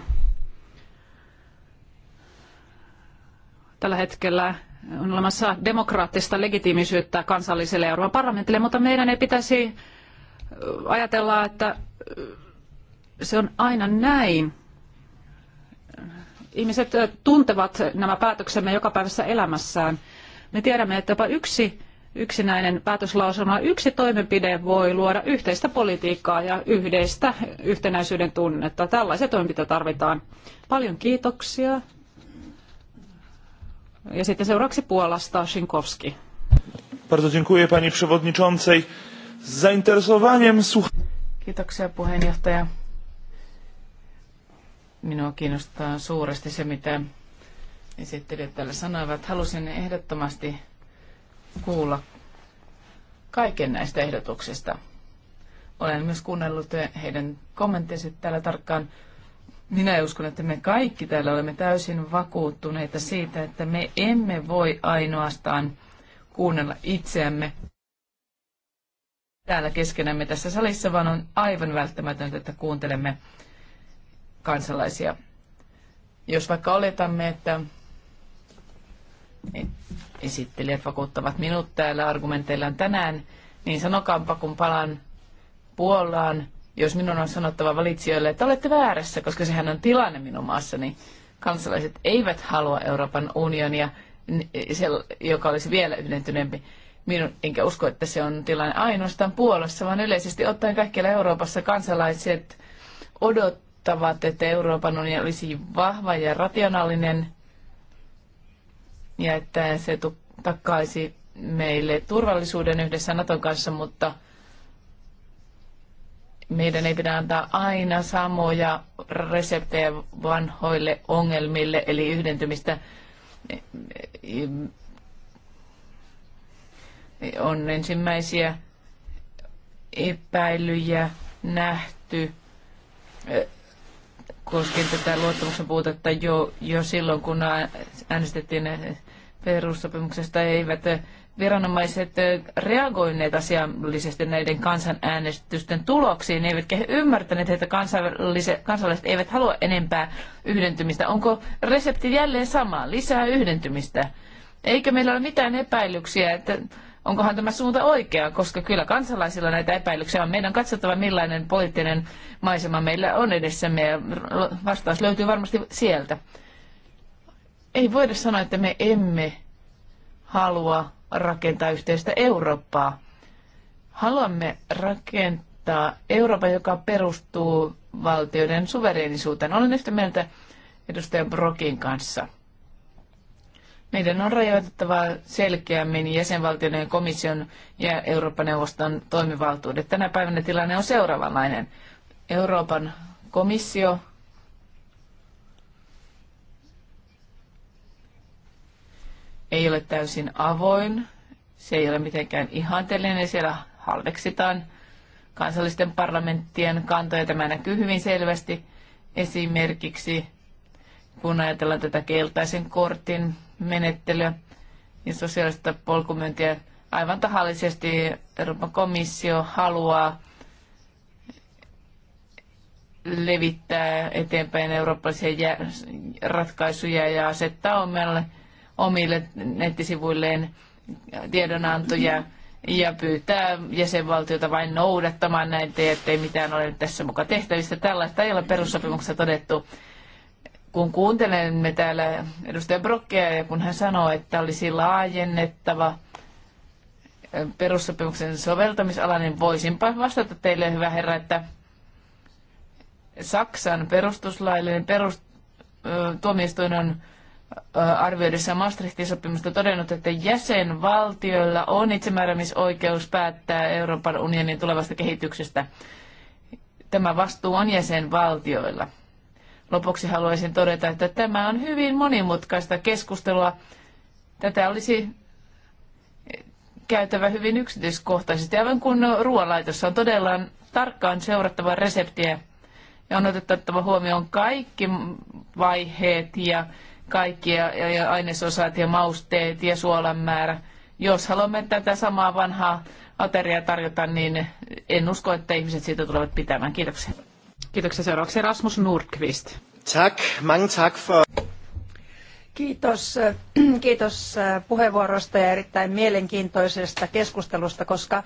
Tällä hetkellä on olemassa demokraattista legitiimisyyttä kansalliselle Euroopan parlamentille, mutta meidän ei pitäisi ajatella, että se on aina näin. Ihmiset tuntevat nämä päätöksemme jokapäiväisessä elämässään. Me tiedämme, että jopa yksi yksinäinen päätöslauselma, yksi toimenpide voi luoda yhteistä politiikkaa ja yhdeistä yhtenäisyyden tunnetta. Tällaisia toimenpiteitä tarvitaan. Paljon kiitoksia. Ja sitten seuraavaksi Puolasta Szynkowski. Bardzo dziękuję pani przewodniczącej. Z zainteresowaniem słuch... Kiitoksia puheenjohtaja. Minua kiinnostaa suuresti se, mitä esittelijät täällä sanoivat. Halusin ehdottomasti kuulla kaiken näistä ehdotuksista. Olen myös kuunnellut heidän kommenttinsa täällä tarkkaan. Minä uskon, että me kaikki täällä olemme täysin vakuuttuneita siitä, että me emme voi ainoastaan kuunnella itseämme täällä keskenämme tässä salissa, vaan on aivan välttämätöntä, että kuuntelemme kansalaisia. Jos vaikka oletamme, että esittelijät vakuuttavat minut täällä argumenteillaan tänään, niin sanokaanpa, kun palaan Puolaan, jos minun on sanottava valitsijoille, että olette väärässä, koska sehän on tilanne minun maassani. Kansalaiset eivät halua Euroopan unionia, joka olisi vielä yhdentyneempi. Minun, enkä usko, että se on tilanne ainoastaan Puolassa, vaan yleisesti ottaen kaikkialla Euroopassa kansalaiset odottavat, että Euroopan unioni olisi vahva ja rationaalinen ja että se takaisi meille turvallisuuden yhdessä Naton kanssa, mutta meidän ei pidä antaa aina samoja reseptejä vanhoille ongelmille, eli yhdentymistä on ensimmäisiä epäilyjä nähty koskien tätä luottamuksen puutetta jo, jo silloin, kun äänestettiin perussopimuksesta, eivät viranomaiset reagoineet asiallisesti näiden kansanäänestysten tuloksiin, eivätkä he ymmärtäneet, että kansalaiset eivät halua enempää yhdentymistä. Onko resepti jälleen sama, lisää yhdentymistä? Eikö meillä ole mitään epäilyksiä, että onkohan tämä suunta oikea, koska kyllä kansalaisilla näitä epäilyksiä on. Meidän on katsottava, millainen poliittinen maisema meillä on edessämme ja vastaus löytyy varmasti sieltä. Ei voida sanoa, että me emme halua rakentaa yhteistä Eurooppaa. Haluamme rakentaa Euroopan, joka perustuu valtioiden suvereenisuuteen. Olen yhtä mieltä edustaja Brokin kanssa – meidän on rajoitettava selkeämmin jäsenvaltioiden ja komission ja Euroopan neuvoston toimivaltuudet. Tänä päivänä tilanne on seuraavanlainen. Euroopan komissio ei ole täysin avoin, se ei ole mitenkään ihanteellinen, siellä halveksitaan kansallisten parlamenttien kantoja. Tämä näkyy hyvin selvästi esimerkiksi, kun ajatellaan tätä keltaisen kortin menettelyä ja sosiaalista polkumyyntiä. Aivan tahallisesti Euroopan komissio haluaa levittää eteenpäin eurooppalaisia ratkaisuja ja asettaa omille, omille nettisivuilleen tiedonantoja ja pyytää jäsenvaltiota vain noudattamaan näitä, ettei mitään ole tässä mukaan tehtävissä. Tällaista ei ole perussopimuksessa todettu kun kuuntelemme täällä edustaja Brokkea ja kun hän sanoo, että olisi laajennettava perussopimuksen soveltamisala, niin voisinpa vastata teille, hyvä herra, että Saksan perustuslaillinen perus, tuomioistuin on arvioidessa Maastrichtin sopimusta todennut, että jäsenvaltioilla on itsemääräämisoikeus päättää Euroopan unionin tulevasta kehityksestä. Tämä vastuu on jäsenvaltioilla. Lopuksi haluaisin todeta, että tämä on hyvin monimutkaista keskustelua. Tätä olisi käytävä hyvin yksityiskohtaisesti, aivan kun ruoanlaitossa on todella tarkkaan seurattava reseptiä ja on otettava huomioon kaikki vaiheet ja kaikki ja, ja ainesosat ja mausteet ja suolan määrä. Jos haluamme tätä samaa vanhaa ateriaa tarjota, niin en usko, että ihmiset siitä tulevat pitämään. Kiitoksia. Kiitoksia seuraavaksi Rasmus Nordqvist. Tack, mange tack för... Kiitos, kiitos äh, puheenvuorosta ja erittäin mielenkiintoisesta keskustelusta, koska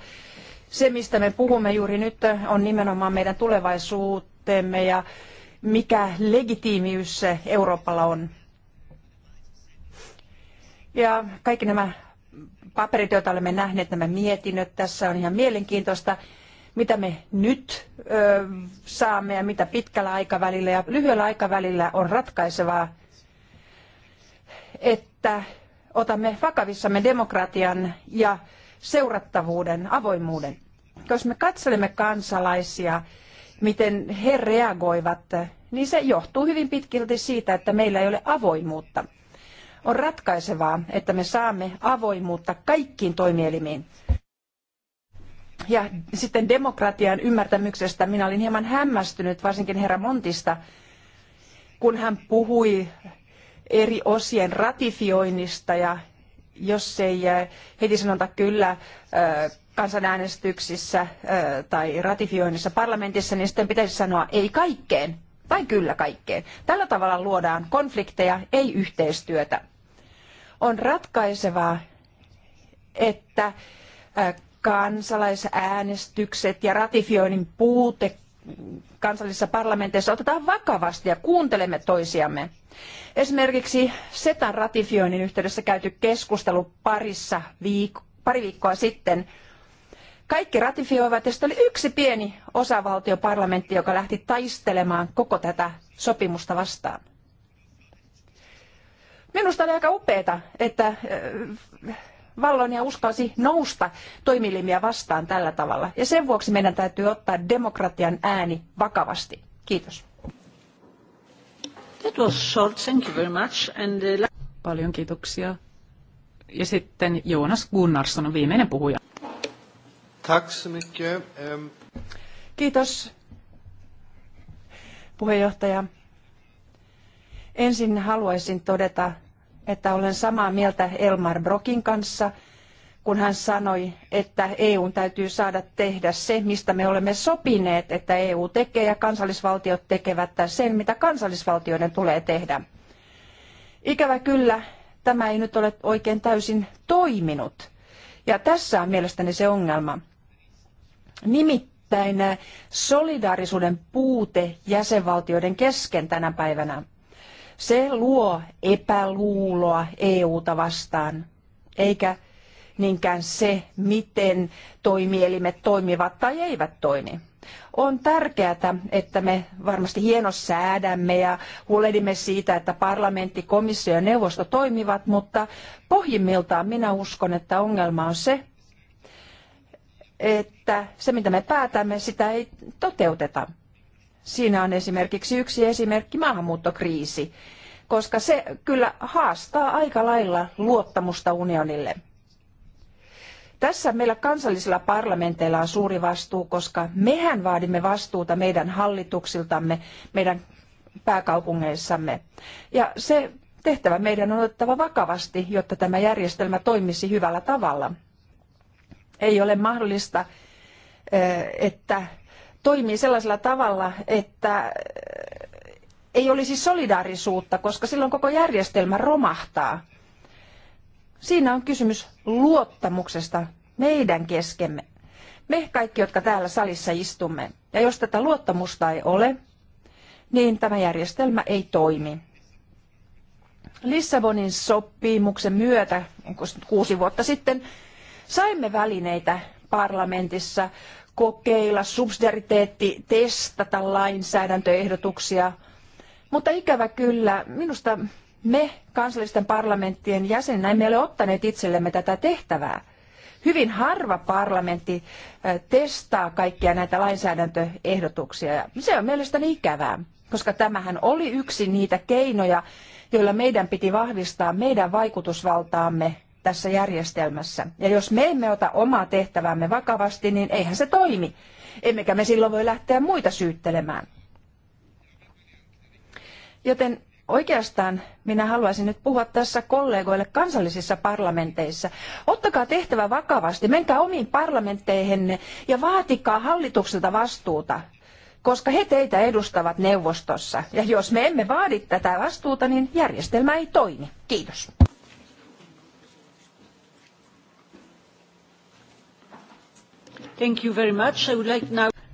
se, mistä me puhumme juuri nyt, äh, on nimenomaan meidän tulevaisuutemme ja mikä legitiimiys Euroopalla on. Ja kaikki nämä paperit, joita olemme nähneet, nämä mietinnöt, tässä on ihan mielenkiintoista mitä me nyt ö, saamme ja mitä pitkällä aikavälillä ja lyhyellä aikavälillä on ratkaisevaa, että otamme vakavissamme demokratian ja seurattavuuden, avoimuuden. Jos me katselemme kansalaisia, miten he reagoivat, niin se johtuu hyvin pitkälti siitä, että meillä ei ole avoimuutta. On ratkaisevaa, että me saamme avoimuutta kaikkiin toimielimiin. Ja sitten demokratian ymmärtämyksestä minä olin hieman hämmästynyt, varsinkin herra Montista, kun hän puhui eri osien ratifioinnista ja jos ei äh, heti sanota kyllä äh, kansanäänestyksissä äh, tai ratifioinnissa parlamentissa, niin sitten pitäisi sanoa ei kaikkeen tai kyllä kaikkeen. Tällä tavalla luodaan konflikteja, ei yhteistyötä. On ratkaisevaa, että kansalaisäänestykset ja ratifioinnin puute kansallisissa parlamenteissa otetaan vakavasti ja kuuntelemme toisiamme. Esimerkiksi SETAn ratifioinnin yhteydessä käyty keskustelu parissa viik- pari viikkoa sitten. Kaikki ratifioivat ja sitten oli yksi pieni osavaltioparlamentti, joka lähti taistelemaan koko tätä sopimusta vastaan. Minusta oli aika upeeta, että vallon ja uskalsi nousta toimilimia vastaan tällä tavalla. Ja sen vuoksi meidän täytyy ottaa demokratian ääni vakavasti. Kiitos. That was short. Thank you very much. And the... Uh, Paljon kiitoksia. Ja sitten Jonas Gunnarsson on viimeinen puhuja. Tack så mycket. Um... Kiitos puheenjohtaja. Ensin haluaisin todeta että olen samaa mieltä Elmar Brokin kanssa, kun hän sanoi, että EUn täytyy saada tehdä se, mistä me olemme sopineet, että EU tekee ja kansallisvaltiot tekevät sen, mitä kansallisvaltioiden tulee tehdä. Ikävä kyllä, tämä ei nyt ole oikein täysin toiminut. Ja tässä on mielestäni se ongelma. Nimittäin solidaarisuuden puute jäsenvaltioiden kesken tänä päivänä – se luo epäluuloa EUta vastaan, eikä niinkään se, miten toimielimet toimivat tai eivät toimi. On tärkeää, että me varmasti hienosäädämme ja huolehdimme siitä, että parlamentti, komissio ja neuvosto toimivat, mutta pohjimmiltaan minä uskon, että ongelma on se, että se mitä me päätämme, sitä ei toteuteta. Siinä on esimerkiksi yksi esimerkki maahanmuuttokriisi, koska se kyllä haastaa aika lailla luottamusta unionille. Tässä meillä kansallisilla parlamenteilla on suuri vastuu, koska mehän vaadimme vastuuta meidän hallituksiltamme, meidän pääkaupungeissamme. Ja se tehtävä meidän on otettava vakavasti, jotta tämä järjestelmä toimisi hyvällä tavalla. Ei ole mahdollista, eh, että toimii sellaisella tavalla, että eh, ei olisi solidaarisuutta, koska silloin koko järjestelmä romahtaa. Siinä on kysymys luottamuksesta meidän keskemme. Me kaikki, jotka täällä salissa istumme. Ja jos tätä luottamusta ei ole, niin tämä järjestelmä ei toimi. Lissabonin sopimuksen myötä, kuusi vuotta sitten, saimme välineitä parlamentissa kokeilla, subsidiariteetti, testata lainsäädäntöehdotuksia. Mutta ikävä kyllä, minusta me kansallisten parlamenttien jäseninä emme ole ottaneet itsellemme tätä tehtävää. Hyvin harva parlamentti testaa kaikkia näitä lainsäädäntöehdotuksia ja se on mielestäni ikävää, koska tämähän oli yksi niitä keinoja, joilla meidän piti vahvistaa meidän vaikutusvaltaamme tässä järjestelmässä. Ja jos me emme ota omaa tehtävämme vakavasti, niin eihän se toimi. Emmekä me silloin voi lähteä muita syyttelemään. Joten oikeastaan minä haluaisin nyt puhua tässä kollegoille kansallisissa parlamenteissa. Ottakaa tehtävä vakavasti, menkää omiin parlamentteihinne ja vaatikaa hallitukselta vastuuta, koska he teitä edustavat neuvostossa. Ja jos me emme vaadi tätä vastuuta, niin järjestelmä ei toimi. Kiitos.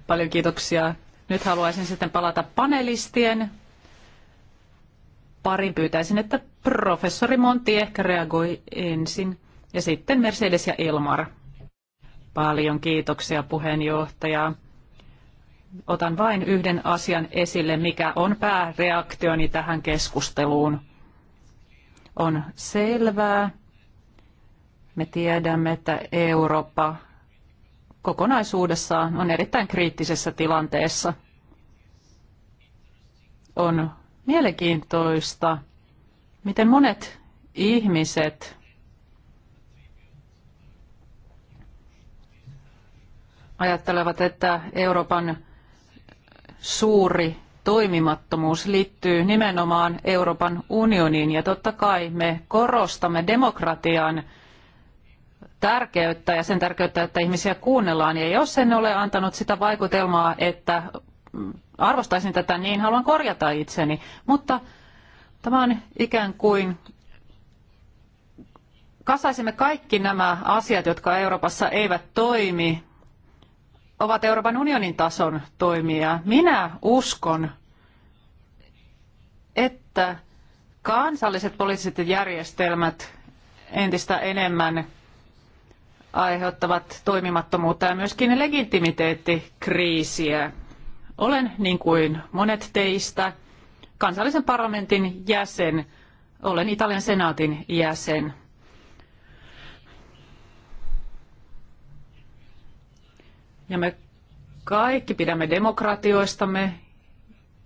Paljon kiitoksia. Nyt haluaisin sitten palata panelistien pariin. Pyytäisin, että professori Monti ehkä reagoi ensin ja sitten Mercedes ja Elmar. Paljon kiitoksia puheenjohtaja. Otan vain yhden asian esille, mikä on pääreaktioni tähän keskusteluun. On selvää. Me tiedämme, että Eurooppa kokonaisuudessaan on erittäin kriittisessä tilanteessa. On mielenkiintoista, miten monet ihmiset ajattelevat, että Euroopan suuri toimimattomuus liittyy nimenomaan Euroopan unioniin ja totta kai me korostamme demokratian tärkeyttä ja sen tärkeyttä, että ihmisiä kuunnellaan. Ja jos en ole antanut sitä vaikutelmaa, että arvostaisin tätä, niin haluan korjata itseni. Mutta tämä on ikään kuin kasaisimme kaikki nämä asiat, jotka Euroopassa eivät toimi, ovat Euroopan unionin tason toimia. Minä uskon, että kansalliset poliittiset järjestelmät entistä enemmän aiheuttavat toimimattomuutta ja myöskin legitimiteettikriisiä. Olen, niin kuin monet teistä, kansallisen parlamentin jäsen. Olen Italian senaatin jäsen. Ja me kaikki pidämme demokratioistamme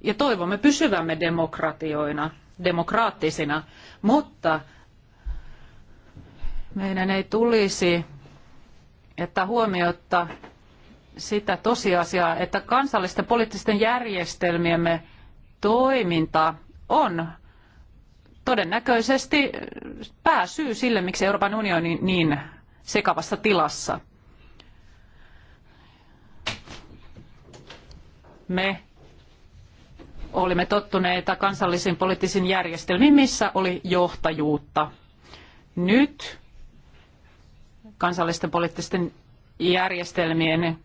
ja toivomme pysyvämme demokratioina, demokraattisina, mutta meidän ei tulisi että huomiota sitä tosiasiaa, että kansallisten poliittisten järjestelmiemme toiminta on todennäköisesti pääsyy sille, miksi Euroopan unioni on niin sekavassa tilassa. Me olimme tottuneita kansallisiin poliittisiin järjestelmiin, missä oli johtajuutta. Nyt kansallisten poliittisten järjestelmien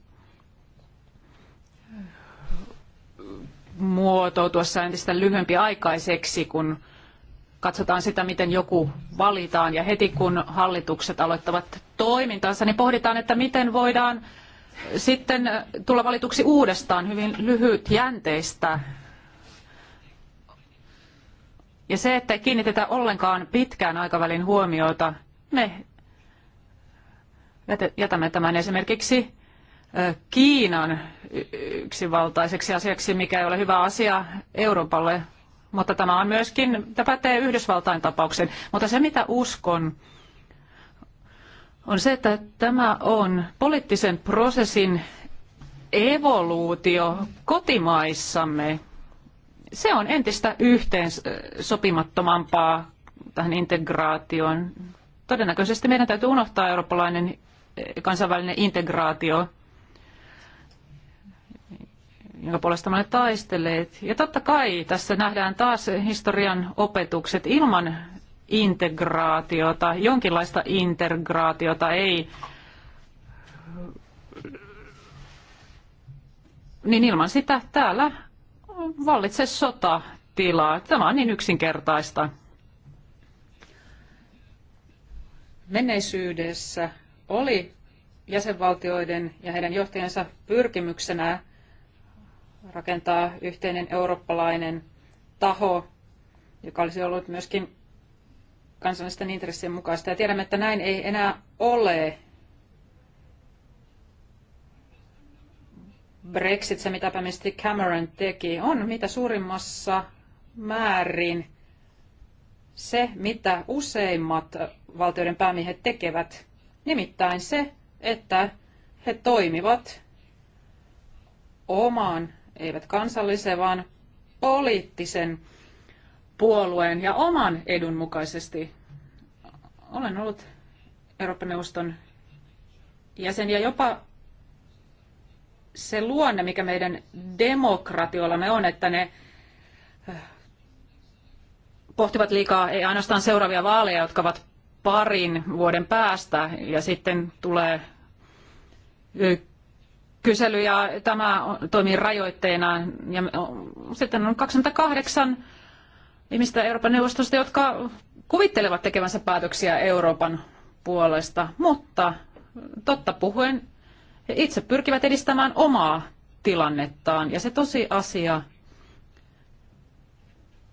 muotoutuessa entistä lyhyempi aikaiseksi, kun katsotaan sitä, miten joku valitaan. Ja heti kun hallitukset aloittavat toimintansa, niin pohditaan, että miten voidaan sitten tulla valituksi uudestaan hyvin lyhytjänteistä. Ja se, että kiinnitetään ollenkaan pitkään aikavälin huomiota, me jätämme tämän esimerkiksi Kiinan yksivaltaiseksi asiaksi, mikä ei ole hyvä asia Euroopalle, mutta tämä on myöskin, tämä pätee Yhdysvaltain tapauksen. Mutta se mitä uskon, on se, että tämä on poliittisen prosessin evoluutio kotimaissamme. Se on entistä yhteen sopimattomampaa tähän integraatioon. Todennäköisesti meidän täytyy unohtaa eurooppalainen kansainvälinen integraatio, jonka puolesta me olemme taistelleet. Ja totta kai tässä nähdään taas historian opetukset ilman integraatiota, jonkinlaista integraatiota ei niin ilman sitä täällä vallitse sotatila. Tämä on niin yksinkertaista. Menneisyydessä oli jäsenvaltioiden ja heidän johtajansa pyrkimyksenä rakentaa yhteinen eurooppalainen taho, joka olisi ollut myöskin kansallisten intressien mukaista. Ja tiedämme, että näin ei enää ole. Brexit, se mitä pääministeri Cameron teki, on mitä suurimmassa määrin se, mitä useimmat valtioiden päämiehet tekevät. Nimittäin se, että he toimivat omaan, eivät kansallisen, vaan poliittisen puolueen ja oman edun mukaisesti. Olen ollut Euroopan neuvoston jäsen ja jopa se luonne, mikä meidän demokratiollamme on, että ne eh, pohtivat liikaa ei ainoastaan seuraavia vaaleja, jotka ovat parin vuoden päästä ja sitten tulee kysely ja tämä toimii rajoitteena. Ja sitten on 28 ihmistä Euroopan neuvostosta, jotka kuvittelevat tekevänsä päätöksiä Euroopan puolesta, mutta totta puhuen he itse pyrkivät edistämään omaa tilannettaan. Ja se tosi asia,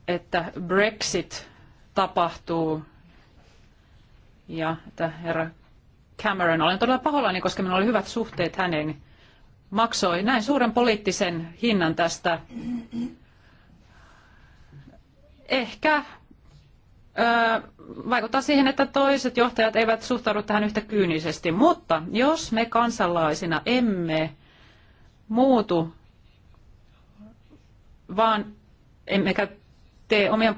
että Brexit tapahtuu ja että herra Cameron, olen todella pahoillani, koska minulla oli hyvät suhteet häneen, maksoi näin suuren poliittisen hinnan tästä. Ehkä vaikuttaa siihen, että toiset johtajat eivät suhtaudu tähän yhtä kyynisesti. Mutta jos me kansalaisina emme muutu, vaan emmekä tee omia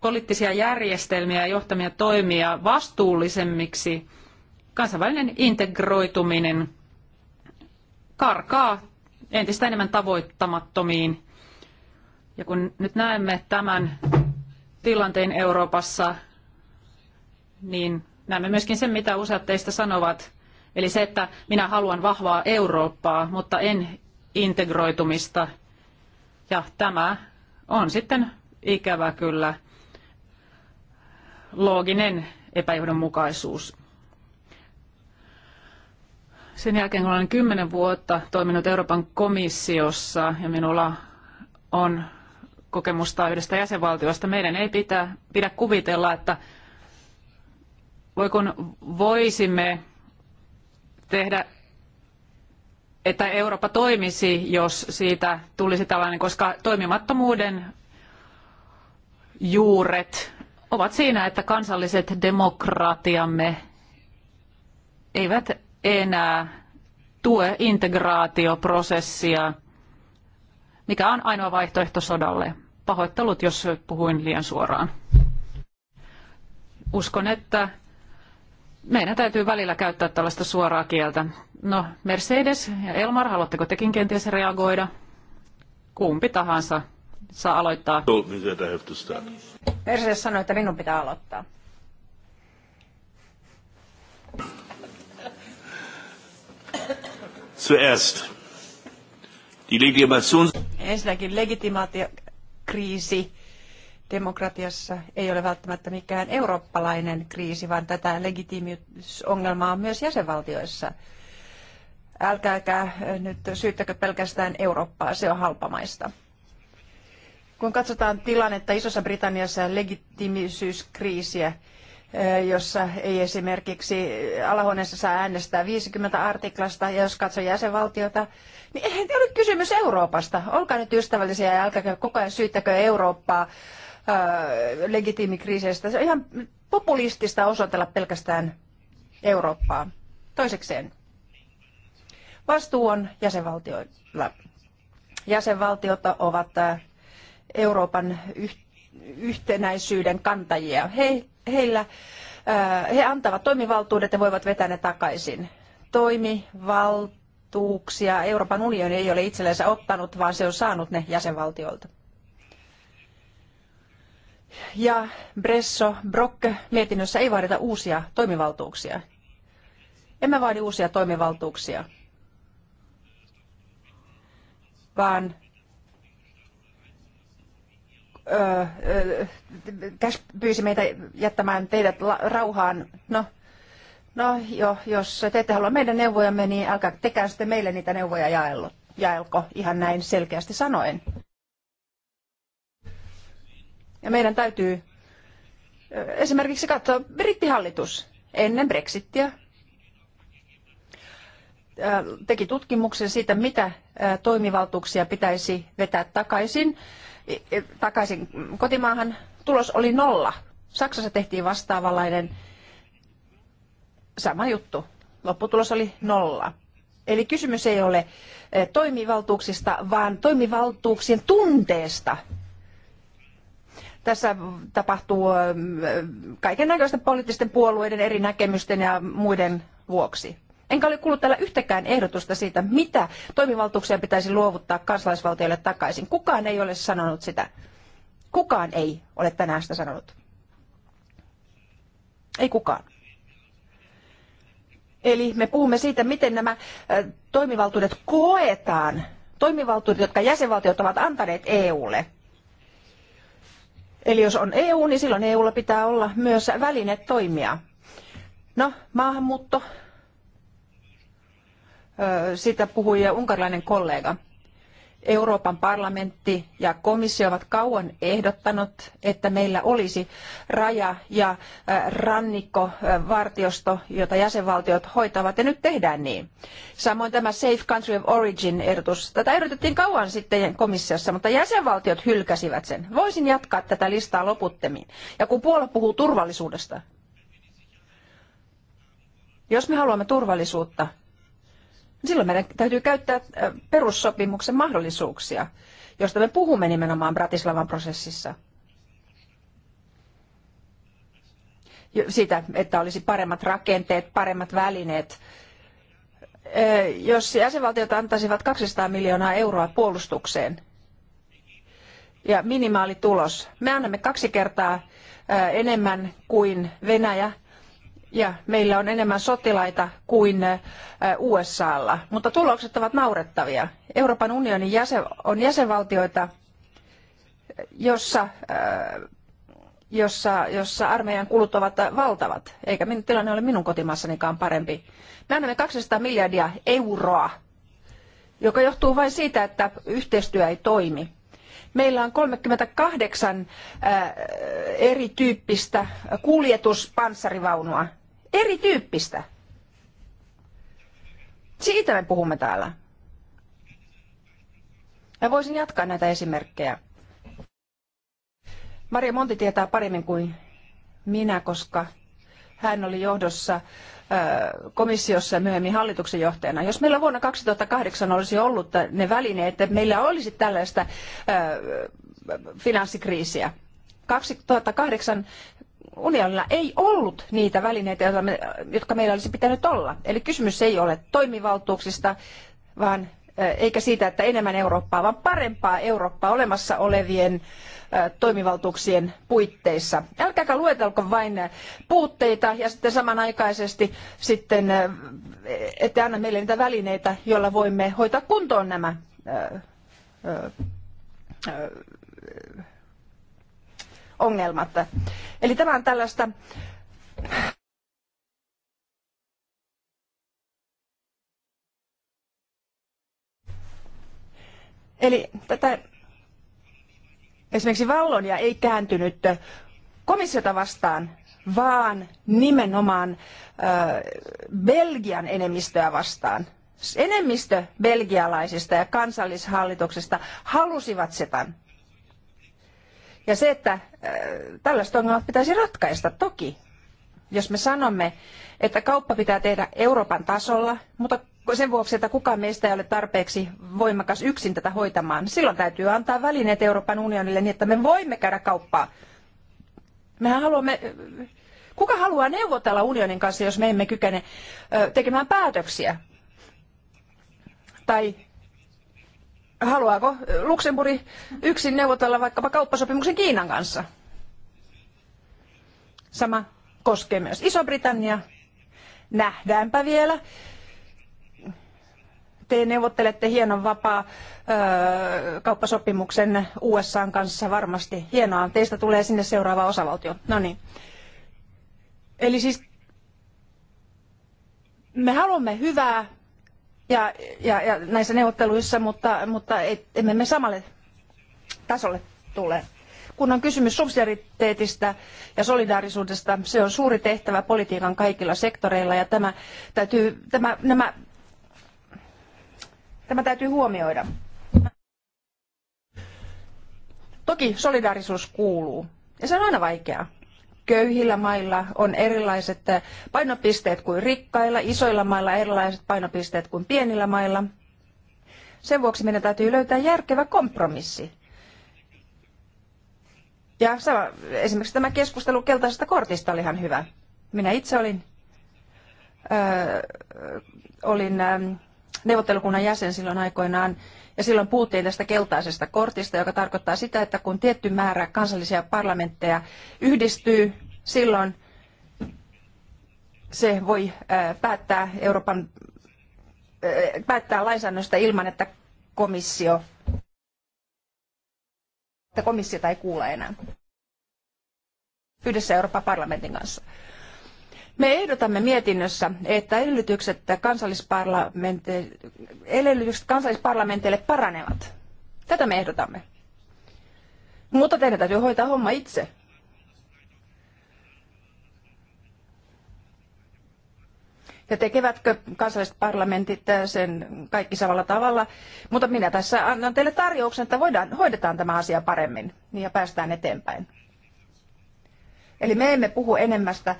poliittisia järjestelmiä ja johtamia toimia vastuullisemmiksi, kansainvälinen integroituminen karkaa entistä enemmän tavoittamattomiin. Ja kun nyt näemme tämän tilanteen Euroopassa, niin näemme myöskin sen, mitä useat teistä sanovat. Eli se, että minä haluan vahvaa Eurooppaa, mutta en integroitumista. Ja tämä on sitten ikävä kyllä looginen epäjohdonmukaisuus. Sen jälkeen, kun olen kymmenen vuotta toiminut Euroopan komissiossa ja minulla on kokemusta yhdestä jäsenvaltiosta, meidän ei pitää, pidä kuvitella, että voikun voisimme tehdä, että Eurooppa toimisi, jos siitä tulisi tällainen, koska toimimattomuuden juuret ovat siinä, että kansalliset demokratiamme eivät enää tue integraatioprosessia, mikä on ainoa vaihtoehto sodalle. Pahoittelut, jos puhuin liian suoraan. Uskon, että meidän täytyy välillä käyttää tällaista suoraa kieltä. No, Mercedes ja Elmar, haluatteko tekin kenties reagoida? Kumpi tahansa saa aloittaa. Mercedes sanoi, että minun pitää aloittaa. Zuerst. Die Legitimation... Ensinnäkin legitimaatiokriisi demokratiassa ei ole välttämättä mikään eurooppalainen kriisi, vaan tätä legitiimiysongelmaa on myös jäsenvaltioissa. Älkääkää nyt syyttäkö pelkästään Eurooppaa, se on halpamaista. Kun katsotaan tilannetta Isossa Britanniassa legitimisyyskriisiä, eh, jossa ei esimerkiksi alahuoneessa saa äänestää 50 artiklasta, ja jos katsoo jäsenvaltiota, niin eihän ole kysymys Euroopasta. Olkaa nyt ystävällisiä ja älkää koko ajan syyttäkö Eurooppaa eh, legitiimikriiseistä. Se on ihan populistista osoitella pelkästään Eurooppaa. Toisekseen, vastuu on jäsenvaltioilla. Jäsenvaltiot ovat eh, Euroopan yhtenäisyyden kantajia. He, heillä, äh, he antavat toimivaltuudet ja voivat vetää ne takaisin. Toimivaltuuksia Euroopan unioni ei ole itsellensä ottanut, vaan se on saanut ne jäsenvaltiolta. Ja Bresso Brock mietinnössä ei vaadita uusia toimivaltuuksia. Emme vaadi uusia toimivaltuuksia, vaan Cash pyysi meitä jättämään teidät rauhaan. No, no jo, jos te ette halua meidän neuvojamme, niin älkää tekään sitten meille niitä neuvoja jaelko, jaelko ihan näin selkeästi sanoen. Ja meidän täytyy esimerkiksi katsoa brittihallitus ennen Brexittiä teki tutkimuksen siitä, mitä toimivaltuuksia pitäisi vetää takaisin, takaisin kotimaahan. Tulos oli nolla. Saksassa tehtiin vastaavanlainen sama juttu. Lopputulos oli nolla. Eli kysymys ei ole toimivaltuuksista, vaan toimivaltuuksien tunteesta. Tässä tapahtuu kaiken näköisten poliittisten puolueiden eri näkemysten ja muiden vuoksi enkä ole kuullut täällä yhtäkään ehdotusta siitä, mitä toimivaltuuksia pitäisi luovuttaa kansalaisvaltioille takaisin. Kukaan ei ole sanonut sitä. Kukaan ei ole tänään sitä sanonut. Ei kukaan. Eli me puhumme siitä, miten nämä toimivaltuudet koetaan, toimivaltuudet, jotka jäsenvaltiot ovat antaneet EUlle. Eli jos on EU, niin silloin EUlla pitää olla myös väline toimia. No, maahanmuutto, sitä puhui unkarilainen kollega. Euroopan parlamentti ja komissio ovat kauan ehdottanut, että meillä olisi raja- ja rannikkovartiosto, jota jäsenvaltiot hoitavat, ja nyt tehdään niin. Samoin tämä Safe Country of Origin-ehdotus. Tätä ehdotettiin kauan sitten komissiossa, mutta jäsenvaltiot hylkäsivät sen. Voisin jatkaa tätä listaa loputtemiin. Ja kun Puola puhuu turvallisuudesta, jos me haluamme turvallisuutta, silloin meidän täytyy käyttää perussopimuksen mahdollisuuksia, josta me puhumme nimenomaan Bratislavan prosessissa. Sitä, että olisi paremmat rakenteet, paremmat välineet. Jos jäsenvaltiot antaisivat 200 miljoonaa euroa puolustukseen ja minimaalitulos, me annamme kaksi kertaa enemmän kuin Venäjä – ja meillä on enemmän sotilaita kuin USAlla, mutta tulokset ovat naurettavia. Euroopan unionin jäsen, on jäsenvaltioita, jossa, jossa, jossa armeijan kulut ovat valtavat, eikä tilanne ole minun kotimaassanikaan parempi. Me annamme 200 miljardia euroa, joka johtuu vain siitä, että yhteistyö ei toimi meillä on 38 äh, erityyppistä kuljetuspanssarivaunua erityyppistä. Siitä me puhumme täällä. Ja voisin jatkaa näitä esimerkkejä. Maria Monti tietää paremmin kuin minä, koska hän oli johdossa komissiossa ja myöhemmin hallituksen johtajana. Jos meillä vuonna 2008 olisi ollut ne välineet, että meillä olisi tällaista finanssikriisiä. 2008 unionilla ei ollut niitä välineitä, jotka meillä olisi pitänyt olla. Eli kysymys ei ole toimivaltuuksista, vaan eikä siitä, että enemmän Eurooppaa, vaan parempaa Eurooppaa olemassa olevien toimivaltuuksien puitteissa. Älkääkä luetelko vain puutteita ja sitten samanaikaisesti sitten, ette anna meille niitä välineitä, joilla voimme hoitaa kuntoon nämä ongelmat. Eli tämä on tällaista Eli tätä esimerkiksi Vallonia ei kääntynyt komissiota vastaan, vaan nimenomaan Belgian enemmistöä vastaan. Enemmistö belgialaisista ja kansallishallituksesta halusivat setan. Ja se, että äh, tällaiset ongelmat pitäisi ratkaista toki. Jos me sanomme, että kauppa pitää tehdä Euroopan tasolla, mutta sen vuoksi, että kukaan meistä ei ole tarpeeksi voimakas yksin tätä hoitamaan, silloin täytyy antaa välineet Euroopan unionille niin, että me voimme käydä kauppaa. Mehän haluamme Kuka haluaa neuvotella unionin kanssa, jos me emme kykene tekemään päätöksiä? Tai haluaako Luxemburg yksin neuvotella vaikkapa kauppasopimuksen Kiinan kanssa? Sama koskee myös Iso-Britannia. Nähdäänpä vielä. Te neuvottelette hienon vapaa öö, kauppasopimuksen kanssa varmasti. Hienoa. Teistä tulee sinne seuraava osavaltio. No niin. Eli siis me haluamme hyvää ja, ja, ja näissä neuvotteluissa, mutta, mutta et, emme me samalle tasolle tule. Kun on kysymys subsidiariteetista ja solidaarisuudesta, se on suuri tehtävä politiikan kaikilla sektoreilla ja tämä täytyy, tämä, nämä, tämä täytyy huomioida. Toki solidaarisuus kuuluu ja se on aina vaikeaa köyhillä mailla on erilaiset eh, painopisteet kuin rikkailla, isoilla mailla erilaiset painopisteet kuin pienillä mailla. Sen vuoksi meidän täytyy löytää järkevä kompromissi. Ja sama, esimerkiksi tämä keskustelu keltaisesta kortista oli ihan hyvä. Minä itse olin, öö, olin öö, neuvottelukunnan jäsen silloin aikoinaan, ja silloin puhuttiin tästä keltaisesta kortista, joka tarkoittaa sitä, että kun tietty määrä kansallisia parlamentteja yhdistyy, silloin se voi päättää Euroopan päättää lainsäädännöstä ilman, että komissio että komissiota ei kuule enää yhdessä Euroopan parlamentin kanssa. Me ehdotamme mietinnössä, että edellytykset, kansallisparlamente- edellytykset kansallisparlamenteille paranevat. Tätä me ehdotamme. Mutta teidän täytyy hoitaa homma itse. Ja tekevätkö kansalliset parlamentit sen kaikki samalla tavalla? Mutta minä tässä annan teille tarjouksen, että voidaan, hoidetaan tämä asia paremmin ja päästään eteenpäin. Eli me emme puhu enemmästä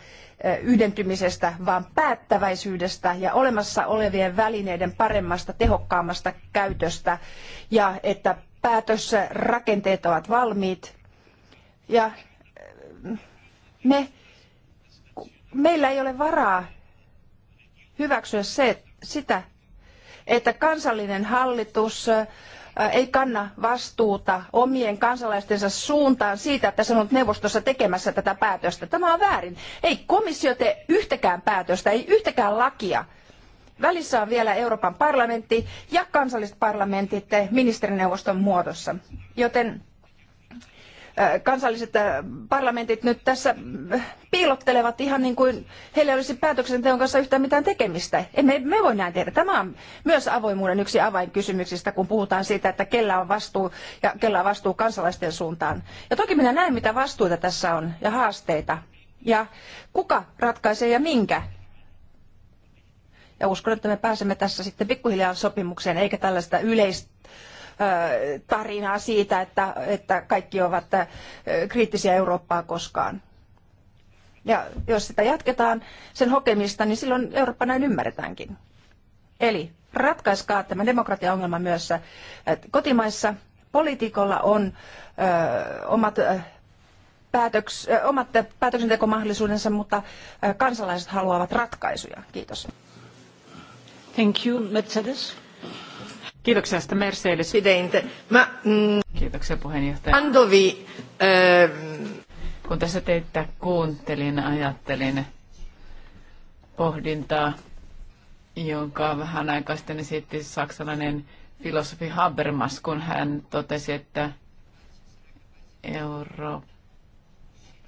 yhdentymisestä, vaan päättäväisyydestä ja olemassa olevien välineiden paremmasta, tehokkaammasta käytöstä ja että päätösrakenteet ovat valmiit. Ja me, meillä ei ole varaa hyväksyä se, sitä, että kansallinen hallitus ei kanna vastuuta omien kansalaistensa suuntaan siitä, että se on ollut neuvostossa tekemässä tätä päätöstä. Tämä on väärin. Ei komissio tee yhtäkään päätöstä, ei yhtäkään lakia. Välissä on vielä Euroopan parlamentti ja kansalliset parlamentit ministerineuvoston muodossa. Joten kansalliset parlamentit nyt tässä piilottelevat ihan niin kuin heillä olisi päätöksenteon kanssa yhtään mitään tekemistä. Emme me voi näin tehdä. Tämä on myös avoimuuden yksi avainkysymyksistä, kun puhutaan siitä, että kellä on vastuu ja kellä on vastuu kansalaisten suuntaan. Ja toki minä näen, mitä vastuuta tässä on ja haasteita. Ja kuka ratkaisee ja minkä. Ja uskon, että me pääsemme tässä sitten pikkuhiljaa sopimukseen, eikä tällaista yleistä tarinaa siitä, että, että kaikki ovat kriittisiä Eurooppaa koskaan. Ja jos sitä jatketaan, sen hokemista, niin silloin Eurooppa näin ymmärretäänkin. Eli ratkaiskaa tämä demokratiaongelma myös kotimaissa. Poliitikolla on ö, omat, ö, päätöks, ö, omat päätöksentekomahdollisuudensa, mutta ö, kansalaiset haluavat ratkaisuja. Kiitos. Thank you, Mercedes. Kiitoksia sitä Mercedes. Mä, mm, Kiitoksia puheenjohtaja. Andovi, ehm, Kun tässä teitä kuuntelin, ajattelin pohdintaa, jonka vähän aikaa sitten esitti saksalainen filosofi Habermas, kun hän totesi, että Eurooppa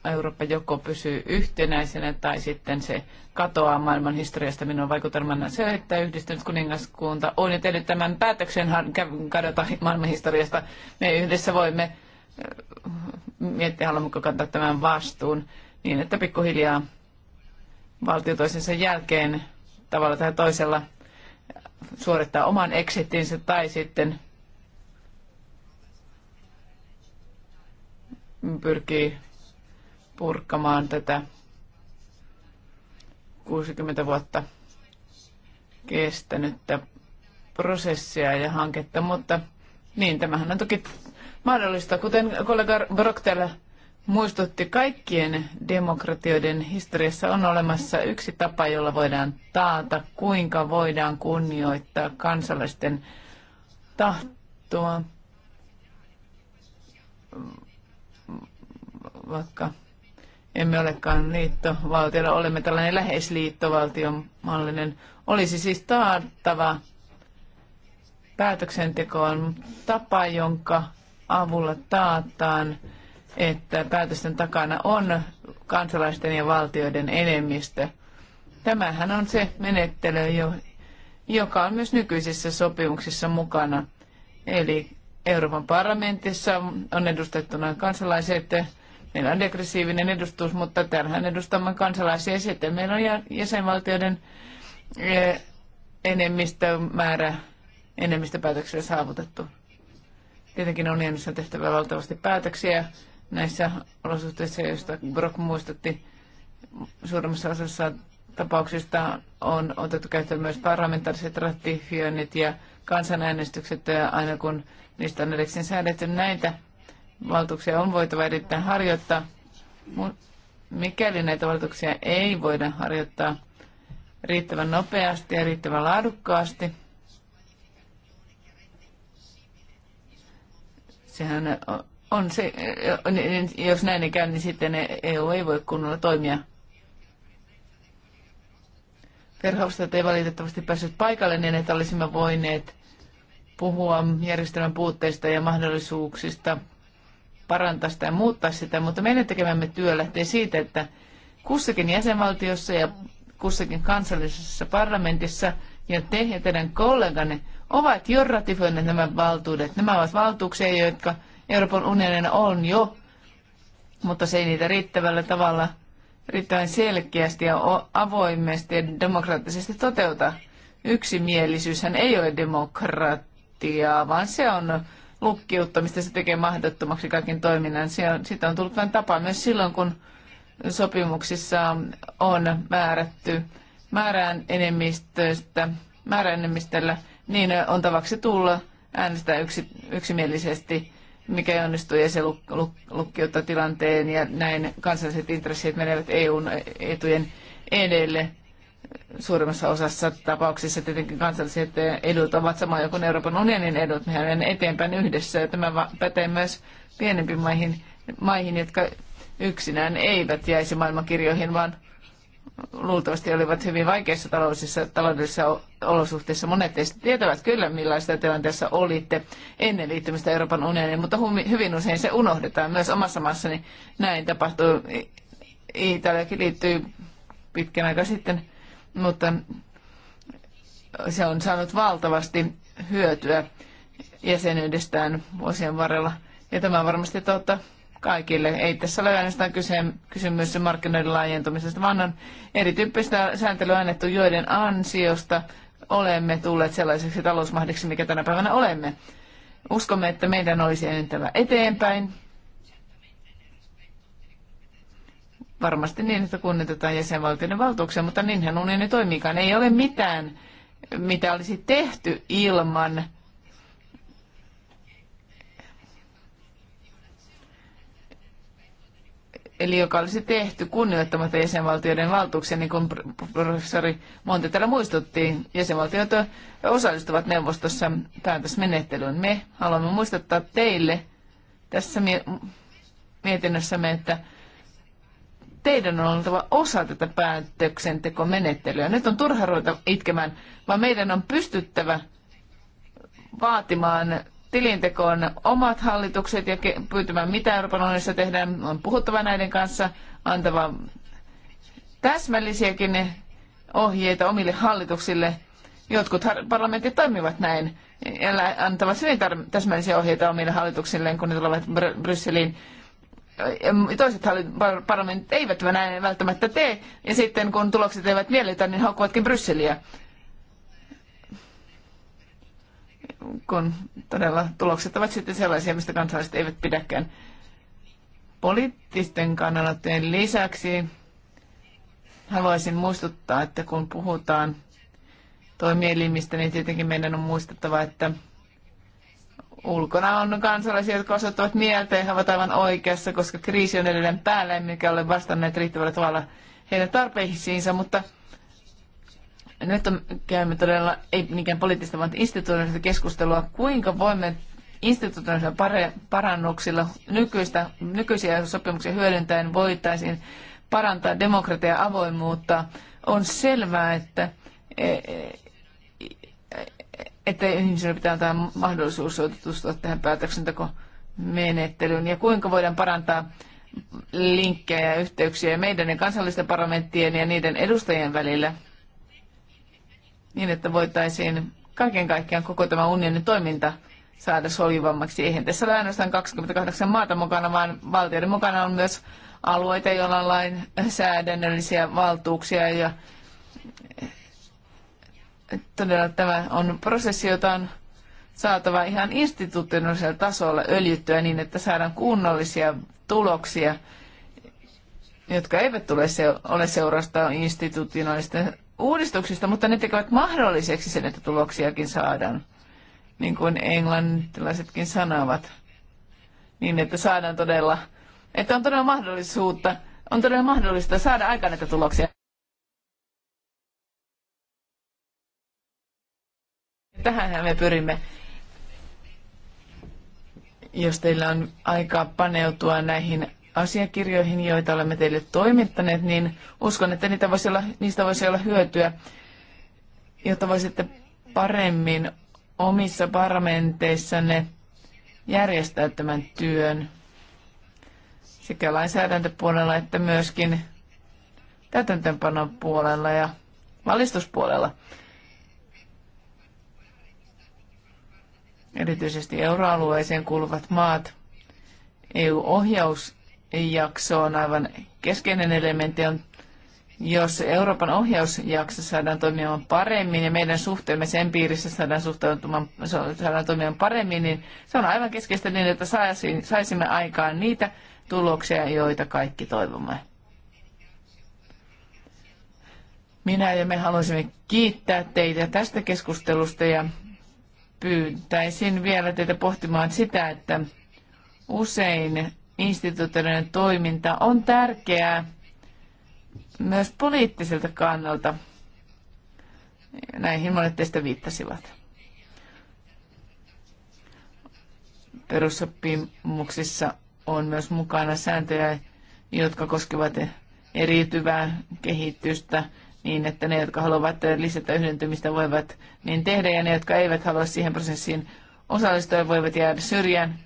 Eurooppa joko pysyy yhtenäisenä tai sitten se katoaa maailman historiasta. Minun vaikutelmana se, että yhdistynyt kuningaskunta on jo tehnyt tämän päätöksen kadota maailman historiasta. Me yhdessä voimme äh, miettiä, haluammeko kantaa tämän vastuun niin, että pikkuhiljaa valtio toisensa jälkeen tavalla tai toisella suorittaa oman exitinsä tai sitten pyrkii purkamaan tätä 60 vuotta kestänyttä prosessia ja hanketta, mutta niin, tämähän on toki mahdollista. Kuten kollega Brock täällä muistutti, kaikkien demokratioiden historiassa on olemassa yksi tapa, jolla voidaan taata, kuinka voidaan kunnioittaa kansalaisten tahtoa. Vaikka emme olekaan liittovaltiolla, olemme tällainen läheisliittovaltion mallinen. Olisi siis taattava päätöksentekoon tapa, jonka avulla taataan, että päätösten takana on kansalaisten ja valtioiden enemmistö. Tämähän on se menettely, joka on myös nykyisissä sopimuksissa mukana. Eli Euroopan parlamentissa on edustettuna kansalaiset Meillä on degressiivinen edustus, mutta täällähän edustamme kansalaisia. Sitten meillä on jäsenvaltioiden e, enemmistömäärä enemmistöpäätöksellä saavutettu. Tietenkin on jännissä tehtävä valtavasti päätöksiä näissä olosuhteissa, joista Brock muistutti. Suurimmassa osassa tapauksista on otettu käyttöön myös parlamentaariset ratifioinnit ja kansanäänestykset aina kun niistä on edekseen säädetty näitä valtuuksia on voitava erittäin harjoittaa. Mikäli näitä valtuuksia ei voida harjoittaa riittävän nopeasti ja riittävän laadukkaasti, sehän on se, jos näin ei käy, niin sitten EU ei voi kunnolla toimia. Verhofstadt ei valitettavasti päässyt paikalle niin, että olisimme voineet puhua järjestelmän puutteista ja mahdollisuuksista parantaa sitä ja muuttaa sitä, mutta meidän tekemämme työ lähtee siitä, että kussakin jäsenvaltiossa ja kussakin kansallisessa parlamentissa ja te ja teidän kolleganne ovat jo ratifioineet nämä valtuudet. Nämä ovat valtuuksia, jotka Euroopan unionin on jo, mutta se ei niitä riittävällä tavalla, riittävän selkeästi ja avoimesti ja demokraattisesti toteuta. Yksimielisyyshän ei ole demokraattiaa, vaan se on lukkiuttamista. Se tekee mahdottomaksi kaiken toiminnan. Siitä on tullut vain tapa myös silloin, kun sopimuksissa on määrätty määrään enemmistöstä, enemmistöllä, niin on tavaksi tulla äänestää yksi, yksimielisesti, mikä onnistuu ja se luk, luk, lukkiuttaa tilanteen ja näin kansalliset intressit menevät EUn etujen edelle suurimmassa osassa tapauksissa tietenkin kansalliset edut ovat samoja kuin Euroopan unionin edut. Mehän menemme eteenpäin yhdessä. Tämä pätee myös pienempiin maihin, maihin, jotka yksinään eivät jäisi maailmankirjoihin, vaan luultavasti olivat hyvin vaikeissa taloudellisissa, taloudellisissa olosuhteissa. Monet teistä tietävät kyllä, millaista tilanteessa olitte ennen liittymistä Euroopan unioniin, mutta hyvin usein se unohdetaan. Myös omassa maassani näin tapahtuu. Italiakin liittyy pitkän aikaa sitten mutta se on saanut valtavasti hyötyä jäsenyydestään vuosien varrella. Ja tämä on varmasti totta kaikille. Ei tässä ole ainoastaan kyse, kysymys markkinoiden laajentumisesta, vaan on erityyppistä sääntelyä annettu, joiden ansiosta olemme tulleet sellaiseksi talousmahdiksi, mikä tänä päivänä olemme. Uskomme, että meidän olisi enentävä eteenpäin varmasti niin, että kunnitetaan jäsenvaltioiden valtuuksia, mutta niinhän unioni toimiikaan. Ei ole mitään, mitä olisi tehty ilman eli joka olisi tehty kunnioittamatta jäsenvaltioiden valtuuksia, niin kuin professori Monti täällä muistutti, jäsenvaltiot osallistuvat neuvostossa päätösmenettelyyn. Me haluamme muistuttaa teille tässä mietinnössämme, että teidän on oltava osa tätä päätöksentekomenettelyä. Nyt on turha ruveta itkemään, vaan meidän on pystyttävä vaatimaan tilintekoon omat hallitukset ja pyytämään, mitä Euroopan unionissa tehdään. On puhuttava näiden kanssa, antava täsmällisiäkin ohjeita omille hallituksille. Jotkut parlamentit toimivat näin ja antavat hyvin täsmällisiä ohjeita omille hallituksilleen, kun ne tulevat Brysseliin toiset parlamentit eivät näin välttämättä tee, ja sitten kun tulokset eivät miellytä, niin haukkuvatkin Brysseliä. Kun todella tulokset ovat sitten sellaisia, mistä kansalaiset eivät pidäkään. Poliittisten kannanottojen lisäksi haluaisin muistuttaa, että kun puhutaan toimielimistä, niin tietenkin meidän on muistettava, että ulkona on kansalaisia, jotka osoittavat mieltä ja he ovat aivan oikeassa, koska kriisi on edelleen päällä, emmekä ole vastanneet riittävällä tavalla heidän tarpeisiinsa, mutta nyt on, käymme todella, ei niinkään poliittista, vaan instituutioista keskustelua, kuinka voimme instituutioiden parannuksilla nykyistä, nykyisiä sopimuksia hyödyntäen voitaisiin parantaa demokratiaa avoimuutta. On selvää, että e, että ihmisillä pitää antaa mahdollisuus tutustua tähän päätöksentekomenettelyyn ja kuinka voidaan parantaa linkkejä ja yhteyksiä meidän ja kansallisten parlamenttien ja niiden edustajien välillä niin, että voitaisiin kaiken kaikkiaan koko tämä unionin toiminta saada soljuvammaksi. Eihän tässä ole ainoastaan 28 maata mukana, vaan valtioiden mukana on myös alueita, joilla on lainsäädännöllisiä valtuuksia ja todella tämä on prosessi, jota on saatava ihan institutionaalisella tasolla öljyttyä niin, että saadaan kunnollisia tuloksia, jotka eivät tule se, ole seurasta institutionaalisista uudistuksista, mutta ne tekevät mahdolliseksi sen, että tuloksiakin saadaan, niin kuin englantilaisetkin sanovat, niin että saadaan todella, että on todella mahdollisuutta, on todella mahdollista saada aikaan näitä tuloksia. Tähän me pyrimme. Jos teillä on aikaa paneutua näihin asiakirjoihin, joita olemme teille toimittaneet, niin uskon, että niitä voisi olla, niistä voisi olla hyötyä, jotta voisitte paremmin omissa parlamenteissanne järjestää tämän työn sekä lainsäädäntöpuolella että myöskin täytäntöönpanon puolella ja valistuspuolella. erityisesti euroalueeseen kuuluvat maat. EU-ohjausjakso on aivan keskeinen elementti. On, jos Euroopan ohjausjakso saadaan toimimaan paremmin ja meidän suhteemme sen piirissä saadaan, saadaan toimimaan paremmin, niin se on aivan keskeistä niin, että saisimme aikaan niitä tuloksia, joita kaikki toivomme. Minä ja me haluaisimme kiittää teitä tästä keskustelusta ja pyytäisin vielä teitä pohtimaan sitä, että usein instituutioiden toiminta on tärkeää myös poliittiselta kannalta. Näihin monet teistä viittasivat. Perussopimuksissa on myös mukana sääntöjä, jotka koskevat eriytyvää kehitystä, niin, että ne, jotka haluavat lisätä yhdentymistä, voivat niin tehdä, ja ne, jotka eivät halua siihen prosessiin osallistua, voivat jäädä syrjään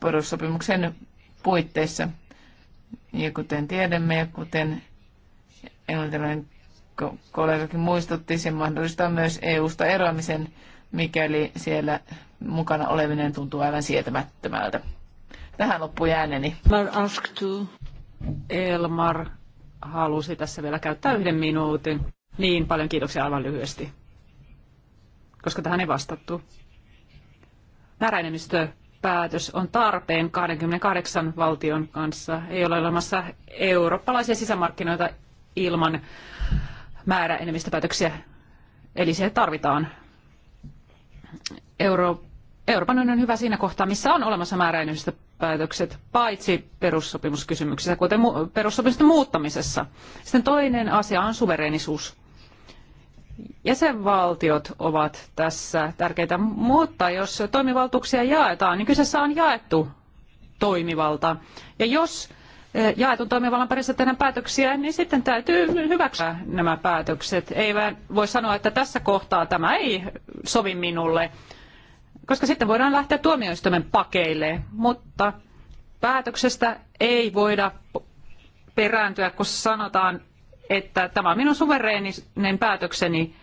perussopimuksen puitteissa. Ja kuten tiedämme ja kuten englantilainen kollegakin muistutti, se mahdollistaa myös EU-sta eroamisen, mikäli siellä mukana oleminen tuntuu aivan sietämättömältä. Tähän loppui ääneni. Elmar halusi tässä vielä käyttää yhden minuutin. Niin, paljon kiitoksia aivan lyhyesti, koska tähän ei vastattu. Määräenemmistö päätös on tarpeen 28 valtion kanssa. Ei ole olemassa eurooppalaisia sisämarkkinoita ilman määräenemmistöpäätöksiä, eli se tarvitaan. Euro- Euroopan unioni on hyvä siinä kohtaa, missä on olemassa määräenemmistö päätökset, paitsi perussopimuskysymyksissä, kuten mu- perussopimusten muuttamisessa. Sitten toinen asia on suvereenisuus. Jäsenvaltiot ovat tässä tärkeitä, mutta jos toimivaltuuksia jaetaan, niin kyseessä on jaettu toimivalta. Ja jos eh, jaetun toimivallan parissa tehdään päätöksiä, niin sitten täytyy hyväksyä nämä päätökset. Ei voi sanoa, että tässä kohtaa tämä ei sovi minulle koska sitten voidaan lähteä tuomioistuimen pakeille, mutta päätöksestä ei voida perääntyä, kun sanotaan, että tämä on minun suvereeninen päätökseni,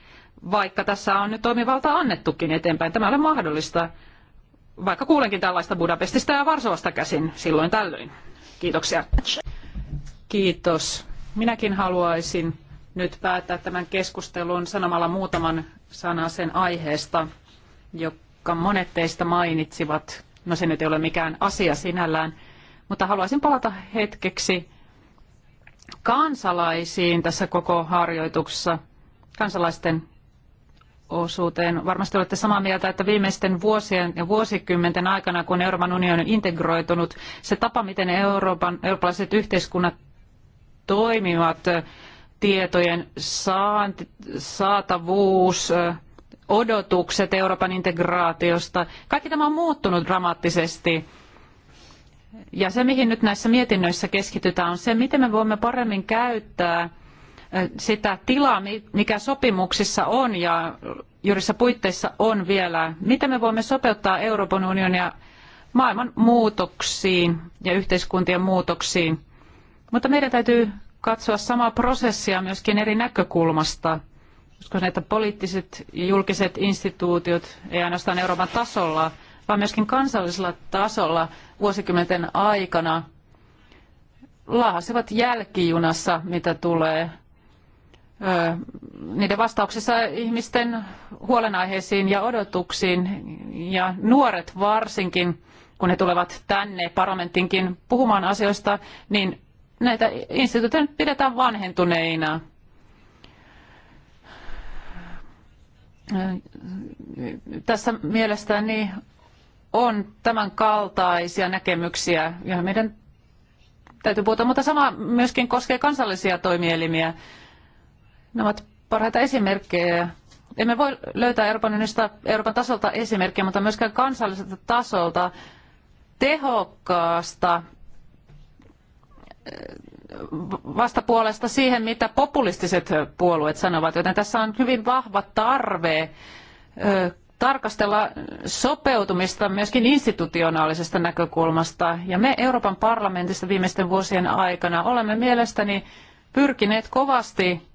vaikka tässä on nyt toimivalta annettukin eteenpäin. Tämä ei ole mahdollista, vaikka kuulenkin tällaista Budapestista ja Varsovasta käsin silloin tällöin. Kiitoksia. Kiitos. Minäkin haluaisin nyt päättää tämän keskustelun sanomalla muutaman sanan sen aiheesta, joka jotka monet teistä mainitsivat. No se nyt ei ole mikään asia sinällään, mutta haluaisin palata hetkeksi kansalaisiin tässä koko harjoituksessa, kansalaisten osuuteen. Varmasti olette samaa mieltä, että viimeisten vuosien ja vuosikymmenten aikana, kun Euroopan unioni on integroitunut, se tapa, miten Euroopan, eurooppalaiset yhteiskunnat toimivat, tietojen saanti, saatavuus, odotukset Euroopan integraatiosta. Kaikki tämä on muuttunut dramaattisesti. Ja se, mihin nyt näissä mietinnöissä keskitytään, on se, miten me voimme paremmin käyttää eh, sitä tilaa, mikä sopimuksissa on ja juurissa puitteissa on vielä. Miten me voimme sopeuttaa Euroopan unionia maailman muutoksiin ja yhteiskuntien muutoksiin. Mutta meidän täytyy katsoa samaa prosessia myöskin eri näkökulmasta. Uskon, että poliittiset ja julkiset instituutiot, ei ainoastaan Euroopan tasolla, vaan myöskin kansallisella tasolla vuosikymmenten aikana laahasivat jälkijunassa, mitä tulee niiden vastauksissa ihmisten huolenaiheisiin ja odotuksiin. Ja nuoret varsinkin, kun he tulevat tänne parlamenttiinkin puhumaan asioista, niin näitä instituutioita pidetään vanhentuneina – tässä mielestäni on tämän kaltaisia näkemyksiä, joihin meidän täytyy puhua, mutta sama myöskin koskee kansallisia toimielimiä. Nämä ovat parhaita esimerkkejä. Emme voi löytää Euroopan unionista Euroopan tasolta esimerkkejä, mutta myöskään kansalliselta tasolta tehokkaasta vastapuolesta siihen, mitä populistiset puolueet sanovat, joten tässä on hyvin vahva tarve tarkastella sopeutumista myöskin institutionaalisesta näkökulmasta. Ja me Euroopan parlamentista viimeisten vuosien aikana olemme mielestäni pyrkineet kovasti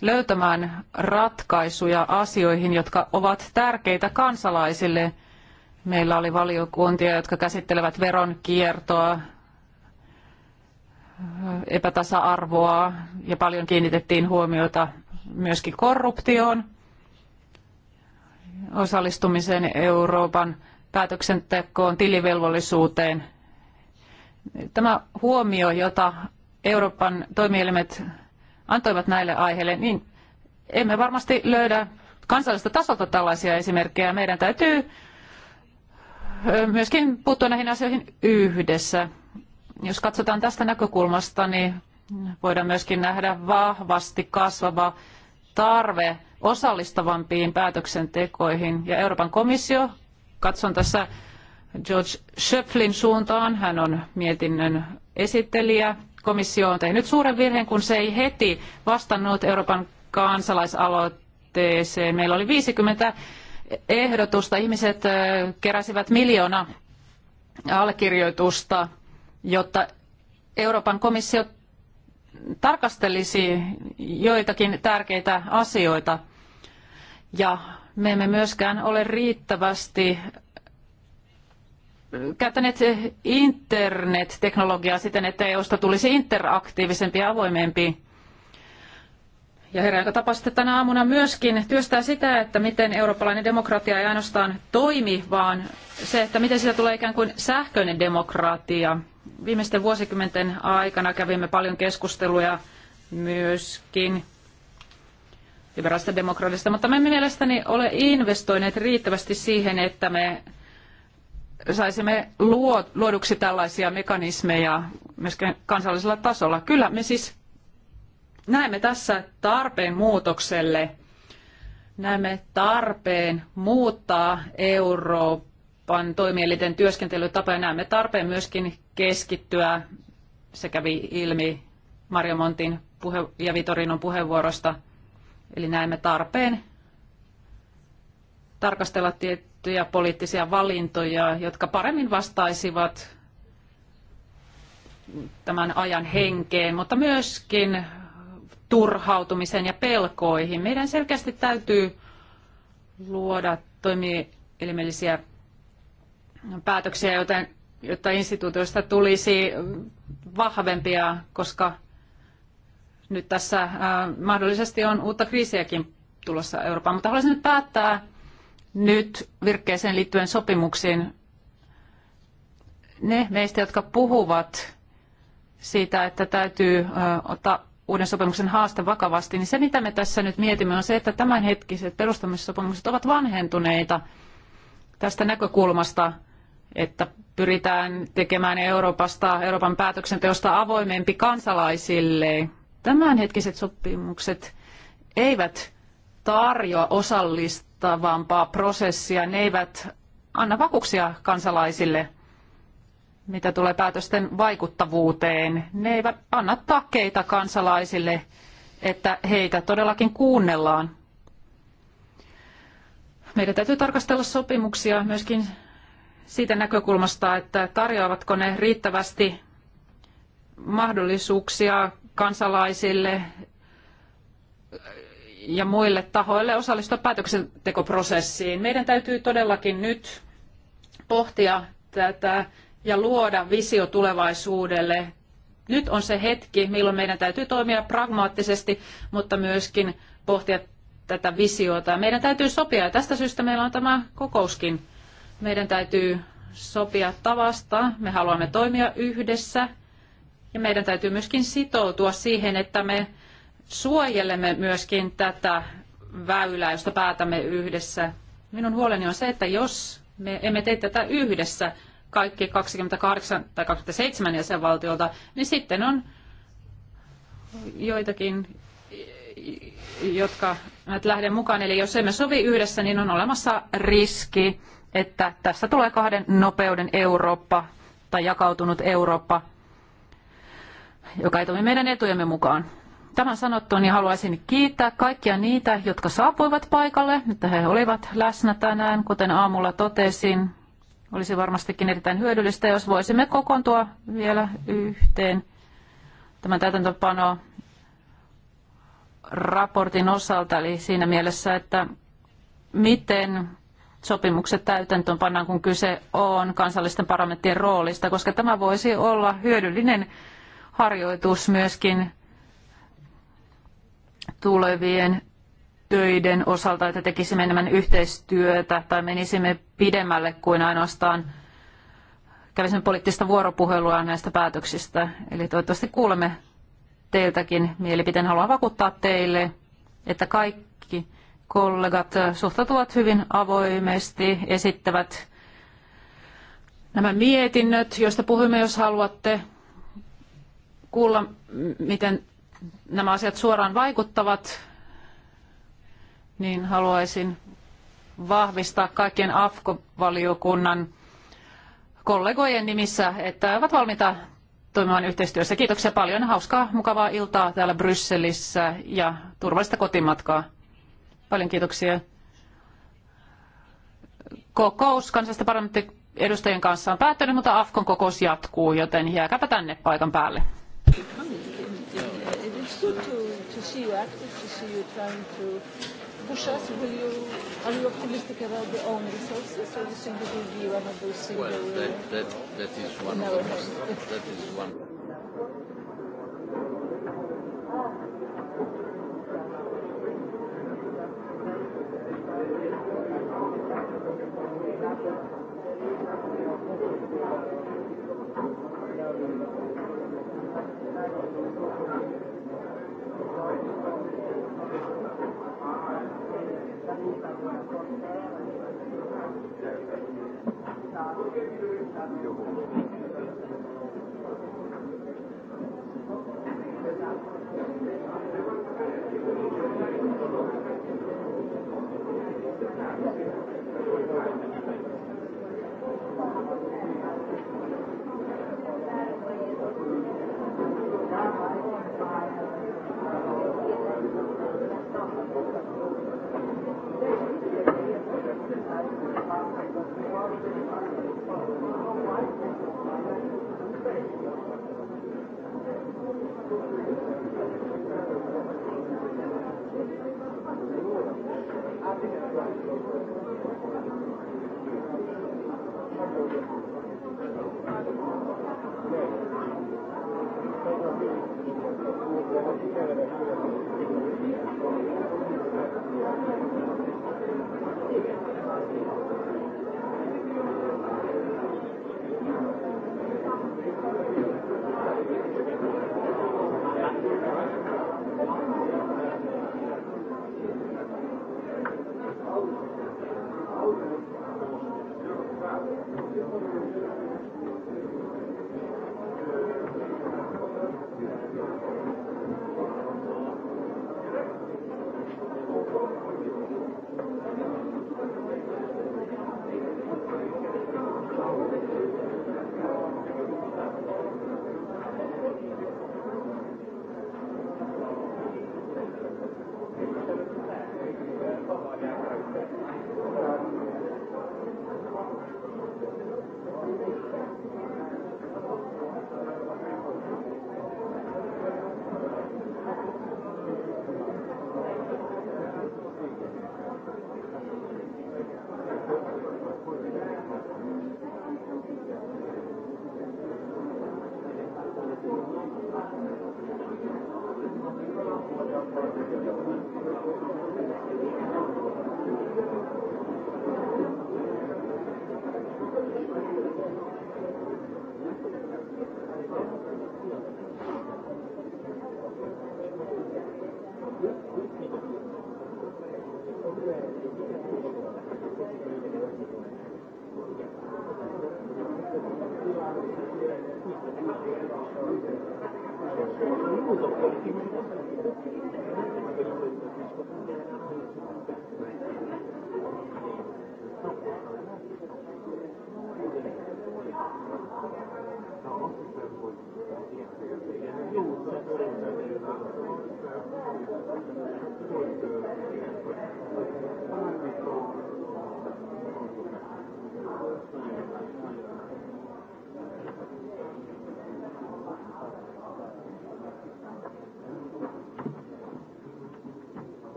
löytämään ratkaisuja asioihin, jotka ovat tärkeitä kansalaisille. Meillä oli valiokuntia, jotka käsittelevät veronkiertoa, epätasa-arvoa ja paljon kiinnitettiin huomiota myöskin korruptioon, osallistumiseen Euroopan päätöksentekoon, tilivelvollisuuteen. Tämä huomio, jota Euroopan toimielimet antoivat näille aiheille, niin emme varmasti löydä kansallista tasolta tällaisia esimerkkejä. Meidän täytyy myöskin puuttua näihin asioihin yhdessä. Jos katsotaan tästä näkökulmasta, niin voidaan myöskin nähdä vahvasti kasvava tarve osallistavampiin päätöksentekoihin. Ja Euroopan komissio, katson tässä George Schöpflin suuntaan, hän on mietinnön esittelijä. Komissio on tehnyt suuren virheen, kun se ei heti vastannut Euroopan kansalaisaloitteeseen. Meillä oli 50 ehdotusta, ihmiset keräsivät miljoona allekirjoitusta jotta Euroopan komissio tarkastelisi joitakin tärkeitä asioita. Ja me emme myöskään ole riittävästi käyttäneet internet-teknologiaa siten, että EUsta tulisi interaktiivisempi ja avoimempi. Ja herra, joka tapasitte tänä aamuna myöskin, työstää sitä, että miten eurooppalainen demokratia ei ainoastaan toimi, vaan se, että miten siitä tulee ikään kuin sähköinen demokratia – Viimeisten vuosikymmenten aikana kävimme paljon keskusteluja myöskin liberaalista demokraatista, mutta me emme mielestäni ole investoineet riittävästi siihen, että me saisimme luoduksi tällaisia mekanismeja myös kansallisella tasolla. Kyllä me siis näemme tässä tarpeen muutokselle, näemme tarpeen muuttaa Eurooppaa Euroopan toimielinten työskentelytapa ja näemme tarpeen myöskin keskittyä. Se kävi ilmi Mario Montin puhe- ja Vitorinon puheenvuorosta. Eli näemme tarpeen tarkastella tiettyjä poliittisia valintoja, jotka paremmin vastaisivat tämän ajan henkeen, mutta myöskin turhautumiseen ja pelkoihin. Meidän selkeästi täytyy luoda toimielimellisiä päätöksiä, joten, jotta instituutioista tulisi vahvempia, koska nyt tässä äh, mahdollisesti on uutta kriisiäkin tulossa Eurooppaan. Mutta haluaisin nyt päättää nyt virkkeeseen liittyen sopimuksiin. Ne meistä, jotka puhuvat siitä, että täytyy äh, ottaa uuden sopimuksen haaste vakavasti, niin se mitä me tässä nyt mietimme on se, että tämänhetkiset perustamissopimukset ovat vanhentuneita tästä näkökulmasta – että pyritään tekemään Euroopasta, Euroopan päätöksenteosta avoimempi kansalaisille. Tämänhetkiset sopimukset eivät tarjoa osallistavampaa prosessia, ne eivät anna vakuuksia kansalaisille, mitä tulee päätösten vaikuttavuuteen. Ne eivät anna takeita kansalaisille, että heitä todellakin kuunnellaan. Meidän täytyy tarkastella sopimuksia myöskin siitä näkökulmasta, että tarjoavatko ne riittävästi mahdollisuuksia kansalaisille ja muille tahoille osallistua päätöksentekoprosessiin. Meidän täytyy todellakin nyt pohtia tätä ja luoda visio tulevaisuudelle. Nyt on se hetki, milloin meidän täytyy toimia pragmaattisesti, mutta myöskin pohtia tätä visiota. Meidän täytyy sopia ja tästä syystä meillä on tämä kokouskin meidän täytyy sopia tavasta, me haluamme toimia yhdessä ja meidän täytyy myöskin sitoutua siihen, että me suojelemme myöskin tätä väylää, josta päätämme yhdessä. Minun huoleni on se, että jos me emme tee tätä yhdessä, kaikki 28 tai 27 jäsenvaltiolta, niin sitten on joitakin, jotka et lähde mukaan. Eli jos emme sovi yhdessä, niin on olemassa riski, että tässä tulee kahden nopeuden Eurooppa tai jakautunut Eurooppa, joka ei toimi meidän etujemme mukaan. Tämän sanottu, niin haluaisin kiittää kaikkia niitä, jotka saapuivat paikalle, että he olivat läsnä tänään, kuten aamulla totesin. Olisi varmastikin erittäin hyödyllistä, jos voisimme kokoontua vielä yhteen tämän täytäntöpano raportin osalta, eli siinä mielessä, että miten sopimukset täytäntöön pannaan, kun kyse on kansallisten parlamenttien roolista, koska tämä voisi olla hyödyllinen harjoitus myöskin tulevien töiden osalta, että tekisimme enemmän yhteistyötä tai menisimme pidemmälle kuin ainoastaan kävisimme poliittista vuoropuhelua näistä päätöksistä. Eli toivottavasti kuulemme teiltäkin mielipiteen. Haluan vakuuttaa teille, että kaikki kollegat suhtautuvat hyvin avoimesti, esittävät nämä mietinnöt, joista puhumme, jos haluatte kuulla, miten nämä asiat suoraan vaikuttavat, niin haluaisin vahvistaa kaikkien AFKO-valiokunnan kollegojen nimissä, että ovat valmiita toimimaan yhteistyössä. Kiitoksia paljon. Hauskaa, mukavaa iltaa täällä Brysselissä ja turvallista kotimatkaa. Paljon kiitoksia. Kokous kansallisten parlamentin edustajien kanssa on päättynyt, mutta Afkon kokous jatkuu, joten jääkääpä tänne paikan päälle. Well, that, that, that is one of the most. That is one. Thank you.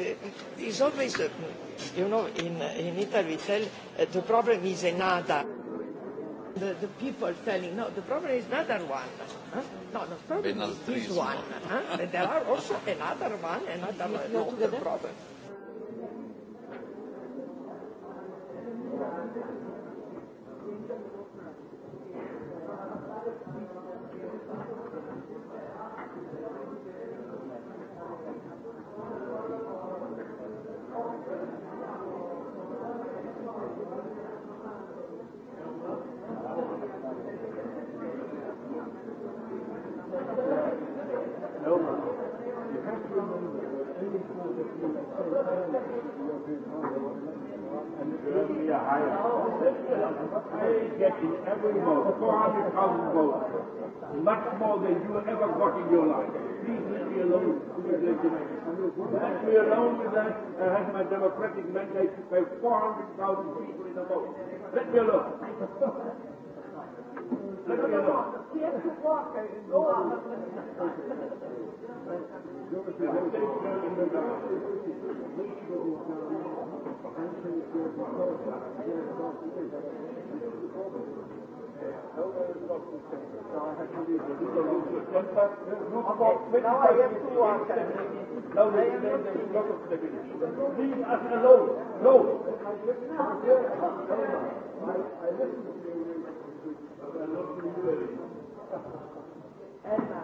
Eh, it's always, eh, you know, in, eh, in Italy we tell uh, the problem is another. The, the people telling, no, the problem is another one. Huh? No, the problem is this one. Huh? and there are also another one, another one, no, the problem. 500,000 votes. Much more than you ever got in your life. Please uh, let me alone Let me alone with that. I have my democratic mandate to pay 400,000 people in the vote. Let me alone. let me alone. Thank you. About now I have to answer. Now there is a lot of stability. Leave us alone. No. I listen to you. I love you very Emma,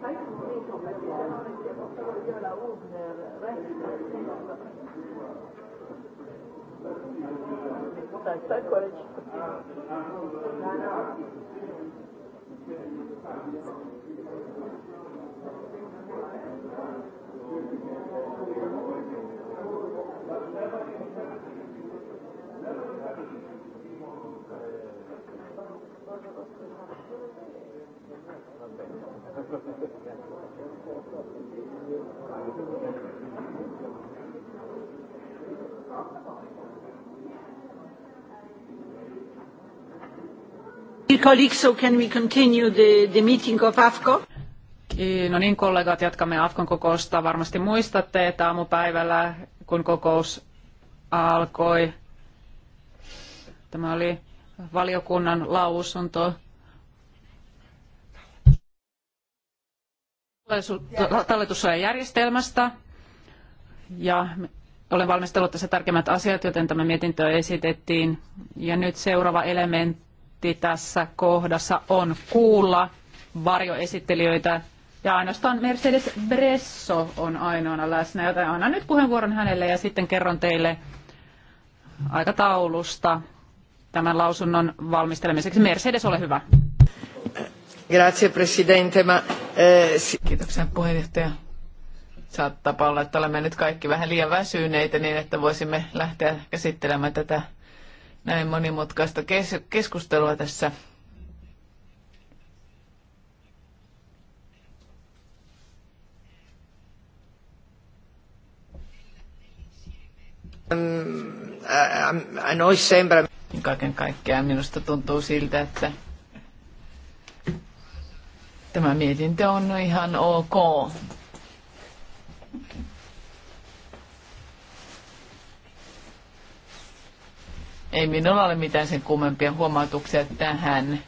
sai che mi dico perché non è che posso io la Uber, resto Так, так, короче. Thank you. No niin, kollegat, jatkamme afcon kokousta. Varmasti muistatte, että aamupäivällä, kun kokous alkoi, tämä oli valiokunnan lausunto talletussuojajärjestelmästä. Ja olen valmistellut tässä tärkeimmät asiat, joten tämä mietintö esitettiin. Ja nyt seuraava elementti pointti tässä kohdassa on kuulla varjoesittelijöitä ja ainoastaan Mercedes Bresso on ainoana läsnä, joten annan nyt puheenvuoron hänelle ja sitten kerron teille aikataulusta tämän lausunnon valmistelemiseksi. Mercedes, ole hyvä. Grazie Presidente. Ma, eh... Kiitoksia puheenjohtaja. Saattaa olla, että olemme nyt kaikki vähän liian väsyneitä niin, että voisimme lähteä käsittelemään tätä näin monimutkaista keskustelua tässä. Um, niin kaiken kaikkiaan minusta tuntuu siltä, että tämä mietintö on ihan ok. Ei minulla ole mitään sen kummempia huomautuksia tähän.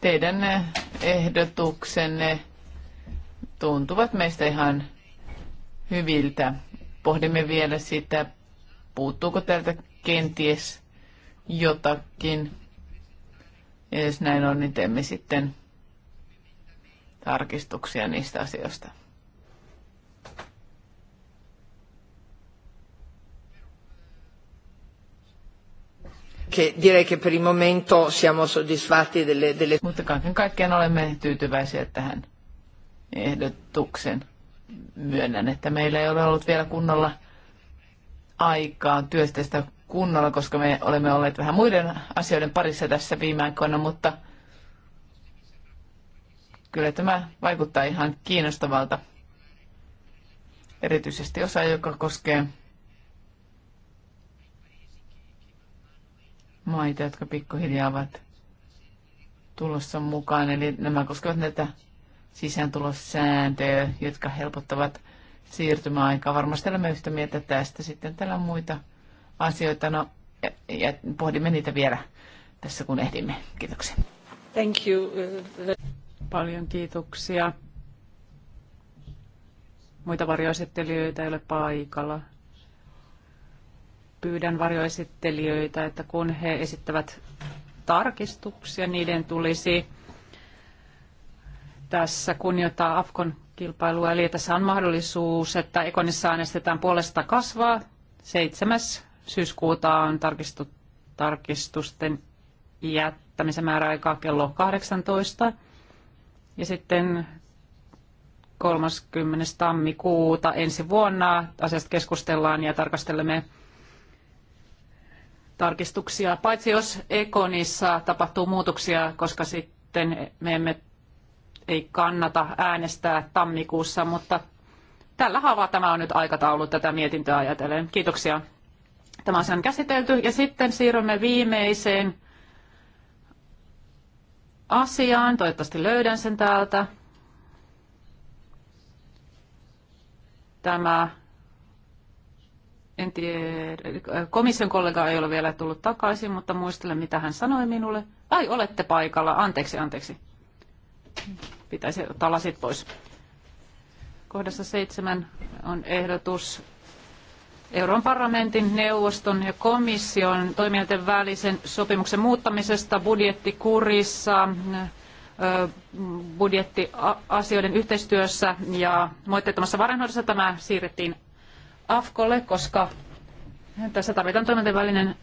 Teidän ehdotuksenne tuntuvat meistä ihan hyviltä. Pohdimme vielä sitä, puuttuuko täältä kenties jotakin. Ja jos näin on, niin teemme sitten tarkistuksia niistä asioista. Mutta kaiken kaikkiaan olemme tyytyväisiä tähän ehdotuksen. Myönnän, että meillä ei ole ollut vielä kunnolla aikaa työstä sitä kunnolla, koska me olemme olleet vähän muiden asioiden parissa tässä viime aikoina, mutta kyllä tämä vaikuttaa ihan kiinnostavalta. Erityisesti osa, joka koskee maita, jotka pikkuhiljaa ovat tulossa mukaan. Eli nämä koskevat näitä sisääntulosääntöjä, jotka helpottavat siirtymäaikaa. Varmasti olemme yhtä mieltä tästä. Sitten täällä on muita asioita. No, ja pohdimme niitä vielä tässä, kun ehdimme. Kiitoksia. Thank you. Paljon kiitoksia. Muita varjoesittelijöitä ei ole paikalla pyydän varjoesittelijöitä, että kun he esittävät tarkistuksia, niiden tulisi tässä kunnioittaa Afkon kilpailua. Eli tässä on mahdollisuus, että Ekonissa äänestetään puolesta kasvaa. 7. syyskuuta on tarkistu, tarkistusten jättämisen määräaika kello 18. Ja sitten 30. tammikuuta ensi vuonna asiasta keskustellaan ja tarkastelemme tarkistuksia, paitsi jos Ekonissa tapahtuu muutoksia, koska sitten me emme ei kannata äänestää tammikuussa, mutta tällä haavaa tämä on nyt aikataulu tätä mietintöä ajatellen. Kiitoksia. Tämä on sen käsitelty ja sitten siirrymme viimeiseen asiaan. Toivottavasti löydän sen täältä. Tämä en tiedä, komission kollega ei ole vielä tullut takaisin, mutta muistelen, mitä hän sanoi minulle. Ai, olette paikalla. Anteeksi, anteeksi. Pitäisi ottaa lasit pois. Kohdassa seitsemän on ehdotus Euroopan parlamentin, neuvoston ja komission toimijoiden välisen sopimuksen muuttamisesta budjettikurissa, budjettiasioiden yhteistyössä ja moitteettomassa varainhoidossa. Tämä siirrettiin AFKolle, koska tässä tarvitaan toimintavälinen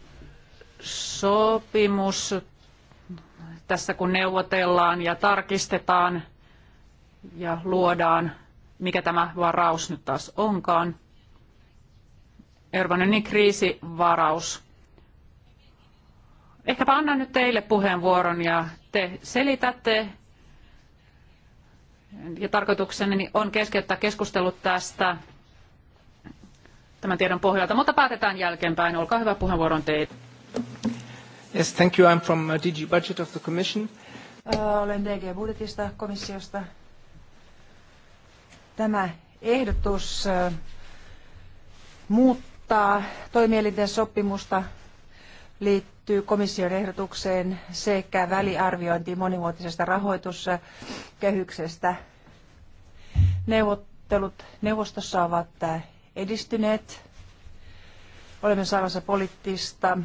sopimus tässä kun neuvotellaan ja tarkistetaan ja luodaan, mikä tämä varaus nyt taas onkaan. Euroopan unionin kriisivaraus. Ehkäpä annan nyt teille puheenvuoron ja te selitätte. Ja tarkoitukseni on keskeyttää keskustelut tästä tämän tiedon pohjalta, mutta päätetään jälkeenpäin. Olkaa hyvä, puheenvuoron teille. Yes, thank you. I'm from uh, DG Budget of the Commission. Äh, olen DG Budjetista komissiosta. Tämä ehdotus äh, muuttaa toimielinten sopimusta liittyy komission ehdotukseen sekä väliarviointi monivuotisesta rahoituskehyksestä. Neuvottelut neuvostossa ovat äh, edistyneet. Olemme saamassa poliittista,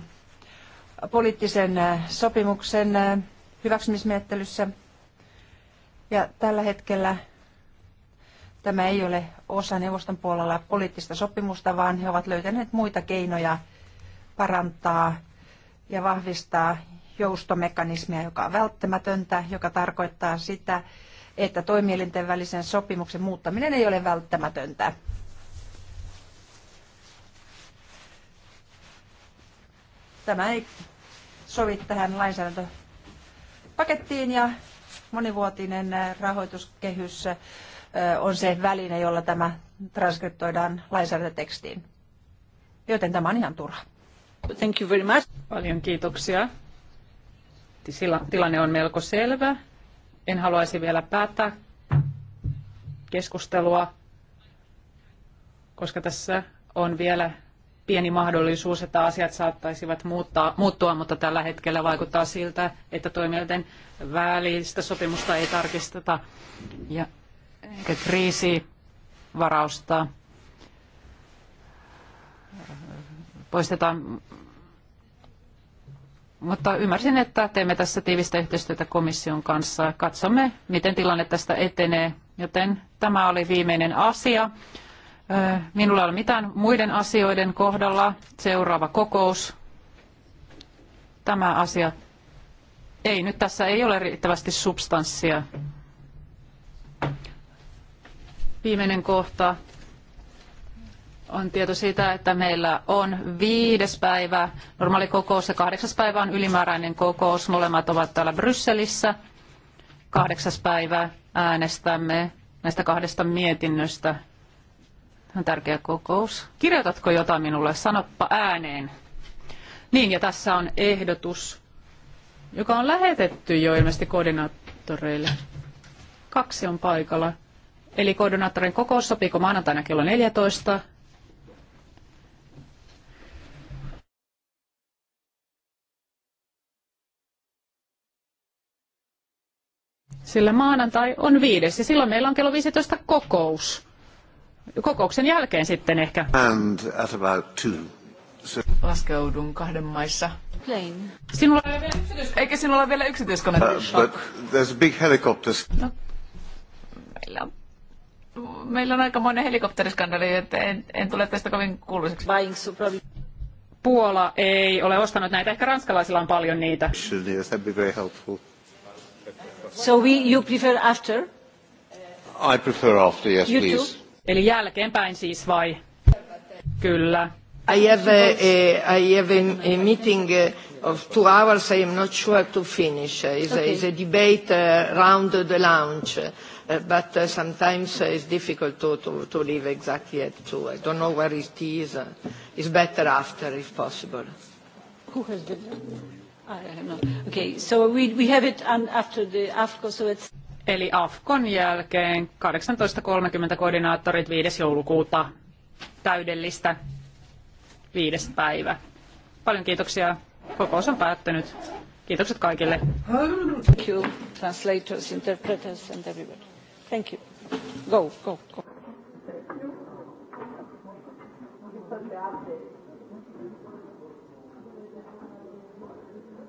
poliittisen äh, sopimuksen äh, hyväksymismenettelyssä. Ja tällä hetkellä tämä ei ole osa neuvoston puolella poliittista sopimusta, vaan he ovat löytäneet muita keinoja parantaa ja vahvistaa joustomekanismia, joka on välttämätöntä, joka tarkoittaa sitä, että toimielinten välisen sopimuksen muuttaminen ei ole välttämätöntä. tämä ei sovi tähän lainsäädäntöpakettiin ja monivuotinen äh, rahoituskehys äh, on se väline, jolla tämä transkriptoidaan lainsäädäntötekstiin. Joten tämä on ihan turha. Thank you very much. Paljon kiitoksia. Tilanne on melko selvä. En haluaisi vielä päättää keskustelua, koska tässä on vielä pieni mahdollisuus, että asiat saattaisivat muuttaa, muuttua, mutta tällä hetkellä vaikuttaa siltä, että toimijoiden välistä sopimusta ei tarkisteta ja eikä varausta poistetaan. Mutta ymmärsin, että teemme tässä tiivistä yhteistyötä komission kanssa. Katsomme, miten tilanne tästä etenee, joten tämä oli viimeinen asia. Minulla ei ole mitään muiden asioiden kohdalla. Seuraava kokous. Tämä asia. Ei, nyt tässä ei ole riittävästi substanssia. Viimeinen kohta on tieto siitä, että meillä on viides päivä normaali kokous ja kahdeksas päivä on ylimääräinen kokous. Molemmat ovat täällä Brysselissä. Kahdeksas päivä äänestämme näistä kahdesta mietinnöstä on tärkeä kokous. Kirjoitatko jotain minulle? Sanoppa ääneen. Niin, ja tässä on ehdotus, joka on lähetetty jo ilmeisesti koordinaattoreille. Kaksi on paikalla. Eli koordinaattorin kokous sopiiko maanantaina kello 14? Sillä maanantai on viides ja silloin meillä on kello 15 kokous kokouksen jälkeen sitten ehkä. And at about two. So... Laskeudun kahden maissa. Plane. Sinulla ei vielä Eikä sinulla ole vielä yksityiskone? Uh, but there's a big helicopter. No, meillä on meillä on monen helikopteriskandali, että en, en tule tästä kovin kuuluiseksi. Puola ei ole ostanut näitä, ehkä ranskalaisilla on paljon niitä. So we, you prefer after? I prefer after, yes, you please. Too? Eli jälkeenpäin siis vai? Kyllä. I have a, a, I have a, a meeting of two hours. I am not sure to finish. It's, okay. a, it's a debate uh, around round the lounge. Uh, but uh, sometimes uh, it's difficult to, to, to leave exactly at two. I don't know where it is. Uh, it's better after, if possible. Who has the... I don't know. Okay, so we, we have it um, after the AFCO, so it's... Eli AFKon jälkeen 18.30 koordinaattorit 5. joulukuuta täydellistä viides päivä. Paljon kiitoksia. Kokous on päättynyt. Kiitokset kaikille. Thank you, translators, interpreters and everybody. Thank you. Go, go, go.